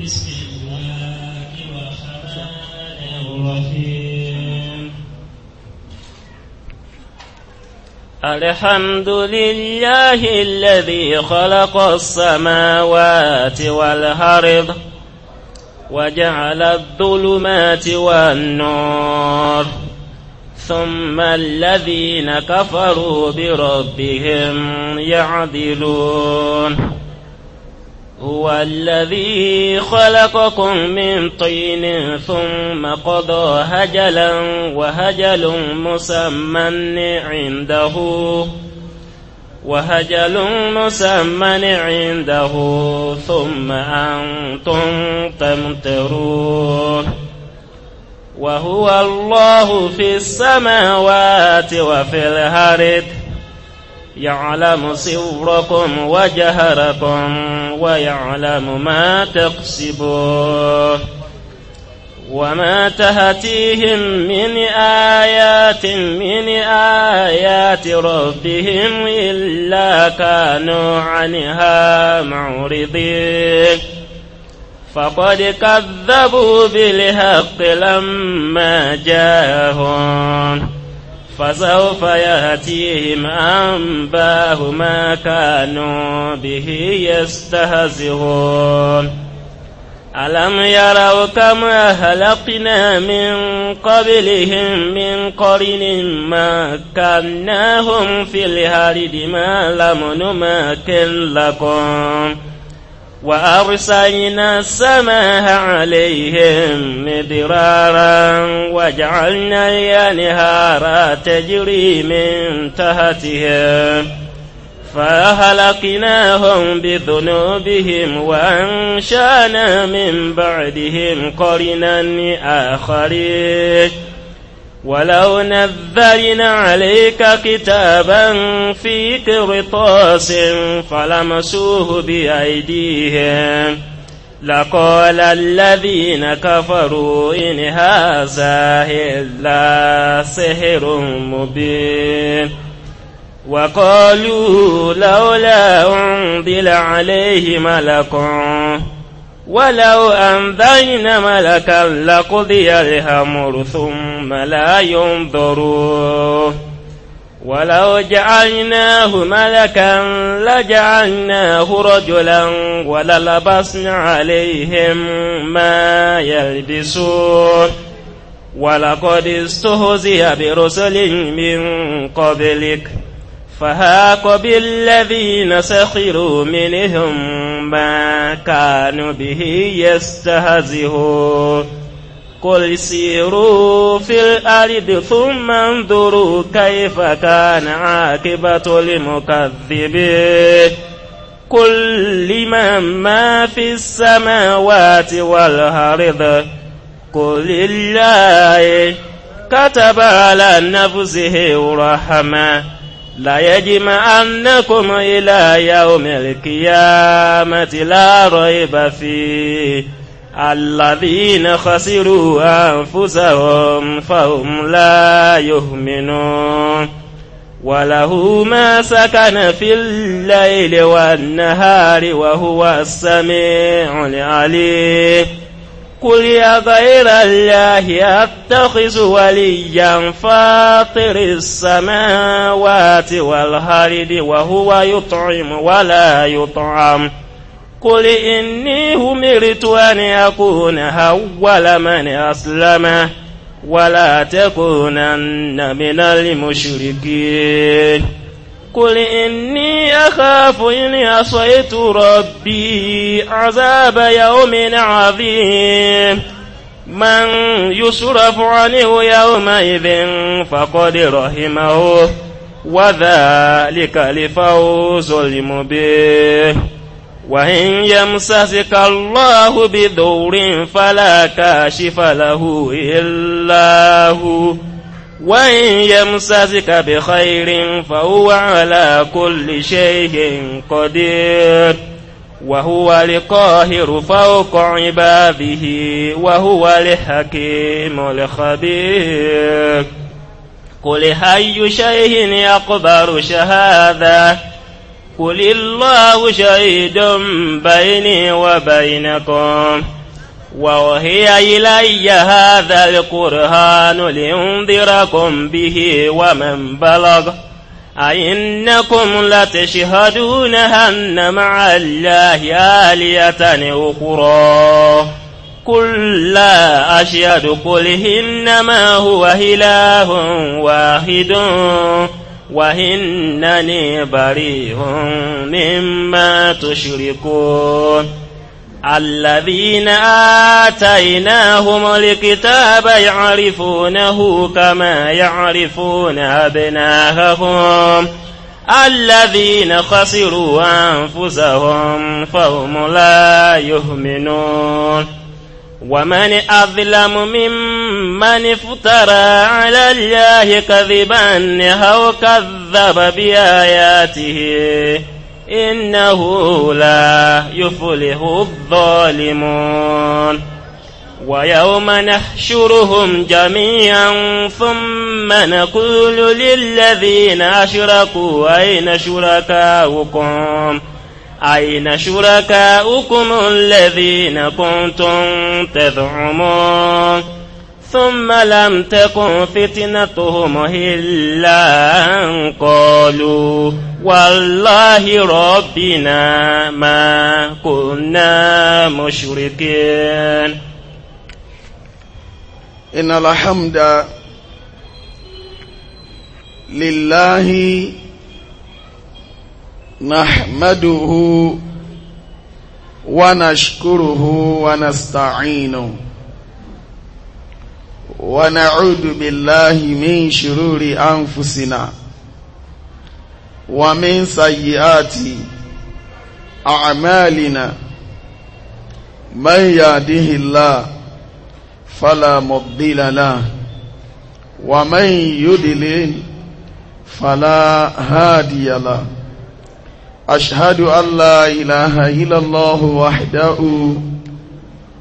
بسم الله الرحمن الرحيم الحمد لله الذي خلق السماوات والأرض وجعل الظلمات والنور ثم الذين كفروا بربهم يعدلون هو الذي خلقكم من طين ثم قضى هجلا وهجل مسمى عنده وهجل مسمى عنده ثم أنتم تمترون وهو الله في السماوات وفي الأرض يعلم سركم وجهركم ويعلم ما تكسبون وما تهتيهم من آيات من آيات ربهم إلا كانوا عنها معرضين فقد كذبوا بالحق لما جاءهم فسوف يأتيهم أنباه ما كانوا به يستهزئون ألم يروا كما هلقنا من قبلهم من قرن مكناهم في الهارد ما لم نمكن لكم وأرسلنا السماء عليهم مدرارا وجعلنا الأنهار تجري من تحتهم فأهلكناهم بذنوبهم وأنشأنا من بعدهم قرنا آخرين ولو نذرنا عليك كتابا في قرطاس فلمسوه بأيديهم لقال الذين كفروا إن هذا إلا سحر مبين وقالوا لولا أنزل عليه ملكٌ ولو أنذينا ملكا لقضي الأمر ثم لا ينظرون ولو جعلناه ملكا لجعلناه رجلا وللبسنا عليهم ما يلبسون ولقد استهزئ برسل من قبلك فهاق بالذين سخروا منهم ما كانوا به يستهزئون قل سيروا في الأرض ثم انظروا كيف كان عاقبة المكذبين قل لمن ما في السماوات والأرض قل لله كتب على نفسه رحمه لا أنكم إلى يوم القيامة لا ريب فيه الذين خسروا أنفسهم فهم لا يؤمنون وله ما سكن في الليل والنهار وهو السميع العليم قل يا غير الله أتخذ وليا فاطر السماوات والأرض وهو يطعم ولا يطعم قل إني أمرت أن أكون أول من أسلم ولا تكونن من المشركين قل إني أخاف إن عصيت ربي عذاب يوم عظيم من يصرف عنه يومئذ فقد رحمه وذلك لفوز المبين وإن يمسسك الله بدور فلا كاشف له إلا هو وإن يمسسك بخير فهو على كل شيء قدير وهو القاهر فوق عباده وهو الحكيم الخبير قل أي شيء يقبر شهادة قل الله شهيد بيني وبينكم وهي إلي هذا القرآن لأنذركم به ومن بلغ أئنكم لتشهدون أن مع الله آلية أخرى قل لا أشهد قل إنما هو إله واحد وإنني بريء مما تشركون الذين آتيناهم الكتاب يعرفونه كما يعرفون أبناءهم الذين خسروا أنفسهم فهم لا يؤمنون ومن أظلم ممن افترى على الله كذبا أو كذب بآياته إنه لا يفلح الظالمون ويوم نحشرهم جميعا ثم نقول للذين أشركوا أين شركاؤكم أين شركاؤكم الذين كنتم تزعمون ثم لم تكن فتنتهم إلا أن قالوا والله ربنا ما كنا مشركين إن الحمد لله نحمده ونشكره ونستعينه ونعوذ بالله من شرور أنفسنا ومن سيئات أعمالنا من يهده الله فلا مضل له ومن يدلل فلا هادي له أشهد أن لا إله إلا الله وحده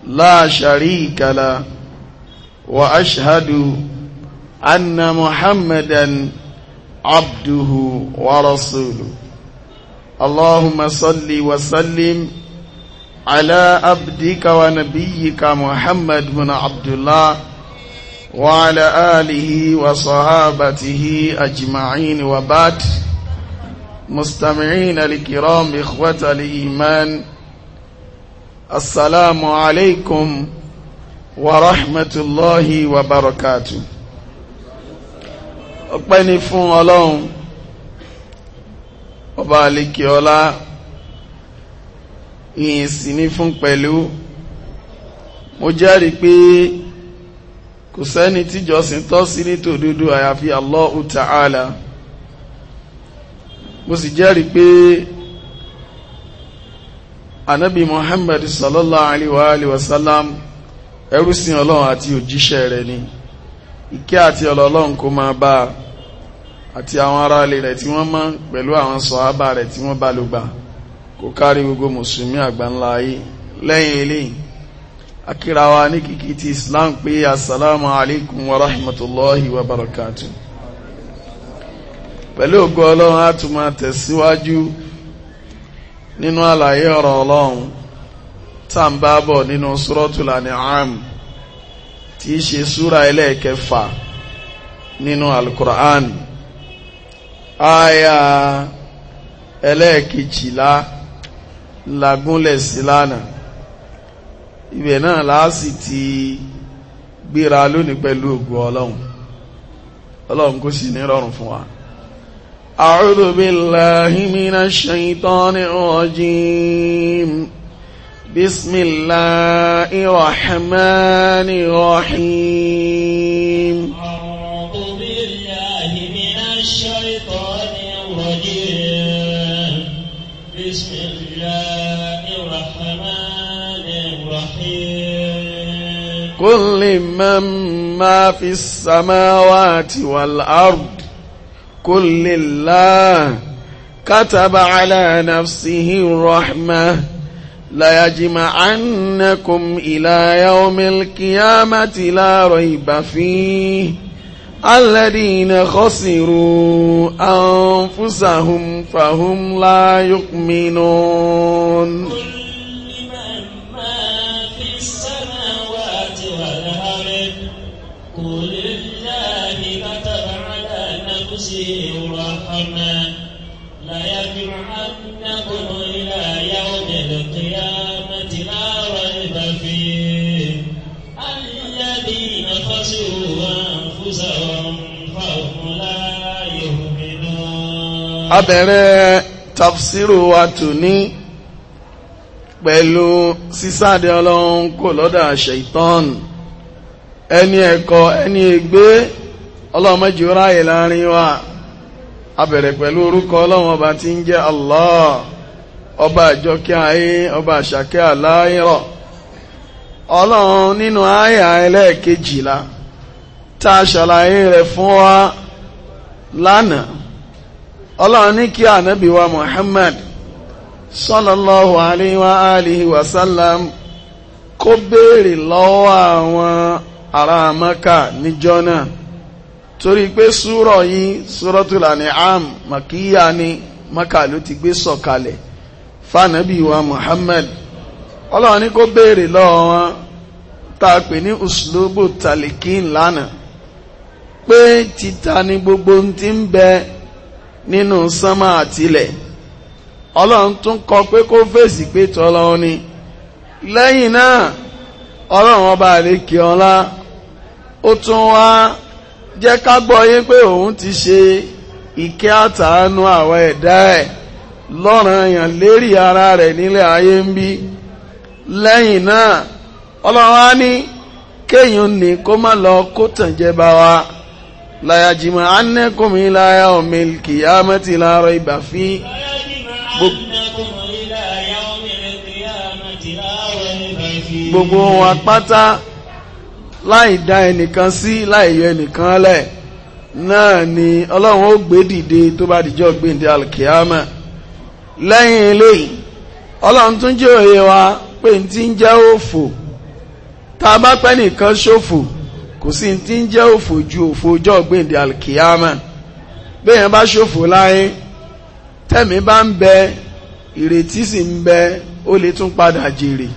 لا شريك له وأشهد أن محمدًا عبده ورسوله اللهم صل وسلم على عبدك ونبيك محمد بن عبد الله وعلى آله وصحابته أجمعين وبات مستمعين الكرام إخوة الإيمان السلام عليكم ورحمة الله وبركاته ọpẹ́ ni fún ọlọ́run ọba àlekè ọlá ìyìn sì ní fún pẹ̀lú mo jẹ́rìí pé kò sẹ́ni tíjọsìn tọ́ sí ní tòdodo àyàfi Allahu Ta'ala mo sì jẹ́rìí pé anabi Muhammad sallallahu alaihi wa sallam ẹrú sí ọlọ́run àti òjíṣẹ́ rẹ̀ ni ìkẹ́ àti ọlọ́lọ́run kó máa bá àti àwọn ará ilé rẹ̀ tí wọ́n mọ́ pẹ̀lú àwọn sọ̀hábà rẹ̀ tí wọ́n bá ló gbà kó kárí gbogbo mùsùlùmí àgbáńlá ayé lẹ́yìn eléyìí akíra ní kíkí ti islam pé assalamu alaikum wa rahmatullahi wa barakatuh pẹ̀lú ògo ọlọ́run á tún máa tẹ̀síwájú nínú àlàyé ọ̀rọ̀ ọlọ́run tá à ń bá bọ̀ nínú suratul an'am tí í ṣe súra ẹlẹ́ẹ̀kẹfà nínú alukur'an aya ẹlẹ́ẹ̀kejìlá lagúnlẹ̀ sí lánàá ibẹ̀ náà láàsì ti gbéra lónìí pẹ̀lú ògùn ọlọ́run ọlọ́run kó sì ní fún wa. أعوذ بالله من الشيطان الرجيم بسم الله الرحمن الرحيم أعوذ بالله من الشيطان الرجيم بسم الله الرحمن الرحيم كل لمن ما في السماوات والأرض كل الله كتب على نفسه الرحمه ليجمعنكم إلى يوم القيامة لا ريب فيه الذين خسروا أنفسهم فهم لا يؤمنون abẹ̀rẹ̀ tafsiru wa ni pẹ̀lú sísáde ọlọ́run kò lọ́dà ṣẹ̀tọ́n ẹni ẹ̀kọ́ ẹni ègbé ọlọ́run ráyè láàrin wa abẹ̀rẹ̀ pẹ̀lú orúkọ ọlọ́run ọba ti ń jẹ́ Allah ọba àjọkẹ́ ayé ọba àṣàkẹ́ aláìrọ̀ ọlọ́run nínú àyà ẹlẹ́ẹ̀kejìlá tá a ṣàlàyé rẹ̀ fún wa lánàá ọlọ́run ní kí ànábì wa Muhammad sallallahu alayhi wa alihi wa sallam kó béèrè lọ́wọ́ àwọn ará Maka níjọ́ náà torí pé súrọ̀ yìí Suratul An'am màkíyà ni Maka ló ti gbé sọ̀kalẹ̀ fànábì wa Muhammad ọlọ́run ní kó béèrè lọ́wọ́ wọn tá pè ní uslubu talikin lánàá pé títa ni gbogbo ti ń bẹ nínú sánmà àtilẹ̀ ọlọ́run tún kọ pé kó fèsì pé tọ́lọ́run ni lẹ́yìn náà ọlọ́run ọba àlékè ọlá ó tún wá jẹ́ ká gbọ́ yé pé òun ti ṣe ìkẹ́ àtàánú àwọn ẹ̀dá ẹ̀ lọ́ràn èèyàn lérí ara rẹ̀ nílẹ̀ ayé ń bí lẹ́yìn náà ọlọ́run á ní kéèyàn ní kó má lọ kó tàn jẹ bá wa. láyájímọ̀ anẹ́kùnmí láyá omi kìyàmẹ́tì láàrọ̀ ìgbà fi gbogbo wa pátá láì dá ẹnìkan sí láì yọ ẹnìkan lẹ̀ náà ni ọlọ́run ó gbé dìde tó bá dìjọ́ gbéǹde alkiyama lẹ́yìn eléyìí ọlọ́run tún jẹ́ òye wa pé tí ń jẹ́ òfò tá nìkan ṣòfò kò sí ti ń jẹ́ òfò ju òfò alkiyama béèyàn bá ṣòfò láyé tẹ̀mí bá ń bẹ ìrètí sì ń bẹ ó lè tún padà jèrè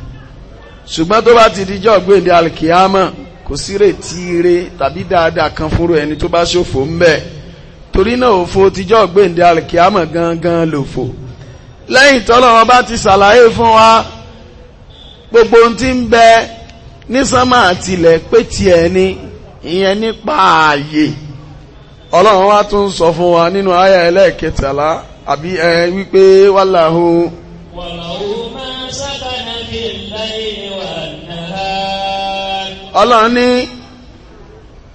ṣùgbọ́n tó bá ti dijọ́ gbèǹde alkiyama kò sí retí ire tàbí dáadáa kan fúnrú ẹni tó bá ṣòfò ń bẹ torí náà òfò tijọ́ gbèǹde alkiyama gangan lòfò lẹ́yìn tọ́lọ́wọ́n bá ti ṣàlàyé fún wa gbogbo ohun tí ń bẹ ní sánmà àtìlẹ̀ pé ti ẹni ìyẹn nípa ààyè ọlọ́run wá tún sọ fún wa nínú àyà ẹlẹ́ẹ̀kẹtàlá àbí ẹ wípé wàláhù ọlọ́run ní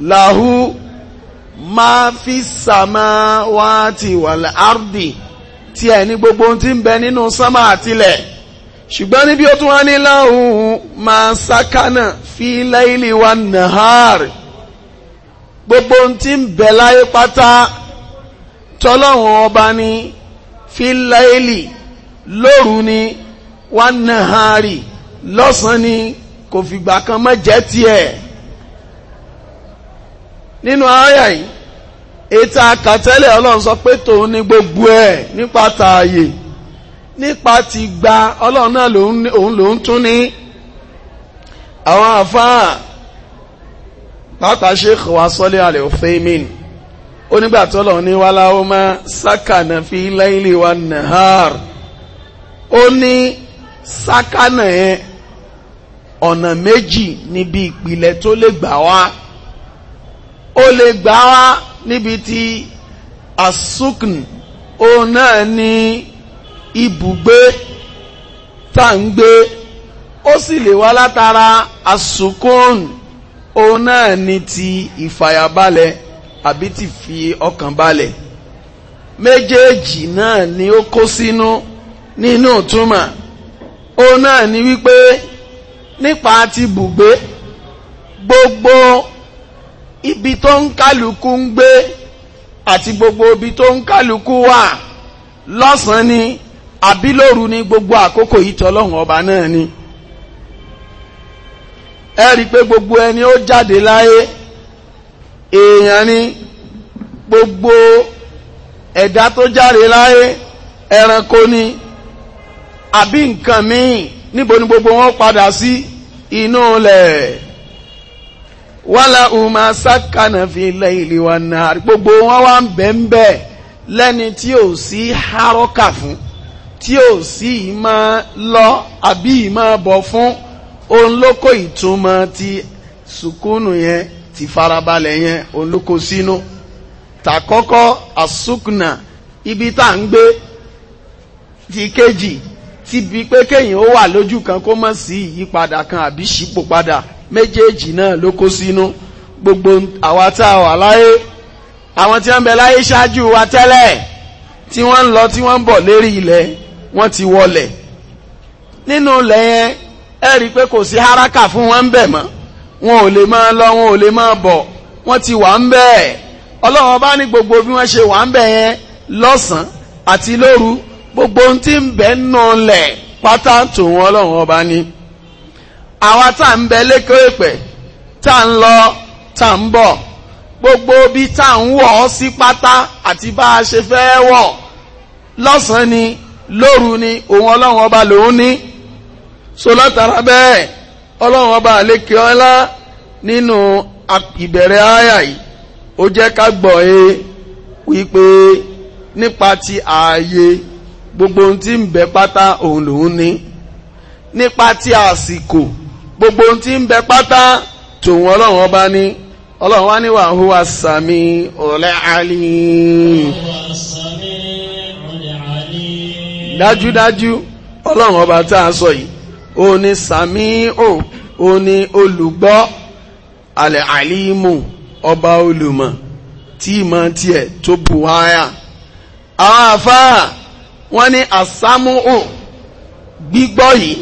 làhú máa fi sàmà wá ti wàlẹ̀ árdì tí ẹ̀ gbogbo ti tí ń bẹ nínú sánmà àtìlẹ̀ ṣùgbọ́n níbi ó tún wá ní láhùn máa sákánà fi láìlì wa nàhárì gbogbo ohun tí ń bẹ láyé pátá tọ́lọ́hùn ọba ní fi láìlì lóru ni wa nàhárì lọ́sàn ni kò fìgbà kan mọ́ jẹ́ tiẹ̀ nínú àyà yìí ètò àkàtẹ́lẹ̀ ọlọ́run sọ pé tòun ni gbogbo ẹ̀ nípa tààyè nípa ti gba ọlọ́run náà òun ló ń tún ní àwọn àfáà pàápàá sheikh wa sọ́lé alẹ́ òfèémìn onígbàtọ́ lọ ní wàláwó má sákànà fi láìlè wa nahar ó ní sákànà yẹn ọ̀nà méjì níbi ìpìlẹ̀ tó lè gbà wá ó lè gbà wá níbi tí asukun òun náà ní. ibùgbé tá ń gbé ó sì lè wá látara asukun òun náà ni ti ìfàyàbalẹ̀ àbí ti fi ọkàn balẹ̀ méjèèjì náà ni ó kó sínú nínú ìtumọ̀ òun náà ni wípé nípa ti bùgbé gbogbo ibi tó ń kálukú ń gbé àti gbogbo ibi tó ń kálukú wà lọ́sàn-án ni àbí lóru ní gbogbo àkókò yìí tọ́lọ́hun ọba náà ni ẹ rí i pé gbogbo ẹni ó jáde láyé èèyàn ni gbogbo ẹ̀dá tó jáde láyé ẹranko ni àbí nǹkan míì níbo ni gbogbo wọn padà sí inú ilẹ̀ wàhálà umar sakana fi layli wa nahar gbogbo wọn wá ń bẹ́ẹ̀ bẹ́ẹ̀ lẹ́ni tí ò sí hárọ́kà fún tí ò sí ìmọ̀ lọ àbí ìmọ̀ bọ̀ fún òun ló kó ìtumọ̀ ti sùkúnù yẹn ti farabalẹ̀ yẹn òun ló kó sínú tàkọ́kọ́ àsùkùnà ibi tá à ń gbé ti kejì ti bi pé kéèyàn ó wà lójú kan kó mọ̀ sí ìyípadà kan àbí ṣípò padà méjèèjì náà ló kó sínú gbogbo àwa tá a wà láyé àwọn tí wọ́n bẹ láyé ṣáájú wa tẹ́lẹ̀ tí wọ́n ń lọ tí wọ́n ń bọ̀ lérí ilẹ̀ wọ́n ti wọlẹ̀ nínú ilẹ̀ yẹn ẹ rí i pé kò sí haraka fún wọn ń bẹ̀ mọ́ wọn ò lè máa lọ wọn ò lè máa bọ̀ wọ́n ti wà ń bẹ̀ ọlọ́run bá ní gbogbo bí wọ́n ṣe wà ń bẹ̀ yẹn lọ́sàn-án àti lóru gbogbo ohun tí ń bẹ̀ nù lẹ̀ pátá tó wọn ọlọ́run ọba ní. àwa tá à ń bẹ lẹ́kọ̀ọ́ tá à ń lọ tá à ń bọ̀ gbogbo bí tá à ń wọ̀ ọ́ sí pátá àti bá a ṣe fẹ́ wọ̀ lọ́sàn-án ni lóru ni òun ọlọ́run ọba lòun ní so látara bẹ́ẹ̀ ọlọ́run ọba àlékè ọlá nínú ìbẹ̀rẹ̀ àyà yìí ó jẹ́ ká gbọ́ ẹ wípé nípa ti ààyè gbogbo ohun tí ń bẹ pátá òun lòun ní nípa ti àsìkò gbogbo ohun tí ń bẹ pátá tòun ọlọ́run ọba ní ọlọ́run wá níwà hùwà sàmì ọ̀lẹ́ àlìyìn. dájúdájú ọlọ́run ọba tá a sọ yìí ó ní sàmíhùn ó ní olùgbọ́ alẹ́ àlímù ọba olùmọ̀ tí ìmọ̀ tiẹ̀ tó bù háyà àwọn àfáà wọ́n ní àsámúhùn gbígbọ́ yìí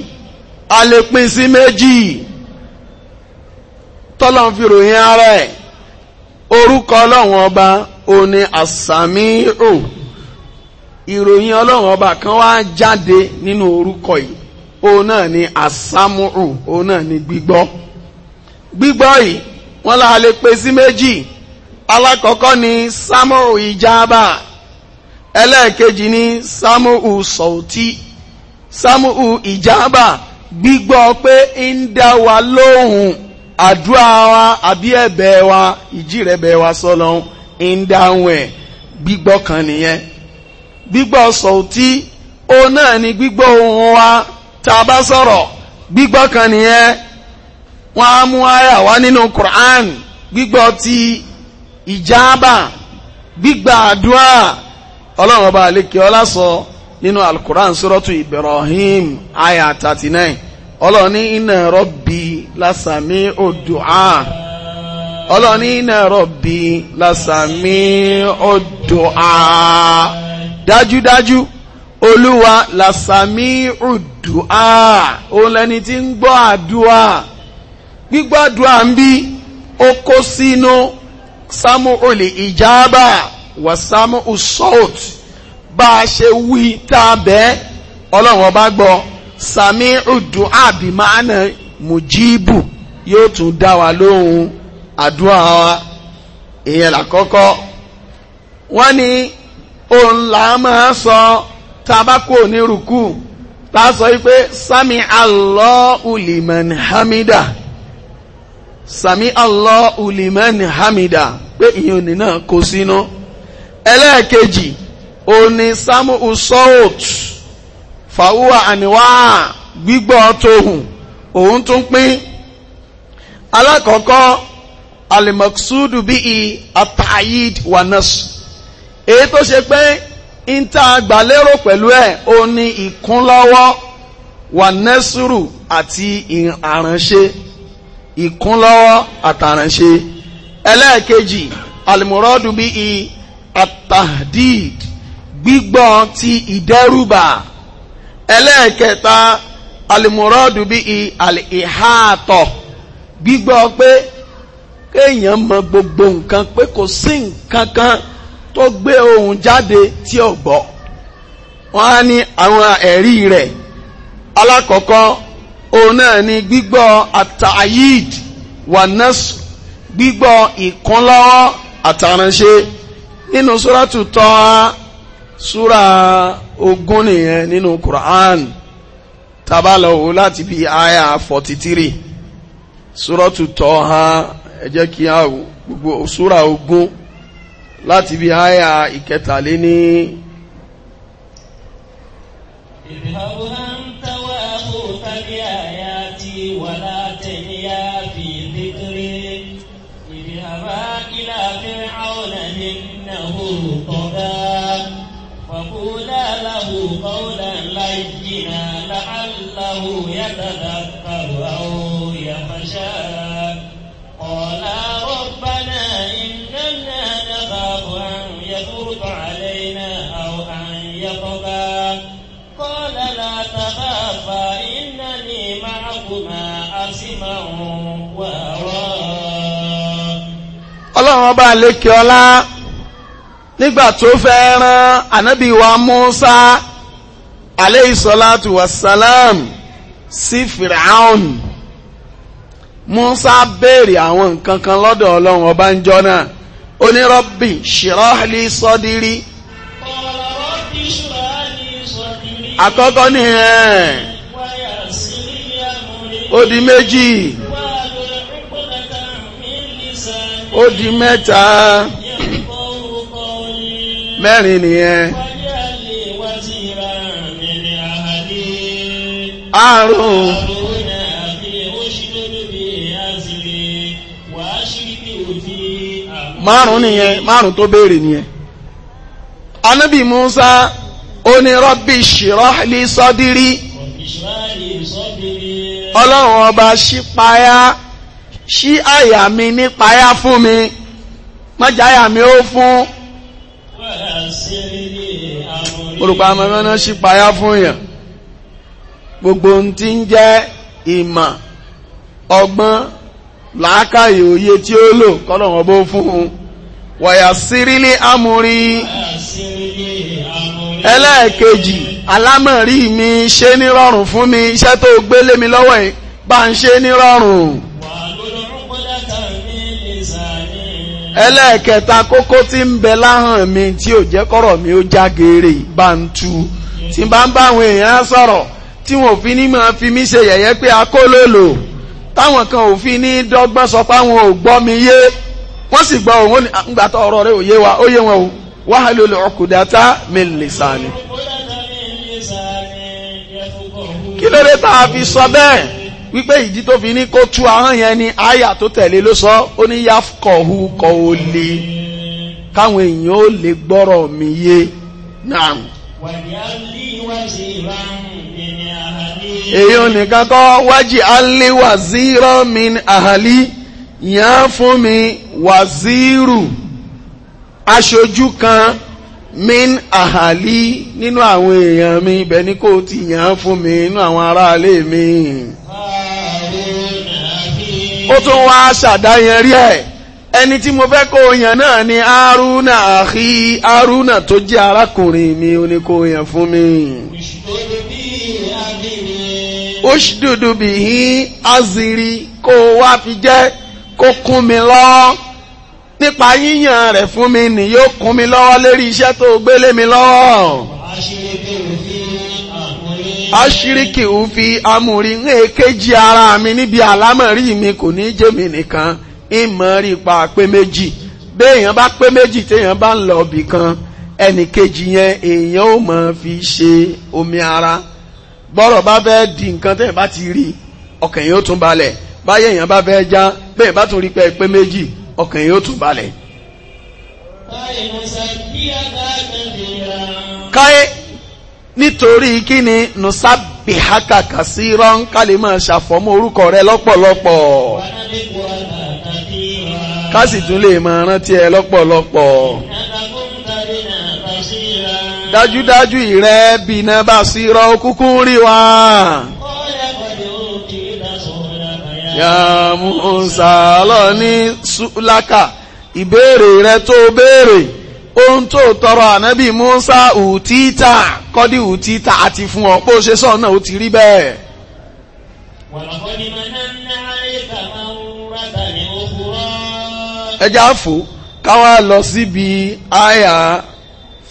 a lè pín sí méjì tọ́lọ́n fi ròyìn ara ẹ̀ orúkọ ọlọ́run ọba ó ní àsàmíhùn ìròyìn ọlọ́run ọba kan wá jáde nínú orúkọ yìí òun náà ni àsámùrù òun náà ni gbígbọ́ gbígbọ́ yìí wọ́n la lè pè sí méjì alákọ̀ọ́kọ́ ni sámùrù ìjábà ẹlẹ́ẹ̀kejì ni sámùrù sọ̀tí sámùrù ìjábà gbígbọ́ pé ń dá wa lóhùn àdúrà wa àbí ẹ̀bẹ̀ wa ìjírẹ̀bẹ̀ wa sọ́lọ́hún ń dáhùn ẹ̀ gbígbọ́ kan nìyẹn gbígbọ́ sọ̀tí ó náà ni gbígbọ́ ohùn wa tá a bá sọ̀rọ̀ gbígbọ́ kan nìyẹn wọ́n á mú àyà wá nínú Quran gbígbọ́ ti ìjábà gbígbà àdúrà ọlọ́run ọba àlekè ọlá sọ nínú al-Quran suratu Ibrahim àyà 39 ọlọ́run ní inna rabbi lasami'u du'a ọlọ́run ní inna rabbi lasami'u du'a. dájúdájú olúwa làsàmì ùdùá òun lẹni tí ń gbọ́ àdúà gbígbọ́ àdúà ń bí ó kó sínú sámú olè ìjábà wà sámú usọ́ọ̀t bá a ṣe wí tá a bẹ́ ọlọ́run ọba gbọ́ sàmì ùdùá bí màánà mùjíbù yóò tún dá wa lóhùn àdúà wa ìyẹn làkọ́kọ́ wọ́n ní òun là á máa sọ tabako onírùkù lásọ wípé sami Allahu liman hamida sami Allahu liman hamida pé ìyẹn òní náà kó sínú ẹlẹ́ẹ̀kejì òní samu usout fàwúwà àníwá gbígbọ́ tóhùn òun tún pín alákọ̀ọ́kọ́ alimaksudu bíi atayid wanas èyí tó ṣe pé ń tá a gbà lérò pẹ̀lú ẹ̀ ó ní ìkúnlọ́wọ́ wà nẹ́sùrù àti àránṣe ìkúnlọ́wọ́ àtàránṣe ẹlẹ́ẹ̀kejì alimurọ́dù bí i atahdid gbígbọ́n ti ìdẹ́rùbà ẹlẹ́ẹ̀kẹta alimurọ́dù bí i alìhàtọ̀ gbígbọ́n pé kéèyàn mọ gbogbo nǹkan pé kò sí nǹkan kan tó gbé ohun jáde tí ò gbọ́ wọ́n á ní àwọn ẹ̀rí rẹ̀ alákọ̀ọ́kọ́ òun náà ni gbígbọ́ atayid wanas gbígbọ́ ìkúnlọ́wọ́ àtàránṣe nínú sóràtù tọ́ súra ogún nìyẹn nínú Qur'an tabalọ̀wò láti bí aya 43 sóràtù tọ́ ha ẹ jẹ́ kí a gbogbo súra ogún láti bí àyà ìkẹtàlé ní يتذكر أو يخشى قال ربنا كنا نخاف أن يفرط علينا أو أن يطغى قال لا تخافا إنني معكما أسمع وأرى ọlọ́run ọba àlékè ọlá nígbà tó fẹ́ rán ànábì wa Mùsá aleyhi salatu wa salam sí Firaun Mùsá béèrè àwọn nǹkan kan lọ́dọ̀ ọlọ́run ọba ń jọ náà onírọ́bì ṣìrọ́hìlì sọ́dírí àkọ́kọ́ ní ẹ̀ ó di méjì ó mẹ́ta mẹ́rin nìyẹn àrùn. márùn nìyẹn márùn tó béèrè nìyẹn anabi musa ó ní rabbi shirah sadiri ọlọ́run ọba ṣí payá ṣí àyà mi ní payá fún mi mọ́jà àyà mi ó fún orúkọ amẹ́mẹ́ná ṣí payá fún yàn gbogbo ohun tí ń jẹ́ ìmọ̀ ọgbọ́n làákàyè òye tí ó lò kọ́lọ̀wọ́n bó fún un wọ̀yà sírílé amúrí ẹlẹ́ẹ̀kejì alámọ̀rí mi ṣe nírọ̀rùn fún mi iṣẹ́ tó gbé lé mi lọ́wọ́ yìí bá ń ṣe nírọ̀rùn ẹlẹ́ẹ̀kẹta kókó tí ń bẹ láhàn mi tí ò jẹ́ kọ́rọ̀ mi ó já geere bá ń tu tí bá ń bá àwọn èèyàn sọ̀rọ̀ tí wọn ò fi ní máa fi mí ṣe yẹ̀yẹ́ pé akólòlò. táwọn kan ò fi ní dọ́gbọ́n sọ pé àwọn ò gbọ́ mi yé wọ́n sì gbọ́ òun nígbà ah, tó ọ̀rọ̀ rẹ̀ ò yé wa ó yé wọn o wahlul uqdata min kí ló dé tá a fi sọ bẹ́ẹ̀ wípé ìdí tó fi ní kó tú ahọ́n yẹn ni àyà tó tẹ̀lé ló sọ ó ní yafqahu qawli káwọn èèyàn ó lè gbọ́rọ̀ mi yé náà. èyí ò nìkan kọ́ wájì alẹ́ wàzírọ́ min àhàlí yàn fún mi wàzírù aṣojú kan min àhàlí nínú àwọn èèyàn mi ibẹ̀ ni kò ti yàn fún mi nínú àwọn aráalé mi ó tún wá ṣàdáyẹn rí ẹ̀ ẹni tí mo fẹ́ kó yàn náà ni aruna àhí aruna tó jẹ́ arákùnrin mi ò ní kó yàn fún mi. oṣùdùdù bìí aziri kó o wá fi jẹ́ kó kún mi lọ nípa yíyàn rẹ̀ fún mi ni yóò kún mi lọ́wọ́ lérí iṣẹ́ tó gbélé mi lọ́wọ́. aṣíríkì ò fi amúrí ń èkejì ara mi níbi àlámọ̀rí mi kò ní jẹ́ mi nìkan. ìmọ̀ rí pa pé méjì béèyàn bá pé méjì téèyàn bá ń lọ ibì kan ẹnì kejì yẹn èèyàn ò mọ̀ fi ṣe omi ara bọ́rọ̀ bá fẹ́ di nǹkan téèyàn bá ti rí ọkàn yóò tún balẹ̀ báyẹ̀ èèyàn bá fẹ́ já béèyàn bá tún rí pé pé méjì ọkàn yóò tún balẹ̀. káyé nítorí kí ni nùsàbí bihaka ń kálí máa ṣàfọmọ orúkọ rẹ lọ́pọ̀lọpọ̀ ká sì tún lè máa rántí ẹ lọ́pọ̀lọpọ̀. dájúdájú ìrẹ́ bìnà bá sí rọ kúkú rí wa. ya Musa lọ ní sulaka ìbéèrè rẹ tó béèrè ohun tó tọrọ ànábì Musa ùtítà kọ́dí ùtítà àti fún ọ pé ó ṣe sọ́ọ̀nà ó ti rí bẹ́ẹ̀. wàlọ́kọ́ ni màá náà. ẹjẹ́ àfò káwá lọ síbi àyà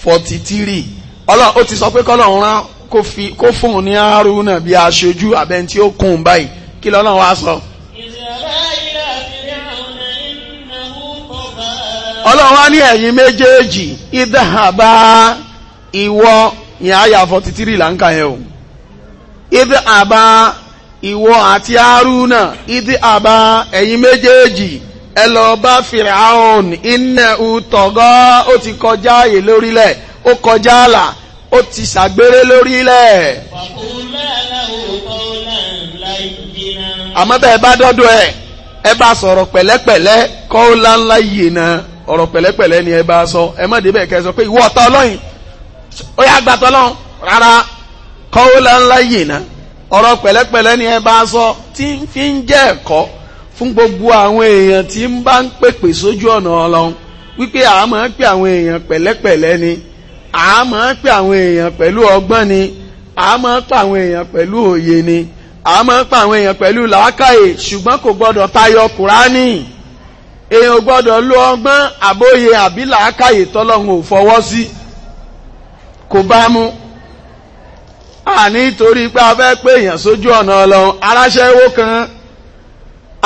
forty three ọlọ́run ó ti sọ pé kọ́lọ́run rán kó fún un ní Hárúnà bí aṣojú abẹ́ni tí ó kún un báyìí kí lọ́lọ́run wá sọ. ọlọ́run wá ní ẹ̀yin méjèèjì ìdáhàbá ìwọ ìyẹn àyà forty three là ń kà yẹn o ìdáhàbá ìwọ àti Hárúnà ìdáhàbá ẹ̀yin méjèèjì ẹ lọ bá firaun iná utọ̀gọ́ ó ti kọjá ààyè lórílẹ̀ ó kọjá àlà ó ti ṣàgbéré lórílẹ̀. àmọ́ bẹ́ẹ̀ bá dọ́dọ̀ ẹ̀ ẹ bá sọ̀rọ̀ pẹ̀lẹ́pẹ̀lẹ́ kọ́ ó láńlá yìí náà ọ̀rọ̀ pẹ̀lẹ́pẹ̀lẹ́ ni ẹ bá sọ ẹ má débẹ̀ kẹ́ sọ pé ìwọ ọ̀tá ọlọ́yin ó yà gbàtọ́ lọ́hùn rárá kọ́ ó láńlá yìí náà ọ̀rọ̀ pẹ̀lẹ́pẹ̀lẹ́ ni ẹ bá sọ tí ń fi ń jẹ́ ẹ̀kọ́ fún gbogbo àwọn èèyàn tí ń bá ń pèpè sójú ọ̀nà ọlọ́run wípé a máa ń pè àwọn èèyàn pẹ̀lẹ́pẹ̀lẹ́ ni a máa ń pè àwọn èèyàn pẹ̀lú ọgbọ́n ni a máa ń pè àwọn èèyàn pẹ̀lú òye ni a máa ń pè àwọn èèyàn pẹ̀lú làákàyè ṣùgbọ́n kò gbọ́dọ̀ tayọ kùránì èèyàn gbọ́dọ̀ lo ọgbọ́n àbóyè àbí làákàyè tọ́lọ́run ò fọwọ́ sí kò bá mú àní torí pé a fẹ́ pè èèyàn sójú ọ̀nà ọlọ́run aráṣẹ́wó kan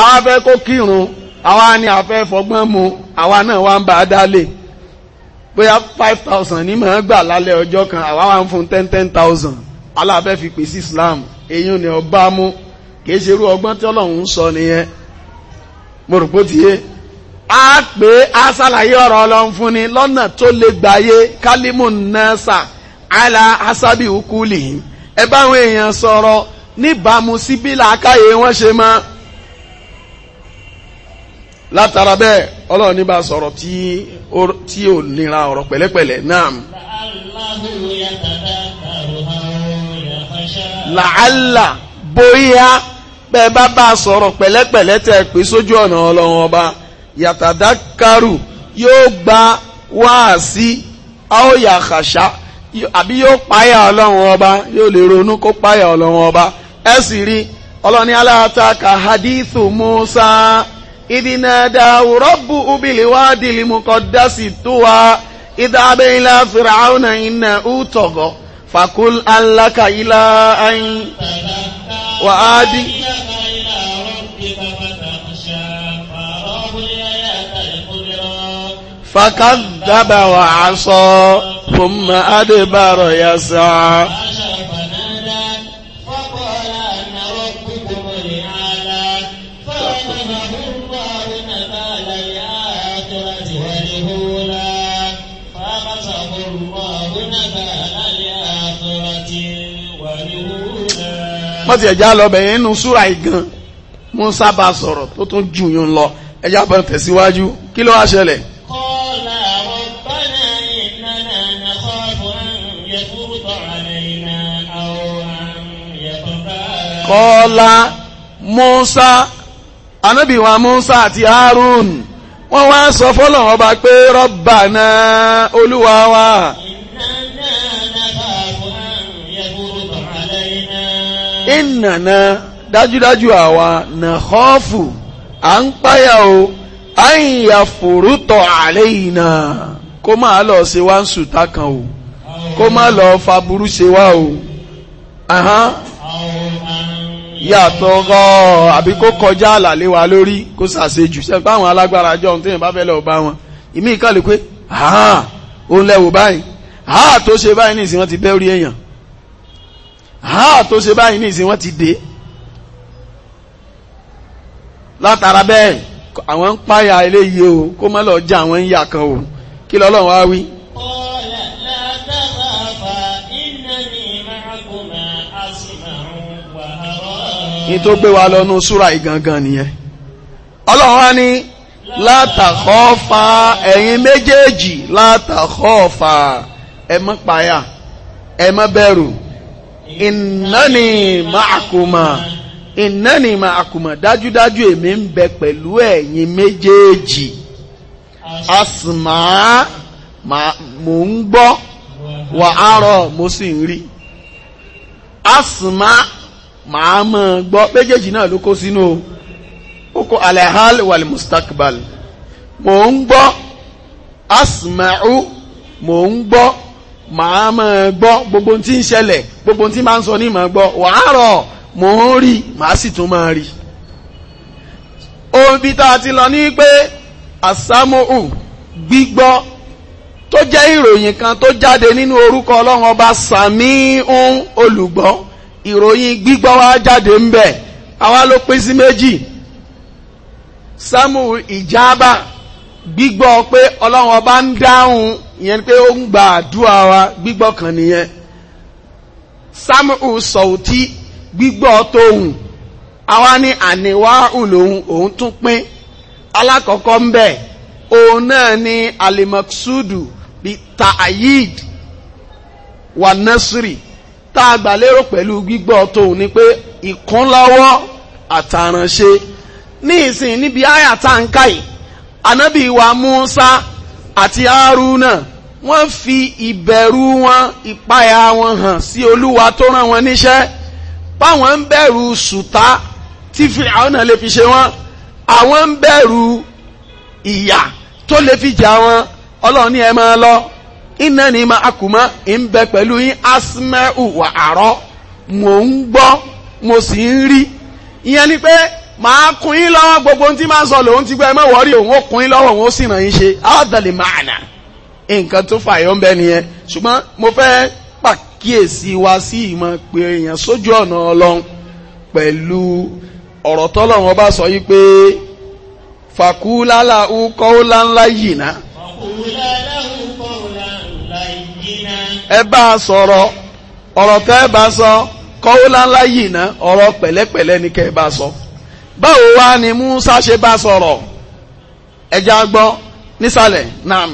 àwa fẹ́ kó kírun àwa ni àfẹ́ fọgbọ́n mu àwa náà wá ń bá a dálé bóyá five thousand ní màá gbà lálẹ́ ọjọ́ kan àwa wá ń fún ten ten thousand aláàfẹ́ fi pèsè Islam èyí ni ọba mú kìí ṣerú ọgbọ́n tí Ọlọ́run ń sọ nìyẹn mo rò pé ti yé a pé a ṣàlàyé ọ̀rọ̀ Ọlọ́run fún ni lọ́nà tó lè gbàyé kálímù nẹ́ẹ̀sà àlà asábì ukuli ẹ báwọn èèyàn sọ̀rọ̀ níbàámu síbí làákàyè wọ́n ṣe máa látara bẹ́ẹ̀ ọlọ́run ní bá sọ̀rọ̀ tí ò nira ọ̀rọ̀ pẹ̀lẹ́pẹ̀lẹ́ náà. làálà bóyá bẹ́ẹ̀ bá bá sọ̀rọ̀ pẹ̀lẹ́pẹ̀lẹ́ tẹ́ pé sójú ọ̀nà ọlọ́run ọba yàtàdá kárù yóò gba wáàsí aóyà kàṣá àbí yóò páyà ọlọ́run ọba yóò lè ronú kó páyà ọlọ́run ọba ẹ sì rí ọlọ́ni aláàtàkà hadithu Musa ìdìnà dàwù rọ́bù ubìlìwádìí limukọ̀dásì tuwa ìdàbẹ̀ ilá fìràwùnà iná ùtọ̀gọ̀ fàkúl aláka ilá ayin wàádìí. فكذب وعصى ثم أدبر يسعى wọ́n ti ẹ̀já lọ bẹ̀yẹn nínú súra ìgan Musa bá sọ̀rọ̀ tó tún jù lọ ẹ̀já bá tẹ̀síwájú kí ló wá ṣẹlẹ̀. kọ́lá Musa anábì wa Musa àti Harun wọ́n wá sọ fọ́lọ́run ọba pé Rabbana olúwa wa. ìnànà dájúdájú àwa nà xọ́ọ̀fù à ń páyà o àyìnyà fòrótọ̀ àlẹ́ yìí nà kó máa lọ ṣe wá ń sùtá kan o kó máa lọ fa burú ṣe wá o yàtọ̀ gọ́ àbí kó kọjá àlàlé wa lórí kó ṣàṣejù ṣe pé alágbára jọ ohun téèyàn bá fẹ́ lọ bá wọn ìmí ìkàlẹ̀ pé ó ń lẹ́wọ̀ báyìí tó ṣe báyìí nìsí wọ́n ti bẹ́ orí èèyàn ha tó ṣe báyìí ní ìsìn wọ́n ti dé látara bẹ́ẹ̀ àwọn ń páyà eléyìí o kó má lọ jẹ́ àwọn ń yà kan o kí lọ́lọ́run wá wí. ní tó gbé wa lọ́nu súra ìgangan nìyẹn ọlọ́run wá ní látàkọ́fà ẹ̀yin méjèèjì látàkọ́fà ẹ má páyà ẹ bẹ̀rù. ìnáni ma ìnáni máàkùmá dájúdájú èmi ń bẹ pẹ̀lú ẹ̀yin méjèèjì asùnmá mò ń gbọ́ wà á rọ̀ mo sì ń rí asùnmá màá mọ̀ gbọ́ méjèèjì náà ló kó sínú o ó kó alehal wal mustakbal mo ń gbọ́ asùnmáù mò ń gbọ́. màá máa gbọ́ gbogbo tí ń ṣẹlẹ̀ gbogbo tí máa ń sọ ní màá gbọ́ wàá rọ̀ mò ń rí màá sì tún máa rí. ohun bí tá a ti lọ ní pé àsámúhù gbígbọ́ tó jẹ́ ìròyìn kan tó jáde nínú orúkọ ọlọ́run ọba sàmíhùn olùgbọ́ ìròyìn gbígbọ́ wá jáde ń bẹ̀ àwa ló pín sí méjì sámúhù ìjábà gbígbọ́ pé ọlọ́run ọba ń dáhùn ìyẹn pé ó ń gba àdúrà wa gbígbọ́ kan nìyẹn samuel sọ̀tí gbígbọ́ tóhùn àwa ní àníwá òlòhùn òun tún pín alákọ̀ọ́kọ́ ń bẹ̀ òun náà ní alimaksudu bí taayid wà násírì tá a gbà lérò pẹ̀lú gbígbọ́ tóhùn ni pé ìkúnlọ́wọ́ àtàrànṣe ní ìsìn níbi àyà tá ń ká yìí ànábì Musa àti Haruna wọ́n fi ìbẹ̀rù wọn ìpayà wọn hàn sí Olúwa tó rán wọn níṣẹ́ báwọn ń bẹ̀rù sùtá tí Fíráúnà lè fi ṣe wọ́n àwọn ń bẹ̀rù ìyà tó lè fi jà wọn Ọlọ́run ní ẹ máa lọ iná ni ma akùmọ́ ń bẹ pẹ̀lú yín asmẹ́ù àárọ̀ mò ń gbọ́ mo sì ń rí ìyẹn ni pé máa kún yín lọ́wọ́ gbogbo tí máa ń sọ lòun ti gbọ́ ẹ mọ́ wọ́rí òun ó kún yín lọ́wọ́ òun ó sì ràn yín ṣe áwọ̀dàlẹ̀ màánà nǹkan tó fà yọ ń bẹ nìyẹn ṣùgbọ́n mo fẹ́ pàkíyèsí wa sí ìmọ̀ pé èèyàn sójú ọ̀nà ọlọ́run pẹ̀lú ọ̀rọ̀ tọ́lọ́run ọba sọ yí pé fàkúlálà ń kọ́ ó láńlá yìí ná. ẹ bá a sọ̀rọ̀ ọ̀rọ̀ tẹ́ ẹ bá sọ kọ́ ó láńlá yìí ná ọ̀rọ̀ pẹ̀lẹ́pẹ̀lẹ́ ni kẹ́ ẹ bá sọ. So báwo wá ni Musa ṣe bá sọ̀rọ̀ ẹja gbọ́ nísàlẹ̀ nam.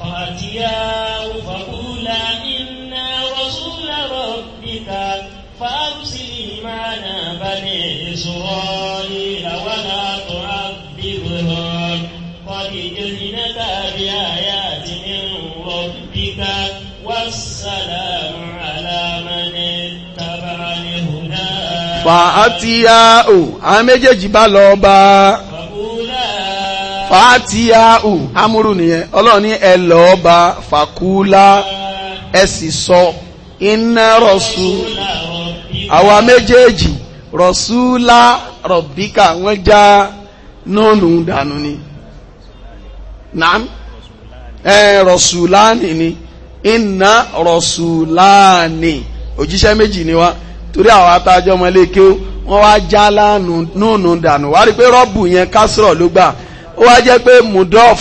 fàtíyà òfàkúlà iná rọ́ṣúlà rọ̀bìkà fàrùsì mánà balẹ̀ ìṣòro ìlàwọ́ látọ̀ àbíwòrán kọ́ni jẹ́ nínú tàbí àyà àti nínú rọ̀bìkà wàsálà. fàátíyáò àwọn méjèèjì bá lọ bá fàátíyáò amúrù nìyẹn ọlọ́run ní ẹ lọ bá fàkúlá ẹ sì sọ iná rọ̀sù àwa méjèèjì rọ̀súlá rọ̀bíkà wọ́n já nónù dànù ni naam ẹ rọ̀súlá nì ni iná rọ̀súlá nì òjíṣẹ́ méjì ni wá. torí àwọn atájọ́ ọmọléke wọ́n wá já lánàá nùnù dànù wá rí i pé rọ́ọ̀bù yẹn kásírọ̀ ló gbà ó wá jẹ́ pé mudọ́f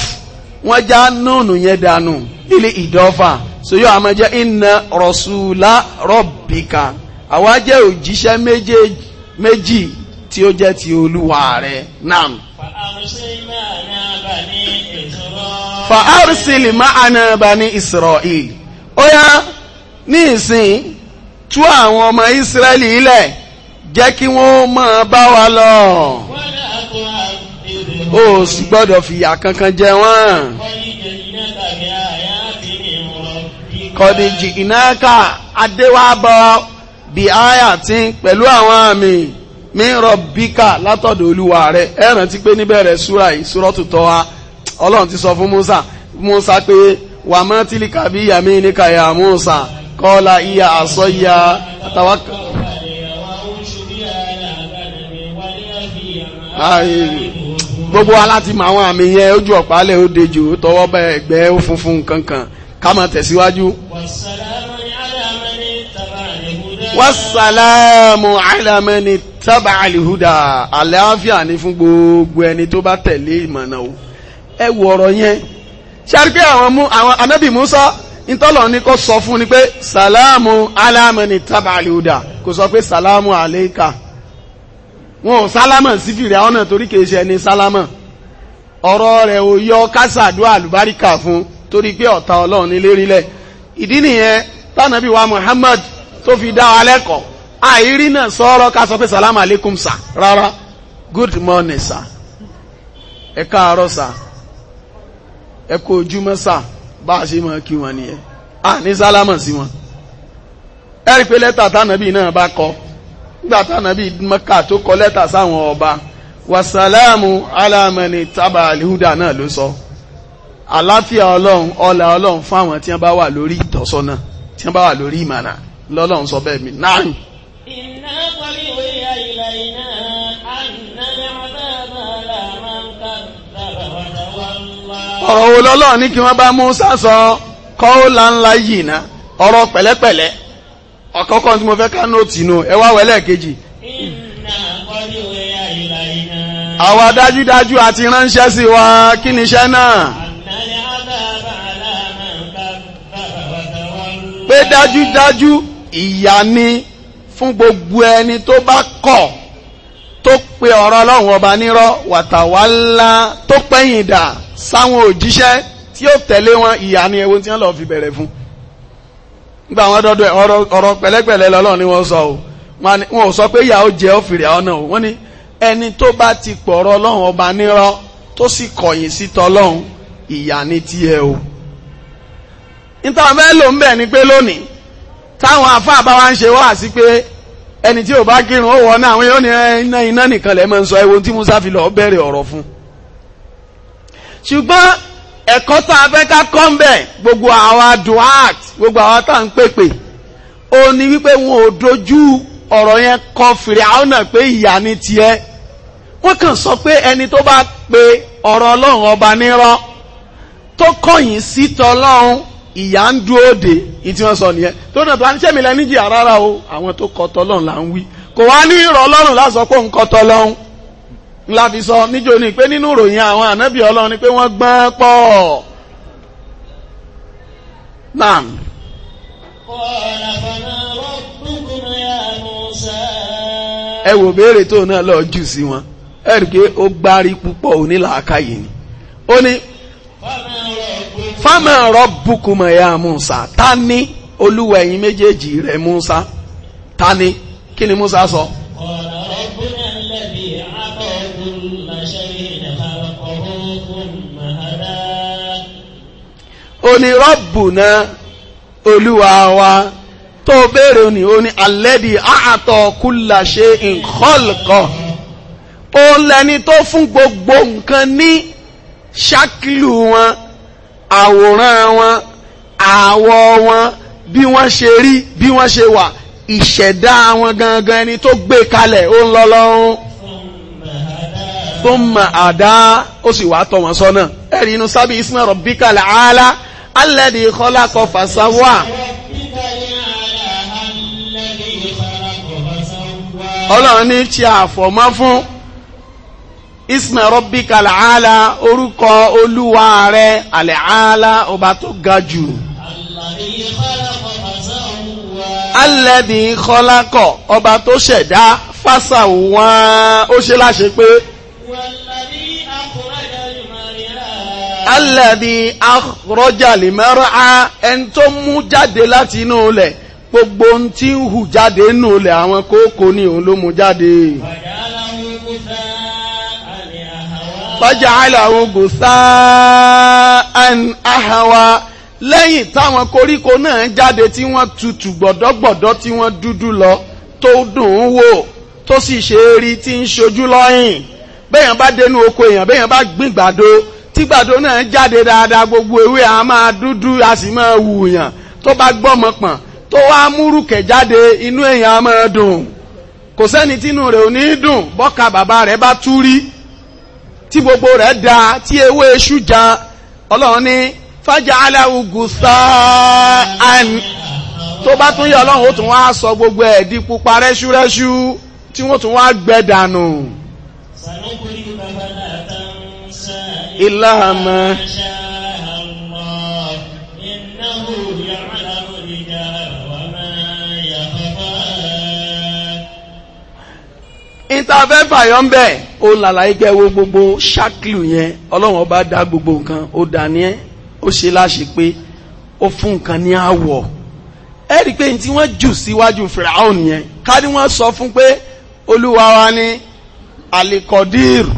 wọ́n já nùnù yẹn dànù lílé ìdọ́fà so yóò àmọ́ jẹ́ iná rọ̀ṣùlá rọ̀bìkà àwa jẹ́ òjíṣẹ́ méjì tí ó jẹ́ ti olúwa rẹ̀ náà. fa arsili ma'ana bani Israel ó yá ní ìsìn tú àwọn ọmọ Ísírẹ́lì ilẹ̀ jẹ́ kí wọ́n máa bá wa lọ ó sì gbọ́dọ̀ fìyà kankan jẹ wọ́n kọ́díjì ìnáka adéwábọ̀ bí àyà tí pẹ̀lú àwọn àmì mi rọ bíkà látọ̀dọ̀ olúwa rẹ̀ ẹ rántí pé níbẹ̀rẹ̀ súra yìí súra tutọ́ wa ọlọ́run ti sọ fún Musa Musa pé wàmọ́ tìlíkà bí yàmí níkà yà Musa kọ́lá iya àsọ́yà àtàwákà gbogbo aláti mọ àwọn àmì yẹn ojú ọ̀pálẹ̀ ó dejò tọwọ́ bẹ ẹgbẹ́ funfun kankan ká tẹ̀síwájú. wàsálàmù àlàmẹ́ni tábà àlìhúdà àlàáfíà ni fún gbogbo ẹni tó bá tẹ̀lé ìmọ̀nà o yẹn ṣáà rí àwọn anábì Musa ìtọ́lọ̀ ní kó sọ fún ni pé sàlámù alámẹ́ni tábàlìúdà kò sọ pé sàlámù àlékà wọn ò sálámà sí fìrì àwọn náà torí kìí ṣe ẹni sálámà ọ̀rọ̀ rẹ̀ ò yọ kásàdúrà àlùbáríkà fún torí pé ọ̀tá ọlọ́run ní lérílẹ̀ ìdí nìyẹn tánàbí wa Muhammad tó fi dá wa lẹ́kọ̀ọ́ àìrí náà sọ̀rọ̀ ká sọ pé sàlámù àlékùm sà rárá good morning sà ẹ káàárọ̀ sà ẹ kú ojúmọ́ sà bá a ṣe mọ́ kí wọn nìyẹn a ní sálámọ̀ sí wọn ẹ̀rí pé lẹ́tà tánàbí náà bá kọ nígbà tánàbí Mẹ́kà tó kọ lẹ́tà sáwọn ọba wàsálàmù aláàmẹ́ni tábà àlìhúdà náà ló sọ àlàáfíà ọlọ́run ọlà ọlọ́run fáwọn tí wọ́n bá wà lórí ìtọ́sọ́nà tí wọ́n bá wà lórí ìmọ̀nà lọ́lọ́run sọ bẹ́ẹ̀ mi náà. ìnáwó ọ̀rọ̀ wo lọ́lọ́ọ̀ ní kí wọ́n bá Musa sọ kọ́ọ̀lá ńlá yìí ná ọ̀rọ̀ pẹ̀lẹ́pẹ̀lẹ́ ọ̀kọ́kọ́ tí mo fẹ́ ká nóòtì nù ẹ wá wẹ́lẹ̀ kejì. àwa dájúdájú àti ránṣẹ́ sí wa kí ni iṣẹ́ náà. pé dájúdájú ìyà ni fún gbogbo ẹni tó bá kọ̀ tó pe ọ̀rọ̀ ọlọ́run ọba nírọ́ wàtàwálá tó pẹ̀yìn dà sáwọn òjíṣẹ́ tí ó tẹ̀lé wọn ìyà ni ẹwọ́n tí wọ́n lọ fi bẹ̀rẹ̀ fún nígbà wọn dọ́dọ̀ ọ̀rọ̀ pẹ̀lẹ́pẹ̀lẹ́ lọ́lọ́ ni wọ́n sọ o wọn ò sọ pé ìyà ó jẹ́ òfìrì ọ̀nà o wọ́n ní ẹni tó bá ti pọ̀rọ̀ ọlọ́run ọba nírọ́ tó sì kọ̀yìn sí tọlọ́run ìyà ni tiẹ̀ o níta fẹ́ lò ń bẹ̀ ni pé lónìí táwọn àfáà bá wa ń ṣe wá sí pé ẹni tí ò bá kírun ó wọ náà àwọn yóò ní iná iná nìkan lẹ́ẹ̀ sọ ẹ̀wọ̀n tí Musa fi lọ́ọ́ bẹ̀rẹ̀ ọ̀rọ̀ fún un ṣùgbọ́n ẹ̀kọ́ tá a fẹ́ ká kọ́ ń bẹ̀ gbogbo àwa duat gbogbo àwa tá à ń pèpè ó ní wípé wọn ò dojú ọ̀rọ̀ yẹn kọ fìrì àwọn náà pé ìyá ni tiẹ̀ wọ́n kàn sọ pé ẹni tó bá pe ọ̀rọ̀ ọlọ́run ọba nírọ́ tó kọ̀yìn sí tọlọ́run ìyá ń dúró de ìtí wọ́n sọ nìyẹn tó náà tó wá ní sẹ́mi lẹ́níjì rárá o àwọn tó kọ tọlọ́run là ń wí kò wá ní ìrọ̀ ọlọ́run lásọ pé òun kọ la fi sọ níjó ni pé nínú ìròyìn àwọn ànábì ọlọ́run ni pé wọ́n gbọ́n pọ̀. Naam. Ẹ wò béèrè tó náà lọ jù sí wọn. Ẹ rí pé ó gbárí púpọ̀ onílàákàyè ni. Ó ní fámà Bukuma ya Musa ta ni olúwa ẹ̀yin méjèèjì rẹ̀ Musa ta ni kí ni Musa sọ? So? onírọ́bù náà olúwa wa tó béèrè ni ó ní alẹ́dì àtọ̀ kúlà ṣe ìkọlùkọ ó lẹni tó fún gbogbo nǹkan ní ṣákìlù wọn àwòrán wọn àwọ̀ wọn bí wọ́n ṣe rí bí wọ́n ṣe wà ìṣẹ̀dá wọn gangan ẹni tó gbé kalẹ̀ ó ń lọ lọ́rùn tó mà àdá ó sì wàá tọ̀ wọ́n sọ́nà ẹ̀rí inú sábì ismail rọ̀bíkàlà áálá alẹ́dì kọ́lákọ̀ fàṣàwà. ọlọ́run ní ṣe àfọ̀mọ́ fún isma rabbika al'ala orúkọ olúwa rẹ̀ al'ala ọba tó ga jù alẹ́dì kọ́lákọ̀ ọba tó ṣẹ̀dá fàṣàwà ó ṣe láṣẹ pé. alladhi akhraja limar'a ẹni tó mú jáde láti inú ilẹ̀ gbogbo ohun tí ń hù jáde nínú ilẹ̀ àwọn kókó ni òun ló mú jáde. faja'alahu ghusaa'an ahwa lẹ́yìn táwọn koríko náà jáde tí wọ́n tutù gbọ̀dọ́gbọ̀dọ́ tí wọ́n dúdú lọ tó dùn ún wò tó sì ṣe é rí tí ń ṣojú lọ́yìn béèyàn bá dénú oko èèyàn béèyàn bá gbìn tígbàdo náà jáde dáadáa gbogbo ewé a máa dúdú a sì máa wùyàn tó bá gbọ́mọ pọ̀n tó wá múrùkẹ̀ jáde inú èèyàn a máa dùn kò sẹ́ni tínú rẹ̀ ò ní dùn bọ́ka bàbá rẹ̀ bá tú rí tí gbogbo rẹ̀ da tí ewé iṣu jan ọlọ́run ní fájà aláwùgù sáán tó bá tún yẹ ọlọ́run ó tún wá sọ gbogbo ẹ̀ di pupa rẹ́ṣúrẹ́ṣú tí wọ́n tún wá gbẹ dànù. إلا ما شاء الله إنه يعلم الجهر وما يخفى ìtafẹ́ fàyọ́ ń bẹ̀ ó làlàyé kẹ́ wo gbogbo ṣákìlù yẹn ọlọ́run ọba dá gbogbo nǹkan ó dà ní ẹ́ ó ṣe láṣẹ pé ó fún nǹkan ní àwọ̀ ẹ rí i pé tí wọ́n jù síwájú fìràhùn yẹn ká ní wọ́n sọ fún pé olúwa wa ní alikọ́dírù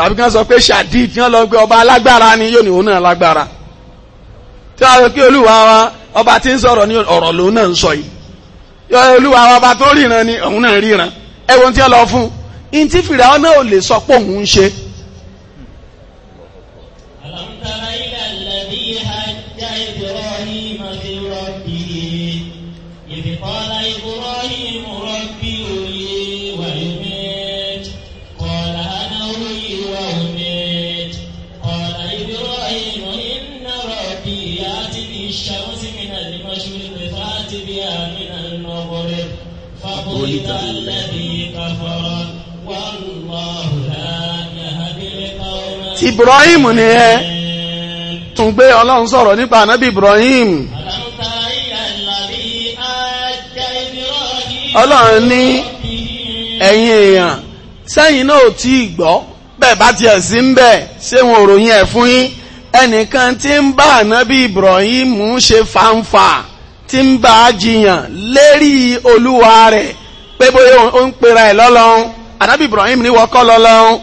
tàbí kí wọ́n sọ pé ṣàdí tí wọ́n lọ gbé ọba alágbára ni yóò ní òun náà lágbára tí wọ́n sọ pé olúwa wa ọba tí ń sọ̀rọ̀ ní ọ̀rọ̀ lòun náà ń sọ yìí yọ olúwa wa ọba tó ríran ni òun náà ríran ẹ̀wọ̀n tí wọ́n lọ fún un ìntí fìrà náà ò lè sọ pé òun ń ṣe ti Ibrahim nìyẹn tún gbé ọlọ́run sọ̀rọ̀ nípa ànábì Ibrahim ọlọ́run ní ẹ̀yin èèyàn sẹ́yìn náà ò tí ì gbọ́ bẹ́ẹ̀ bá tiẹ̀ sí ń bẹ̀ ṣé wọn ò ròyìn ẹ̀ fún yín ẹnìkan tí ń bá ànábì Ibrahim ṣe fàǹfà tí ń bá a jiyàn lérí olúwa rẹ̀ pé bóyá ó ń pera ẹ̀ lọ́lọ́run ànábì Ibrahim ní wọ́kọ́ lọ́lọ́run.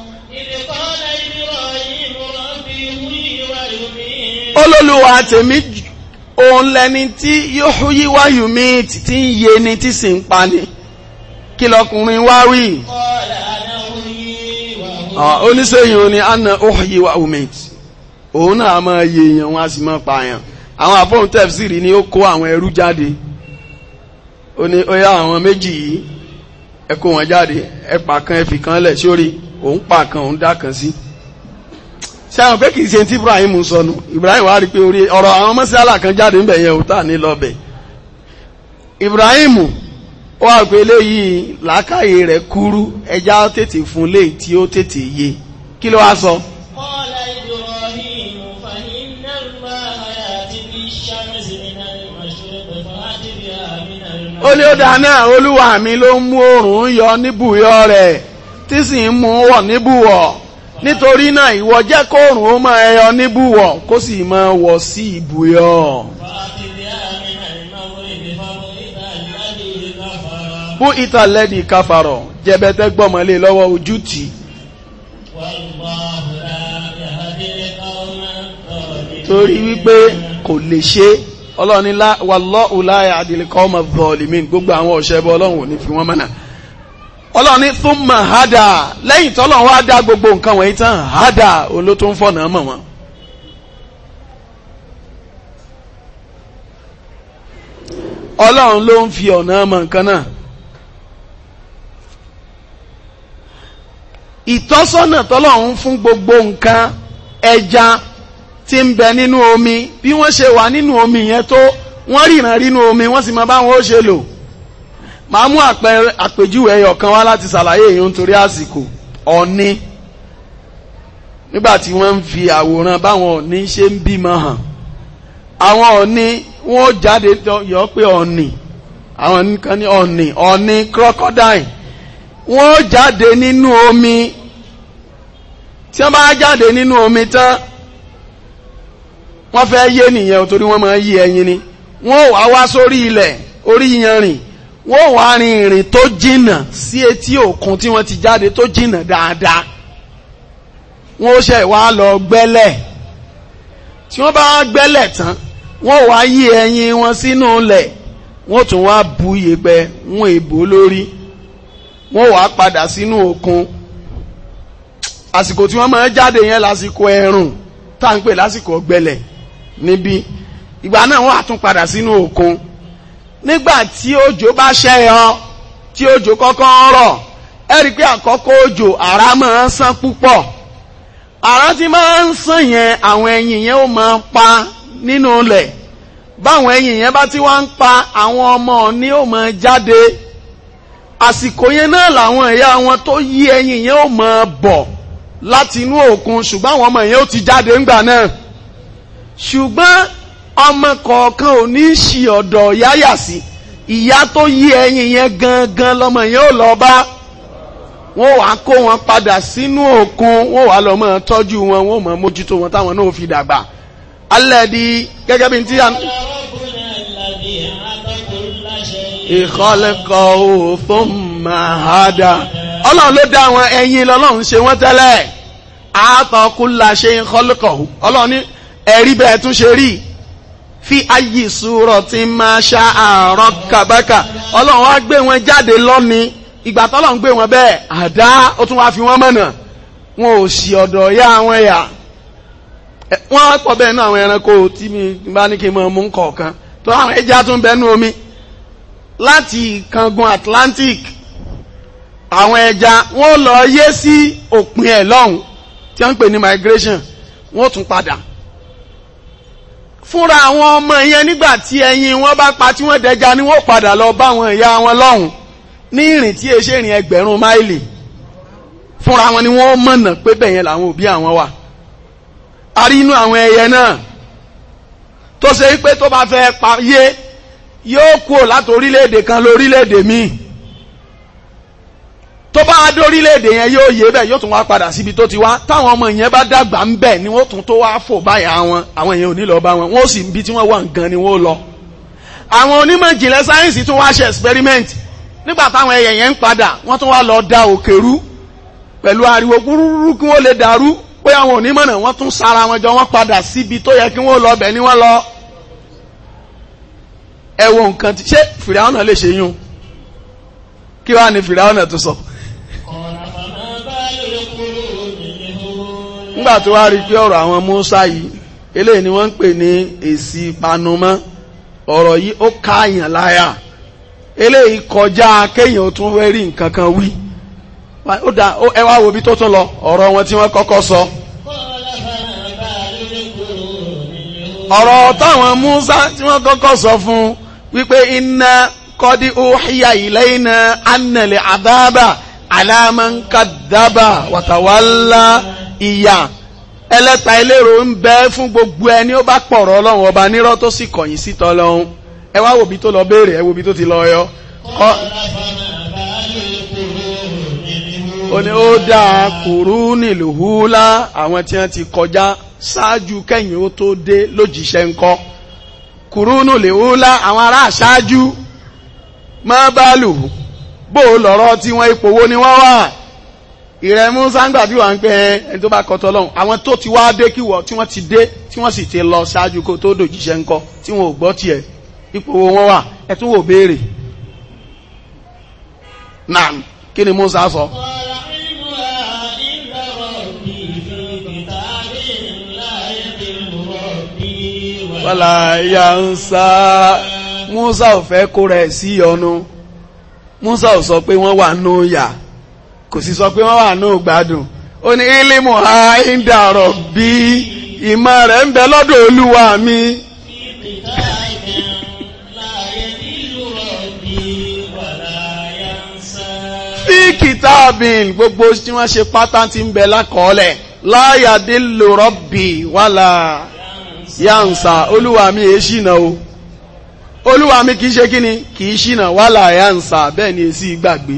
olólùwà tèmi òun lẹni tí yóò yíwá yùmí tí ń yé ni tí sì ń pa ni kí lọkùnrin wá wí oníṣẹ́yìn òní anna òhìwà umid òun náà máa yé èèyàn wọn a sì máa pààyàn àwọn àfọ́hùn tẹ̀fsìrì ni ó kó àwọn ẹrú jáde ó ní ó yá àwọn méjì yìí ẹ kó wọn jáde ẹ pa kan ẹ fi kan lẹ̀ sórí òun pa kan òun dá kan sí. Si sẹ́wọ̀n pé kì í ṣe tí Ibrahim sọnù Ibrahim wá rí pé orí ọ̀rọ̀ àwọn kan jáde ńbẹ̀ yẹn ò ní lọ́bẹ̀ Ibrahim ó wà pé làákàyè rẹ̀ kúrú ẹja tètè fún tí ó tètè yé kí ló wá sọ. ó lé ó dáa náà olúwa mi ló ń mú oòrùn yọ níbùyọ rẹ̀ tí sì ń mú nítorí náà ìwọ jẹ́ kóòrùn ó máa ẹyọ níbùwọ̀ kó sì máa wọ̀ sí ìbùyọ̀. bú ìtàlẹ́dì káfàrọ̀ jẹ́bẹ́tẹ́ gbọ́mọlé lọ́wọ́ ojú tì í. torí wípé kò lè ṣe ọlọ́ọ̀ni wàlọ́ọ̀lá àdìlẹ́kọ́ ọmọ vọ́ọ̀lì mi gbogbo àwọn ọ̀ṣẹ́bọ ọlọ́run ò ní fi wọ́n mọ́nà. ọlọ́run ní thumma hada lẹ́yìn tọ́lọ́run wá dá gbogbo nǹkan wọ̀nyí tán hada olótó ń fọ̀nà mọ̀ wọ́n. ọlọ́run ló ń fi ọ̀nà mọ̀ nǹkan náà. ìtọ́sọ́nà tọ́lọ́run fún gbogbo nǹkan ẹja tí ń bẹ nínú omi bí wọ́n ṣe wà nínú omi yẹn tó wọ́n ríran nínú omi wọ́n sì máa bá wọn ó ṣe lò. màá mú àpèjúwe ẹyọ kan wá láti ṣàlàyé èèyàn nítorí àsìkò ọ̀ní nígbà tí wọ́n ń fi àwòrán báwọn ọ̀ní ṣe ń bímọ hàn àwọn ọ̀ní wọ́n ó jáde yọ pé ọ̀ní àwọn nìkan ní ọ̀ní ọ̀ní crocodile wọ́n jáde nínú omi tí wọ́n bá jáde nínú omi tán wọ́n fẹ́ yé nìyẹn torí wọ́n máa yé ẹyin ni wọ́n wá wá sórí ilẹ̀ orí yanrìn wọ́n wá rin ìrìn tó jìnnà sí etí òkun tí wọ́n ti jáde tó jìnnà dáadáa wọ́n ó ṣe wá lọ gbẹ́lẹ̀ tí wọ́n bá gbẹ́lẹ̀ tán wọ́n wá yí ẹyin wọn sínú ilẹ̀ wọ́n tún wá bu yèpẹ̀ wọn èbó lórí wọ́n wá padà sínú òkun àsìkò tí wọ́n máa jáde yẹn lásìkò ẹ̀rùn tá ń pè lásìkò ọ̀gbẹlẹ̀ níbí ìgbà náà wọ́n á tún padà sínú òkun nígbà tí òjò bá ṣẹyọ tí òjò kọ́kọ́ rọ̀ ẹ rí i pé àkọ́kọ́ òjò ara máa ń sán púpọ̀ ara tí máa ń sán yẹn àwọn ẹyin yẹn ó máa pa nínú ilẹ̀ báwọn ẹyin yẹn bá ti wá ń pa àwọn ọmọ ni ó máa jáde àsìkò yẹn náà làwọn ẹ̀yà wọn tó yí ẹyin yẹn ó máa bọ̀ láti inú òkun ṣùgbọ́n àwọn ọmọ yẹn ó ti jáde ńgbà náà ṣùgbọ́n ọmọ kọ̀ọ̀kan ò ní ṣì ọ̀dọ̀ yáyà sí ìyá tó yí ẹyin yẹn gangan lọmọ yẹn ò lọ bá wọ́n wàá kó wọn padà sínú òkun wọ́n wàá lọ mọ tọ́jú wọn wọ́n mọ mójútó wọn táwọn náà fi dàgbà alẹ́ di gẹ́gẹ́ bí n ti yà. ìkọlẹ́kọ̀ òfò màhádà ọlọ́run ló dá àwọn ẹyin lọ́lọ́run ṣe wọ́n tẹ́lẹ̀ àtọkùn la ọlọ́run ní ẹ̀rí bẹ́ẹ̀ tún ṣe rí fi ayi sùúrọ̀ tí máa ṣá àárọ̀ kàbákà ọlọ́run wá gbé wọn jáde lọ́ni ìgbà tọ́lọ́run gbé wọn bẹ́ẹ̀ àdá ó tún wá fi wọ́n mọ̀nà wọn ò sí ọ̀dọ̀ ya àwọn ẹ̀yà wọ́n á pọ̀ bẹ́ẹ̀ ní àwọn ẹranko tí mi bá ní kí n mọ̀ mú kọ̀ọ̀kan tó àwọn ẹja tún bẹ́nu omi láti kangun Atlantic àwọn ẹja wọ́n lọ yé sí òpin ẹ̀ lọ́hùn tí wọ́n ń pè ní migration wọ́n tún padà fúnra àwọn ọmọ yẹn nígbà tí ẹyin wọn bá pa tí wọ́n dẹja ni wọ́n padà lọ bá àwọn ìyá wọn lọ́hùn ní ìrìn tí e ṣe rìn ẹgbẹ̀rún máìlì fúnra wọn ni wọ́n mọ̀nà pé bẹ̀yẹn làwọn òbí àwọn wà a rí inú àwọn ẹyẹ náà tó ṣe pé tó bá fẹ́ pa yé yóò kúrò láti orílẹ̀-èdè kan lórílẹ̀-èdè míì tó bá dé orílẹ̀-èdè yẹn yóò yé bẹ́ẹ̀ yóò tún wá padà síbi tó ti wá táwọn ọmọ yẹn bá dàgbà ń bẹ̀ ni wọ́n tún tó wá fò báyà wọn àwọn èèyàn ò ní lọ bá wọn wọ́n sì bí tí wọ́n wà nǹkan ni wọ́n lọ. àwọn onímọ̀ ìjìnlẹ̀ sáyẹ́nsì tún wá ṣe experiment nígbà táwọn ẹyẹ yẹn ń padà wọ́n tún wá lọ da òkè rú pẹ̀lú ariwo kúrúrú kí wọ́n lè dàrú pé àwọn onímọ̀ náà wọ́n tún sara wọn jọ wọ́n padà síbi tó yẹ kí wọ́n lọ bẹ̀ wàá ní fìràwọ̀n náà tó sọ nígbà tó wá rí pé ọ̀rọ̀ àwọn Musa yìí eléyìí ni wọ́n ń pè ní èsì ìpanumọ́ ọ̀rọ̀ yìí ó káàyàn láyà eléyìí kọjá kéèyàn ó tún wẹ́rí nǹkan kan wí ó dà ẹ wá wo bí tó tún lọ ọ̀rọ̀ wọn tí wọ́n kọ́kọ́ sọ. ọ̀rọ̀ táwọn Musa tí wọ́n kọ́kọ́ sọ fún wípé iná kọ́dí òhìyà ìlẹ́yìnà annalẹ̀ àdábà alámankadaba wàtàwálá ìyà ẹlẹ́ta eléro ń bẹ fún gbogbo ẹni ó bá pọ̀rọ̀ ọlọ́run ọba nírọ́ tó sì kọ̀yìn sí tọ́lọ́hún ẹ wá wòbí tó lọ béèrè ẹ wòbí tó ti lọ yọ. ó ní ó dáa kùrú nílùúlá àwọn tí wọ́n ti kọjá ṣáájú kẹ́yìn ó tó dé lójíṣẹ́ ńkọ́ kùrú nílùúlá àwọn ará ṣáájú má bá lù bó lọ́rọ́ tí wọ́n ipò wo ni wọ́n wà ìrẹ musa ń gbàbí wà ń pẹ ẹni tó bá kọtọ lọhùn àwọn tó ti wá dé kíwọ tí wọ́n ti dé tí wọ́n sì ti lọ ṣáájú kó tó dòjíṣẹ́ ńkọ́ tí wọn ò gbọ́ tiẹ̀ ipò wo wọn wà ẹ tún wò béèrè náà kí ni musa sọ. wàlá ya ń sá musa ò fẹ́ kó rẹ̀ sí ọnu musa ò sọ pé wọ́n wà nù yà. No kò sì sọ pé wọ́n wà náà gbádùn ó ní ilimu ha ń dàrọ̀ bí ìmọ̀ rẹ̀ ń bẹ lọ́dọ̀ olúwa mi. fi kìtàbìn gbogbo tí wọ́n ṣe pátá ti ń bẹ lákọọ́lẹ̀ láyàdé lòrọ̀ bì wàlà yànsà olúwa mi èé e ṣìnà o olúwa mi kì í ṣe kí ni kì í ṣìnà wàlà yànsà bẹ́ẹ̀ ni èsì e gbàgbé.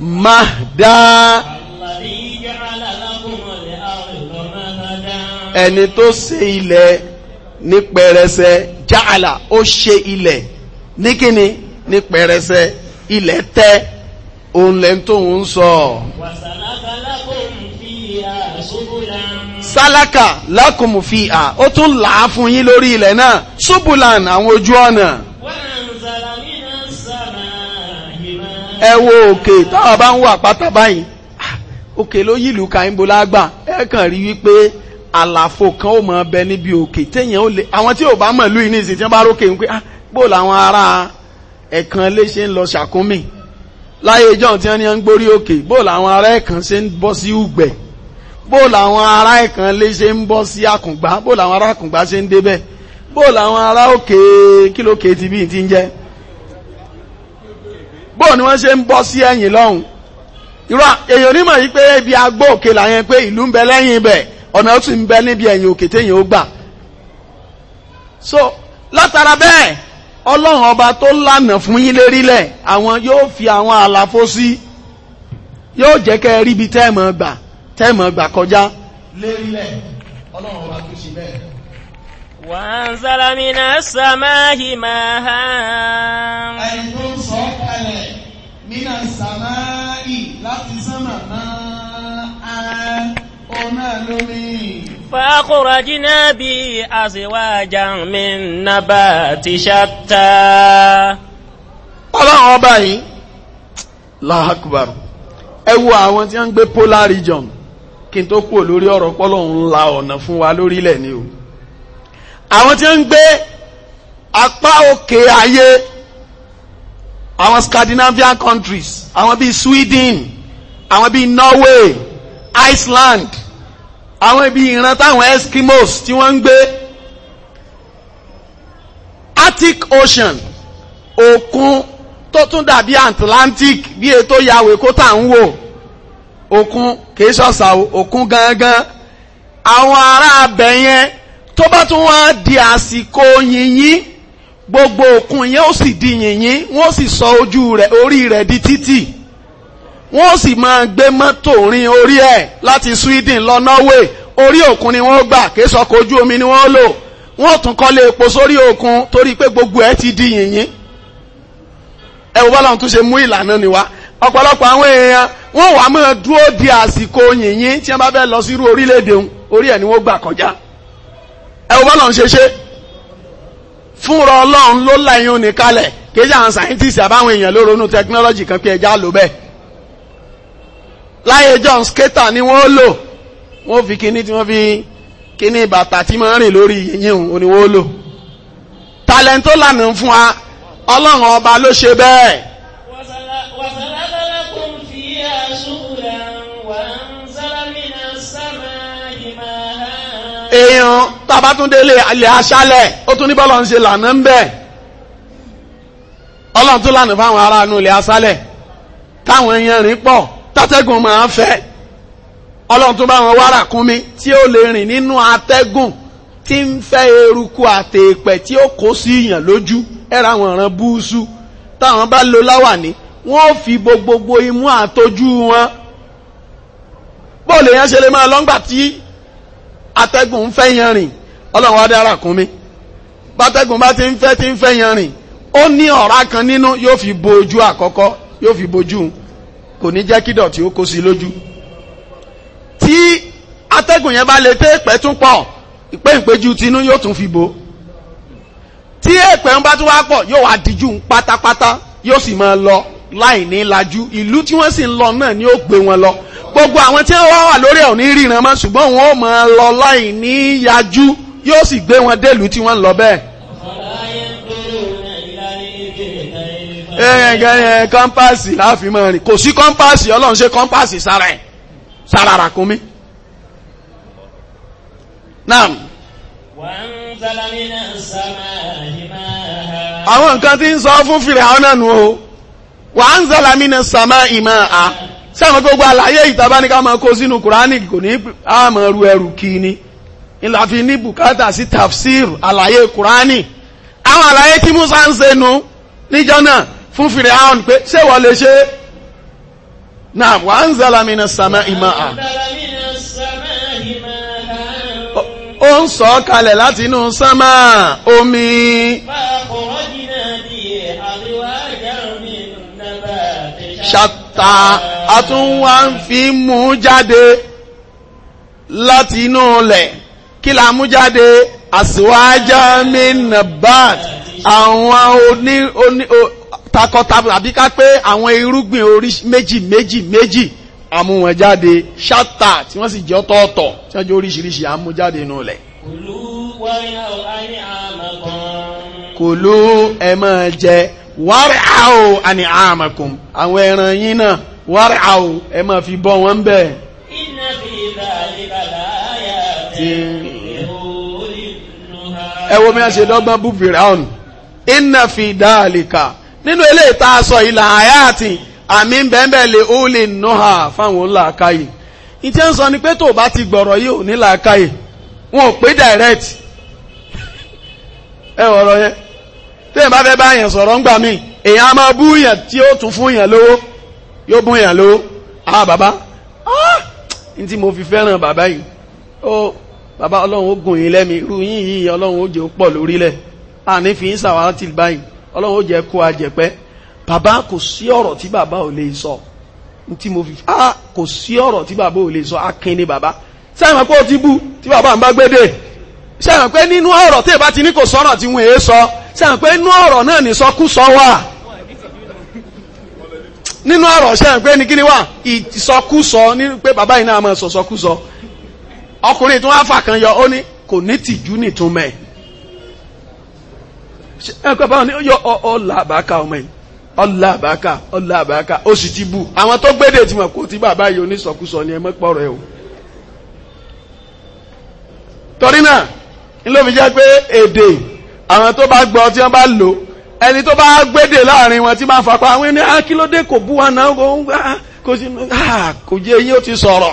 mahda ẹni tó ṣe ilẹ̀ ní pẹrẹsẹ ja'ala ó ṣe ilẹ̀ ní kíni ní pẹrẹsẹ ilẹ̀ tẹ́ òun lẹ́ tó ń sọ. sálàkà lákùnmù fi hà ó tún là á fún yín lórí ilẹ̀ náà ṣubúlan àwọn ojú ọ̀nà. ẹ wo òkè táwa bá ń wà pátá báyìí ah, òkè ló yìlú kàìmbó lágbà ẹ kàn rí wípé àlàfo kan ó mọ bẹ níbi òkè téèyàn ó lè àwọn tí ò bá mọ̀ lú ìní ìsìn tí wọ́n bá rókè ń pé ah bó làwọn ará ẹ̀kan lè ṣe ń lọ ṣàkúnmí láyé ìjọ tí wọ́n ní ń gbórí òkè bó làwọn ará ẹ̀kan ṣe ń bọ́ sí ùgbẹ́ bó làwọn ará ẹ̀kan lè ṣe ń bọ́ sí àkùngbá bó làwọn ará àkùngbá ṣe ń débẹ̀ bó làwọn ará òkè kílókè tìbí ti ń jẹ́ bóò ni wọ́n ṣe ń bọ́ sí ẹ̀yìn lọ́hùn irú onímọ̀ yìí pé ibi agbó òkè làyẹn pé ìlú ń bẹ lẹ́yìn ibẹ̀ ọ̀nà ó sì ń bẹ níbi ẹ̀yìn òkè téèyàn ó gbà so látara bẹ́ẹ̀ ọlọ́run ọba tó lànà fún yín lérílẹ̀ àwọn yóò fi àwọn àlàfo sí yóò jẹ́ kẹ́ ẹ ríbi tẹ́ẹ̀mọ̀ gbà tẹ́ẹ̀mọ̀ gbà kọjá lérílẹ̀ ọlọ́run ọba tó ṣe bẹ́ẹ̀ وأنزل من السماء ماء ẹ̀kún sọ ha فأخرجنا به أزواجا من نبات شتى. ọlọ́run ọba yìí àwọn tí wọ́n ń gbé polar region kí n tó kú lórí ọ̀rọ̀ pọ́lọ́run ńlá ọ̀nà fún wa lórílẹ̀ ni o. àwọn tí ń gbé apá òkè ayé àwọn Scandinavian countries àwọn bíi Sweden àwọn bíi Norway Iceland àwọn ibi ìran táwọn Eskimos tí wọ́n ń gbé Arctic Ocean òkun tó tún dàbí Atlantic bí ètò yàwé kó tà ń wò òkun kìí ṣọ̀ṣà òkun gangan àwọn ará abẹ yẹn tó bá tún wá di àsìkò yìnyín gbogbo òkun yẹn ó sì di yìnyín wọ́n sì sọ ojú rẹ̀ orí rẹ̀ di títì wọ́n sì máa gbé mọ́tò rin orí ẹ̀ láti Sweden lọ Norway orí òkun ni wọ́n gbà késọkọ̀ ojú omi ni wọ́n lò wọ́n tún kọ́lé epo sórí òkun torí pé gbogbo ẹ̀ ti di yìnyín ẹ wò bọ́lá tún ṣe mú ìlànà ni ọ̀pọ̀lọpọ̀ àwọn èèyàn wọ́n wàá máa dúró di àsìkò yìnyín tí wọ́n bá fẹ́ lọ sírú orílẹ̀-èdè orí ẹ̀ ni wọ́n gbà kọjá ẹ wọ́n bọ́lọ̀ ń ṣe ṣe fúnra ọlọ́run ló láyún òní kalẹ̀ kéjì àwọn scientist àbáwọn èèyàn ló ronú technology kan pé ẹja lò bẹ́ẹ̀ láyé john skater ni wọ́n lò wọ́n fi kíní tí wọ́n fi kíní bàtà tí máa ń rìn lórí yíyún òní wọ́n lò talent tó lànà fún wa ọlọ́run ọba ló ṣe bẹ́ẹ̀ èèyàn tabatúndélé alẹ́ aṣálẹ̀ ó tún ní bọ́lọ̀ ń ṣe lànà ń bẹ̀ ọlọ́run tún lànà fáwọn ará inú ilẹ̀ aṣálẹ̀ táwọn èèyàn rìn pọ̀ tátẹ́gùn máa ń fẹ́ ọlọ́run tún bá wọn wára kún mi tí ó lè rìn nínú atẹ́gùn tí ń fẹ́ eruku àtẹ̀pẹ̀ tí ó kó sí ìyàn lójú ẹ̀rọ àwọn ọ̀ràn búúsù táwọn bá lo láwàní wọ́n fi gbogbogbò imú àtọjú wọn bóòlù èèyàn ṣe lè máa lọ́ngbà tí atẹ́gùn ń fẹ́ yẹn rìn ọlọ́run adára kún mi bátẹ́gùn bá ti ń fẹ́ ti ń fẹ́ yẹn rìn ó ní ọ̀rá kan nínú yóò fi bo ojú àkọ́kọ́ yóò fi bojú kò ní jẹ́ kí dọ̀tí ó kó sí lójú tí atẹ́gùn yẹn bá lè tẹ́ ìpẹ́ tún pọ̀ ìpẹ́ ìpẹ́jú tinú yóò tún fi bo tí èpè ń bá tún wá pọ̀ yóò wá díjú pátápátá yóò sì máa lọ láì ní lajú ìlú tí wọ́n sì ń lọ náà ni ó gbé wọn lọ gbogbo àwọn tí wọ́n wà lórí ẹ̀ ò ní ríran mọ́ ṣùgbọ́n wọn ò máa lọ láì ní yájú yóò sì gbé wọn délùú tí wọ́n ń lọ bẹ́ẹ̀. ẹ̀ẹ́dẹ̀ẹ́ kọ́ńpáàsì láàfin máa rìn kò sí kọ́ńpáàsì ọlọ́run ṣe kọ́ńpáàsì sára ẹ̀ sára ràkúnmí. naam. àwọn nǹkan tí ń sọ fún fìrà ọ̀nà nù o wà á ń zàlámínà sàmá ìmọ̀ sáwọn tó gba àlàyé ìtàbá ní ká máa kó sínú kùránì kò ní àmọ́ ru ẹrù kì ní ìlàfi ní bùkátà sí tafsir àlàyé kùránì àwọn àlàyé tí Musa ń ṣe nu níjọ́ náà fún fìrì àwọn pé ṣé wọ́n lè ṣe náà wà ń zala mi náà sàmà ó ń sọ kalẹ̀ láti inú sánmà omi ṣàkóso ta a tún wá ń fi mú jáde láti inú ilẹ̀ kí la mú jáde àsìwájá mi nabat àwọn oní oní takọtabo àbí ká pé àwọn irúgbìn orí méjì méjì méjì àmú wọn jáde ṣáta tí wọ́n sì jẹ́ ọ̀tọ̀ọ̀tọ̀ tí wọ́n jẹ́ oríṣiríṣi àmú jáde inú ilẹ̀. kòlú wáyà ayé máa jẹ wáràáwò àni àmàkùn àwọn ẹran yín náà wáràáwò ẹ máa fi bọ wọn bẹ́ẹ̀. iná bí ìdálẹ́bà láyà tẹ̀ ẹ wo mi a ṣe dọ́gbọ́n bú fìràhùn iná fi ìdálẹ́kà nínú eléyìí tá a sọ ìlà àyàtì àmì bẹ́ẹ̀ lè ó lè nù hà fáwọn ńlá káyè ìtẹ́ ń sọ ni pé tó bá ti gbọ̀rọ̀ yìí ò ní làákàyè wọn ò pé direct ẹ wọ̀rọ̀ yẹn téèyàn bá fẹ́ bá yẹn sọ̀rọ̀ ńgbà míì èèyàn á máa bú yẹn tí ó tún fún yẹn lówó yóò bú yẹn lówó ah bàbá ah n tí mo fi fẹ́ràn bàbá yìí ó bàbá ọlọ́run ó gùn yín lẹ́mi irú yín yìí ọlọ́run ó jẹ́ ó pọ̀ lórílẹ̀ àní fi ń sàwọn àti báyìí ọlọ́run ó jẹ́ kó ajẹ̀pẹ́ bàbá kò sí ọ̀rọ̀ tí bàbá ò lè sọ n tí mo fi ah kò sí ọ̀rọ̀ tí bàbá ò lè sọ akin ni bàbá sẹ́yìn pé ó ti bú tí bàbá ń bá gbé dé sẹ́yìn pé nínú ọ̀rọ̀ tí ìbá ti ní kò sọ̀rọ̀ tí wọ́n èé sọ sàn pé inú ọ̀rọ̀ náà ní sọkúsọ wà nínú ọ̀rọ̀ sàn pé ní kíni wà ìsọkúsọ ní pé bàbá yìí náà máa sọ sọkúsọ ọkùnrin tó wá fà kan yọ ó ní kò ní tìjú nìtúmẹ̀ ẹ̀kọ́ báwọn ni ó yọ ọ̀la àbáka ọmọ yìí ọ̀la àbáka ọ̀la àbáka ó sì ti bù àwọn tó gbédè tí wọn kò tí bàbá yìí onísọkúsọ ni ẹ mọ́ pọ̀rọ̀ ẹ o torí náà ńlọ́mi jẹ́ pé èdè àwọn tó bá gbọ́ tí wọ́n bá lò ẹni tó bá gbédè láàrin wọn tí máa fapá àwọn ẹni akílódé ah, kò bú wọn náà kò sí ah, kò jẹ́ eyín ó ti sọ̀rọ̀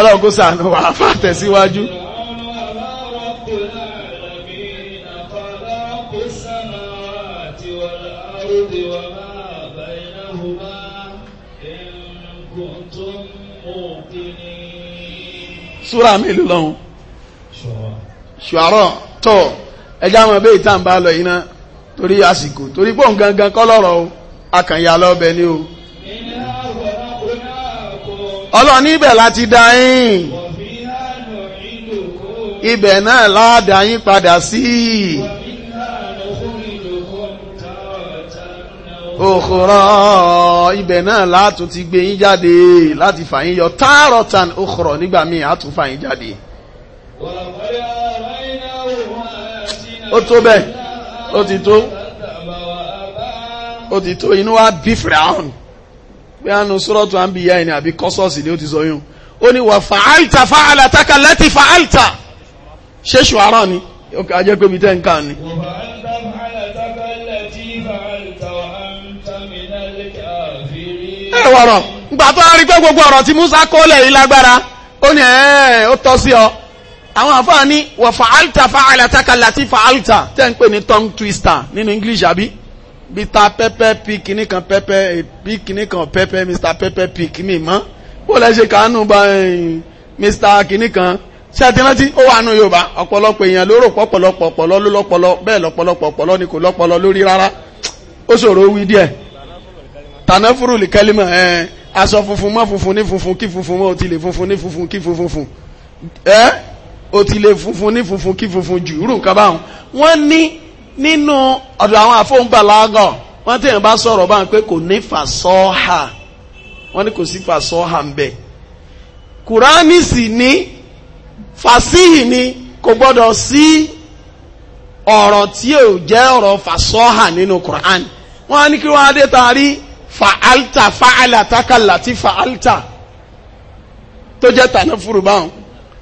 ọlọ́run sànù wà fà tẹ̀síwájú. Súra mélòó lọ́hùn? Ṣùárọ̀. Ṣùárọ̀ ẹjá mọ̀ bí ìtàn bá lọ iná torí àsìkò torí pọ̀ nǹkan kọ́lọ́rọ̀ o akànyà lọ́bẹ̀ ni o ọlọ́ni ibẹ̀ láti dá yín ibẹ̀ náà láàdá yín padà sí òkúrọ̀ ibẹ̀ náà látún ti gbé yín jáde láti fà yín yọ tààrọ̀tàn òkúrọ̀ nígbà míì àtún fà yín ó tó bẹ́ẹ̀ ó ti tó ó ti tó inú wa bí fìràhùn pé àánú sọ́rọ̀tù à ń bí ìyá ẹni àbí kọ́sọ́ọ̀sì ni ó ti sọ yún ó ní wà fàáltà fàálà tákà láti fàáltà ṣé ṣùárọ̀ ni ajẹ́ pé mi tẹ́ ń kà ni. ẹ wọ̀rọ̀ gbàtọ́ àrí pé gbogbo ọ̀rọ̀ tí Musa kọ́ lẹ̀ yìí lágbára ó ní ẹ̀ẹ́ ó tọ́ sí ọ àwọn àfáàní wọ fa'alta fa'alataka lati fa'alta tẹ́ ń pè ní tongue twister nínú English àbí bita pepper pig kìíní kan pepper eh, pig kìíní kan pepper Mr pepper pig mi mọ́ bó lẹ́ ṣe kàánú bá eh, Mr kìíní kan ṣé àti rántí ó wà nù Yorùbá ọ̀pọ̀lọpọ̀ èèyàn ló rò pọ̀pọ̀lọpọ̀ ọ̀pọ̀lọ ló lọ́pọ̀lọ bẹ́ẹ̀ lọ́pọ̀lọpọ̀ ọ̀pọ̀lọ ni kò lọ́pọ̀lọ lórí rárá ó ṣòro wí díẹ̀ tànáfúrú lè kẹ́límọ̀ ẹ̀ eh, aṣọ funfun mọ́ funfun ní funfun kí funfun mọ́ òtí lè funfun ní funfun kí funfun fun ẹ́ ó ti lè funfun ní funfun kí funfun jù rú nǹkan báwọn wọ́n ní nínú ọ̀dọ̀ àwọn àfóńgbàlágọ̀ wọ́n tẹ̀yàn bá sọ̀rọ̀ báwọn pé kò ní fàṣọ́hà wọ́n ní kò sí fàṣọ́hà ń bẹ̀ kùránì sì ní fàṣíhì ni kò gbọ́dọ̀ sí ọ̀rọ̀ tí ò jẹ́ ọ̀rọ̀ fàṣọ́hà nínú kùránì wọ́n ní kí wọ́n á taari fa'alta fa'ala takala ti fa'alta tó jẹ́ tànà fúru báwọn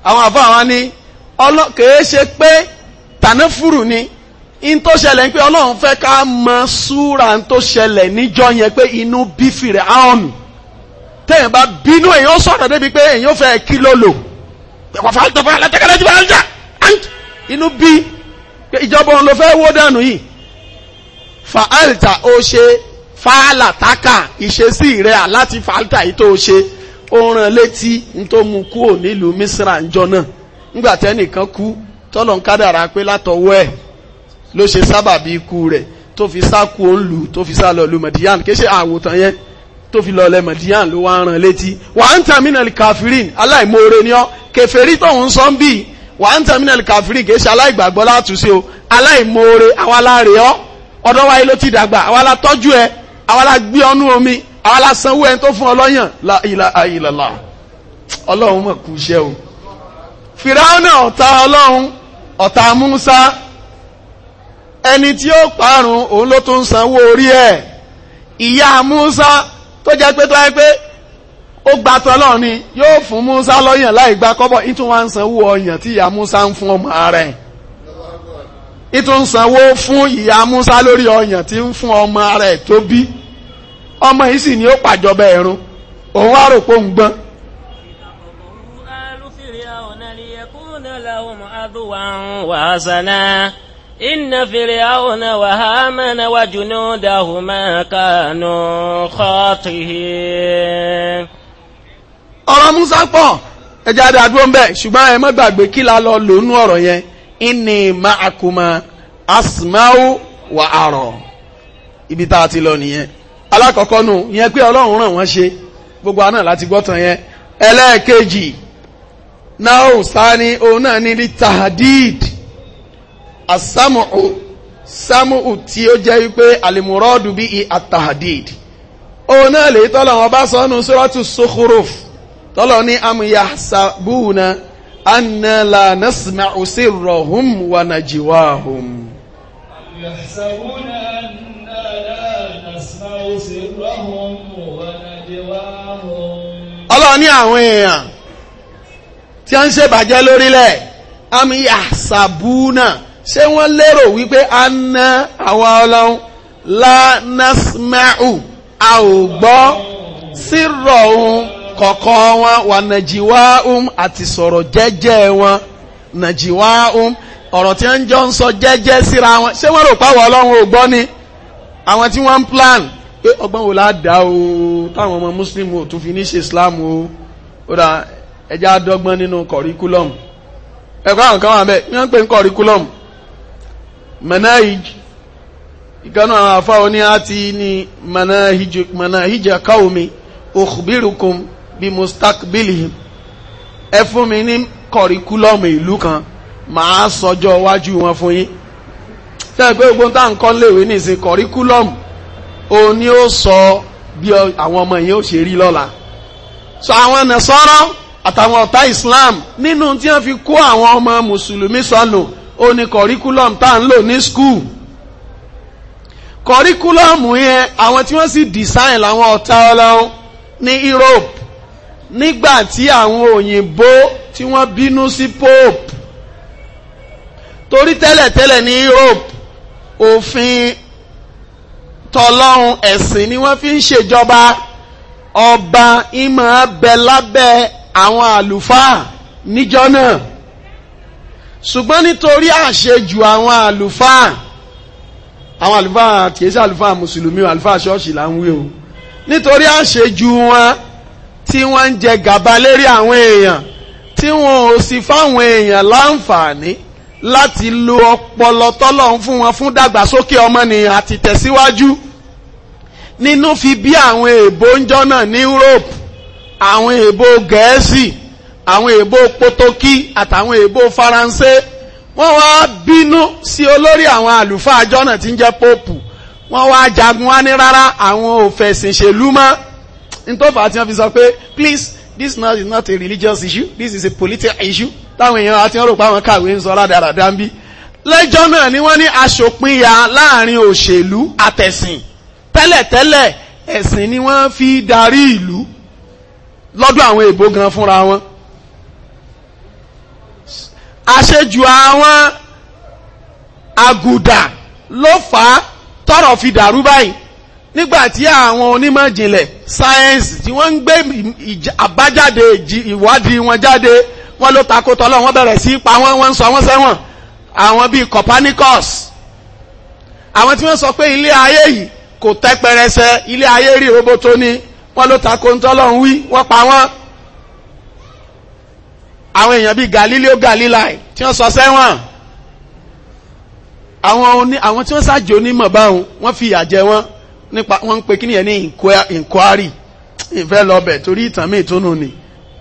àwọn àbá wa ní ọlọ́ kèé ṣe pé tànáfùrù ni in tó ṣẹlẹ̀ pé ọlọ́run fẹ́ ká mọ súra tó ṣẹlẹ̀ níjọ́ yẹn pé inú bí fìrẹ̀ áhọ̀nù tẹ́yìn bá bínú èyàn sọ̀rọ̀ débi pé èyàn fẹ́ kí ló lò pẹ̀pọ̀ fàájọba alátẹ́kẹ́lẹ́ ti bá ń jà inú bí ìjọba òun ló fẹ́ wó dànù yìí fàáltà ó ṣe fàálà tákà ìṣesí rẹ̀ láti fàáltà yìí tó ṣe ó rán létí ní tó mú nílùú Misra ńjọ náà nígbà tẹ́nìkan kú tọ́lọ̀ ń pé látọwọ́ ẹ̀ ló ṣe sábàbí ikú rẹ̀ tó fi sá kú òun tó fi sá lọ lu Madian kéṣe àwòtán yẹn tó fi lọ lẹ Madian ló wá rán létí wà ń tà mínà kàfírìn aláìmoore ni ọ́ kèfèrí tóun sọ ń bì wà ń tà mínà kàfírìn kéṣe aláìgbàgbọ́ látúnṣe o aláìmoore àwa la rè wáyé omi alásanwó ẹni tó fún ọlọ́yàn la ilaha illallah ọlọ́run mọ̀ kú iṣẹ́ o fìràánà ọ̀tá ọlọ́run ọ̀tá Musa ẹni tí ó parun òun ló tún sanwó orí ẹ̀ ìyá Musa tó jẹ́ pé tó yẹ pé ó gba tọ́lọ́ ni yóò fún Musa lọ́yàn láì gba kọ́bọ̀ ìtún wa ń sanwó ọyàn tí ìyá Musa ń fún ọmọ rẹ̀ ìtún sanwó fún ìyá Musa lórí ọyàn tí ń fún ọmọ rẹ̀ tó bí ọmọ yìí sì ni ó pàjọba ẹ̀rún òun á rò pé òun gbọ́n. إن فرعون وهامان وجنودهما كانوا خاطئين ọ̀rọ̀ Musa pọ̀ ẹja ṣùgbọ́n ẹ kí la lọ yẹn inni asma'u wa arọ ibi tá a ti lọ nìyẹn alákọ̀ọ́kọ́ nù yẹn pé ọlọ́run ràn wọ́n ṣe gbogbo àná láti gbọ́tàn yẹn ẹlẹ́ẹ̀kejì náà sáni òun náà ní tahadid asamuhu tí ó jẹ́ wípé alimurọ́dù bíi atahadid òun náà lè tọ́lọ̀ wọn bá sọ nù suratu Zukhruf tọ́lọ̀ ní am yahsabuna anna la nasma'u sirrahum ọlọ́run ní àwọn èèyàn tí wọ́n ń ṣèbàjẹ́ lórílẹ̀ àmìyà sàbúnà ṣé wọ́n lérò wípé a ná àwọn ọlọ́run lánàsmáù a ò gbọ́ sírọ̀ ohun kọ̀kọ́ wọn wà nàìjíríà ohun àti sọ̀rọ̀ jẹ́jẹ́ wọn nàìjíríà ohun ọ̀rọ̀ tí wọ́n jọ ń sọ jẹ́jẹ́ síra wọn ṣé wọ́n rò pàwọ̀ ọlọ́run ò gbọ́ ni àwọn tí wọ́n ń plan pé ọgbọ́n wo láàdá o táwọn ọmọ muslim ò tún fi ní ṣe islam o ó dà ẹjẹ́ àdọ́gbọ́n nínú curriculum ẹ̀kọ́ àwọn kan wà bẹ́ẹ̀ ní wọ́n pè ní curriculum manahij ìkànnà àwọn afá oní àti ní manahij qawmi ukhbirukum bí mustaqbilihim ẹ fún mi ní curriculum ìlú kan màá sọjọ́ iwájú wọn fún yín tẹ́ pé gbogbo táà ń kọ́ léèwé nìsín curriculum òun ni ó sọ bí àwọn ọmọ yẹn ó ṣe rí lọ́la so àwọn nàṣọ́rọ́ àtàwọn ọ̀tá Islam nínú tí wọ́n fi kó àwọn ọmọ mùsùlùmí sọnù ó ní curriculum tá à ń lò ní school curriculum yẹn àwọn tí wọ́n sì design làwọn ọ̀tá ọlọ́run ní Europe nígbà tí àwọn òyìnbó tí wọ́n bínú sí Pope torí tẹ́lẹ̀tẹ́lẹ̀ ní Europe òfin tọlọ́run ẹ̀sìn ni wọ́n fi ń ṣèjọba ọba ìmọ̀ bẹ lábẹ́ àwọn àlùfáà níjọ́ náà ṣùgbọ́n nítorí àṣejù àwọn àlùfáà àwọn àlùfáà kìí ṣe àlùfáà mùsùlùmí o àlùfáà ṣọ́ọ̀ṣì là ń wí o nítorí àṣejù wọn tí wọ́n ń jẹ gàba lérí àwọn èèyàn tí wọn ò sì fáwọn èèyàn láǹfààní láti lo ọpọlọ tọ́lọ̀ ń fún wọn fún dàgbàsókè ọmọnìyàn àti tẹ̀síwájú nínú fi bí àwọn èèbó ń jọ́nà ní Europe àwọn èèbó Gẹ̀ẹ́sì àwọn èèbó Potokí àtàwọn èèbó Faransé wọ́n wá bínú sí olórí àwọn àlùfáà jọ́nà tí ń jẹ́ Pope wọ́n wá jagun wá ní rárá àwọn òfẹ̀sìn mọ́ nítòfà tí wọ́n fi sọ pé please this now is not a religious issue this is a political issue táwọn èèyàn àti ọ̀rọ̀ pa àwọn kàwé ń sọ ládàradà ń bí lẹ́jọ́ náà ni wọ́n ní aṣòpinya láàrin òṣèlú àtẹ̀sìn tẹ́lẹ̀tẹ́lẹ̀ ẹ̀sìn ni wọ́n fi darí ìlú lọ́dọ̀ àwọn èèbó gan fúnra wọn àṣejù àwọn àgùdà ló fà á tọ́rọ̀ fi dàrú báyìí nígbàtí àwọn onímọ̀ ìjìnlẹ̀ sáyẹ́ǹsì tí wọ́n ń gbé àbájáde ìwádìí wọn jáde wọ́n ló takò tọ́lọ́ wọ́n bẹ̀rẹ̀ sí pa wọ́n wọ́n ń sọ wọ́n sẹ́wọ̀n àwọn bíi Copernicus àwọn tí wọ́n sọ pé ilé ayé yìí kò tẹ́ pẹrẹsẹ ilé ayé rí roboto ni wọ́n ló takò tọ́lọ́ ń wí wọ́n pa wọ́n àwọn èèyàn bíi Galileo Galilei tí wọ́n sọ sẹ́wọ̀n àwọn oní àwọn tí wọ́n ṣáàjò onímọ̀ báwọn wọ́n fi ìyà jẹ nípa wọ́n ń pe kí nìyẹn ní inquiry ìfẹ́ lọ́bẹ̀ torí ìtàn míì tó nù ni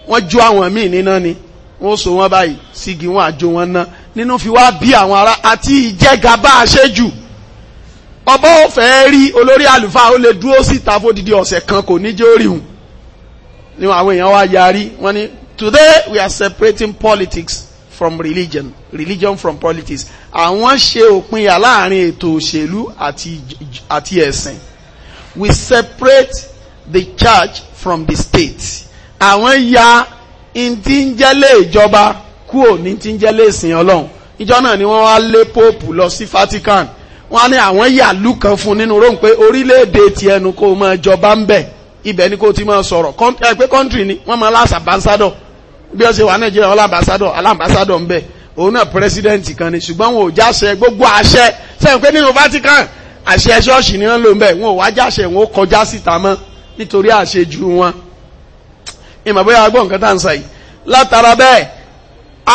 wọ́n jó àwọn míì níná ni wọ́n so wọ́n báyìí sígi wọn àjò wọn ná nínú fi wá bí àwọn ará àti ìjẹgàba àṣejù ọba ò fẹ́ rí olórí àlùfáà ó lè dúró síta fódìdí ọ̀sẹ̀ kan kò ní jẹ́ oríhun ni àwọn èèyàn wá yarí wọ́n ní today we are separating politics from religion religion from politics àwọn ṣe òpinya láàrin ètò òṣèlú àti ẹ̀sìn we separate the church from the state àwọn ya ntí ń jẹ́lé ìjọba kúò ní ti ń jẹ́lé ìsìn ọlọ́run ìjọ náà ni wọ́n wá lé póòpù lọ sí Vatican wọ́n á ní àwọn yàlú kan fún nínú rome pé orílẹ̀-èdè ti ẹnu kó máa jọba ń bẹ̀ ibẹ̀ ni kó ti máa sọ̀rọ̀ pé country ni wọ́n máa láṣà ambassador bí ó ṣe wà Nàìjíríà wọn lámbàsádọ̀ alámbàsádọ̀ ń bẹ̀ òun náà president kan ni ṣùgbọ́n wọn ò jáṣẹ gbogbo àṣẹ sẹ́yìn pé nínú Vatican àṣẹ ṣọ́ọ̀ṣì ni wọ́n lò ń bẹ̀ wọn ò wá jáṣẹ wọn ó kọjá síta mọ́ nítorí àṣejù wọn ìmọ̀ bóyá agbọ́n nǹkan tá ń sọ látara bẹ́ẹ̀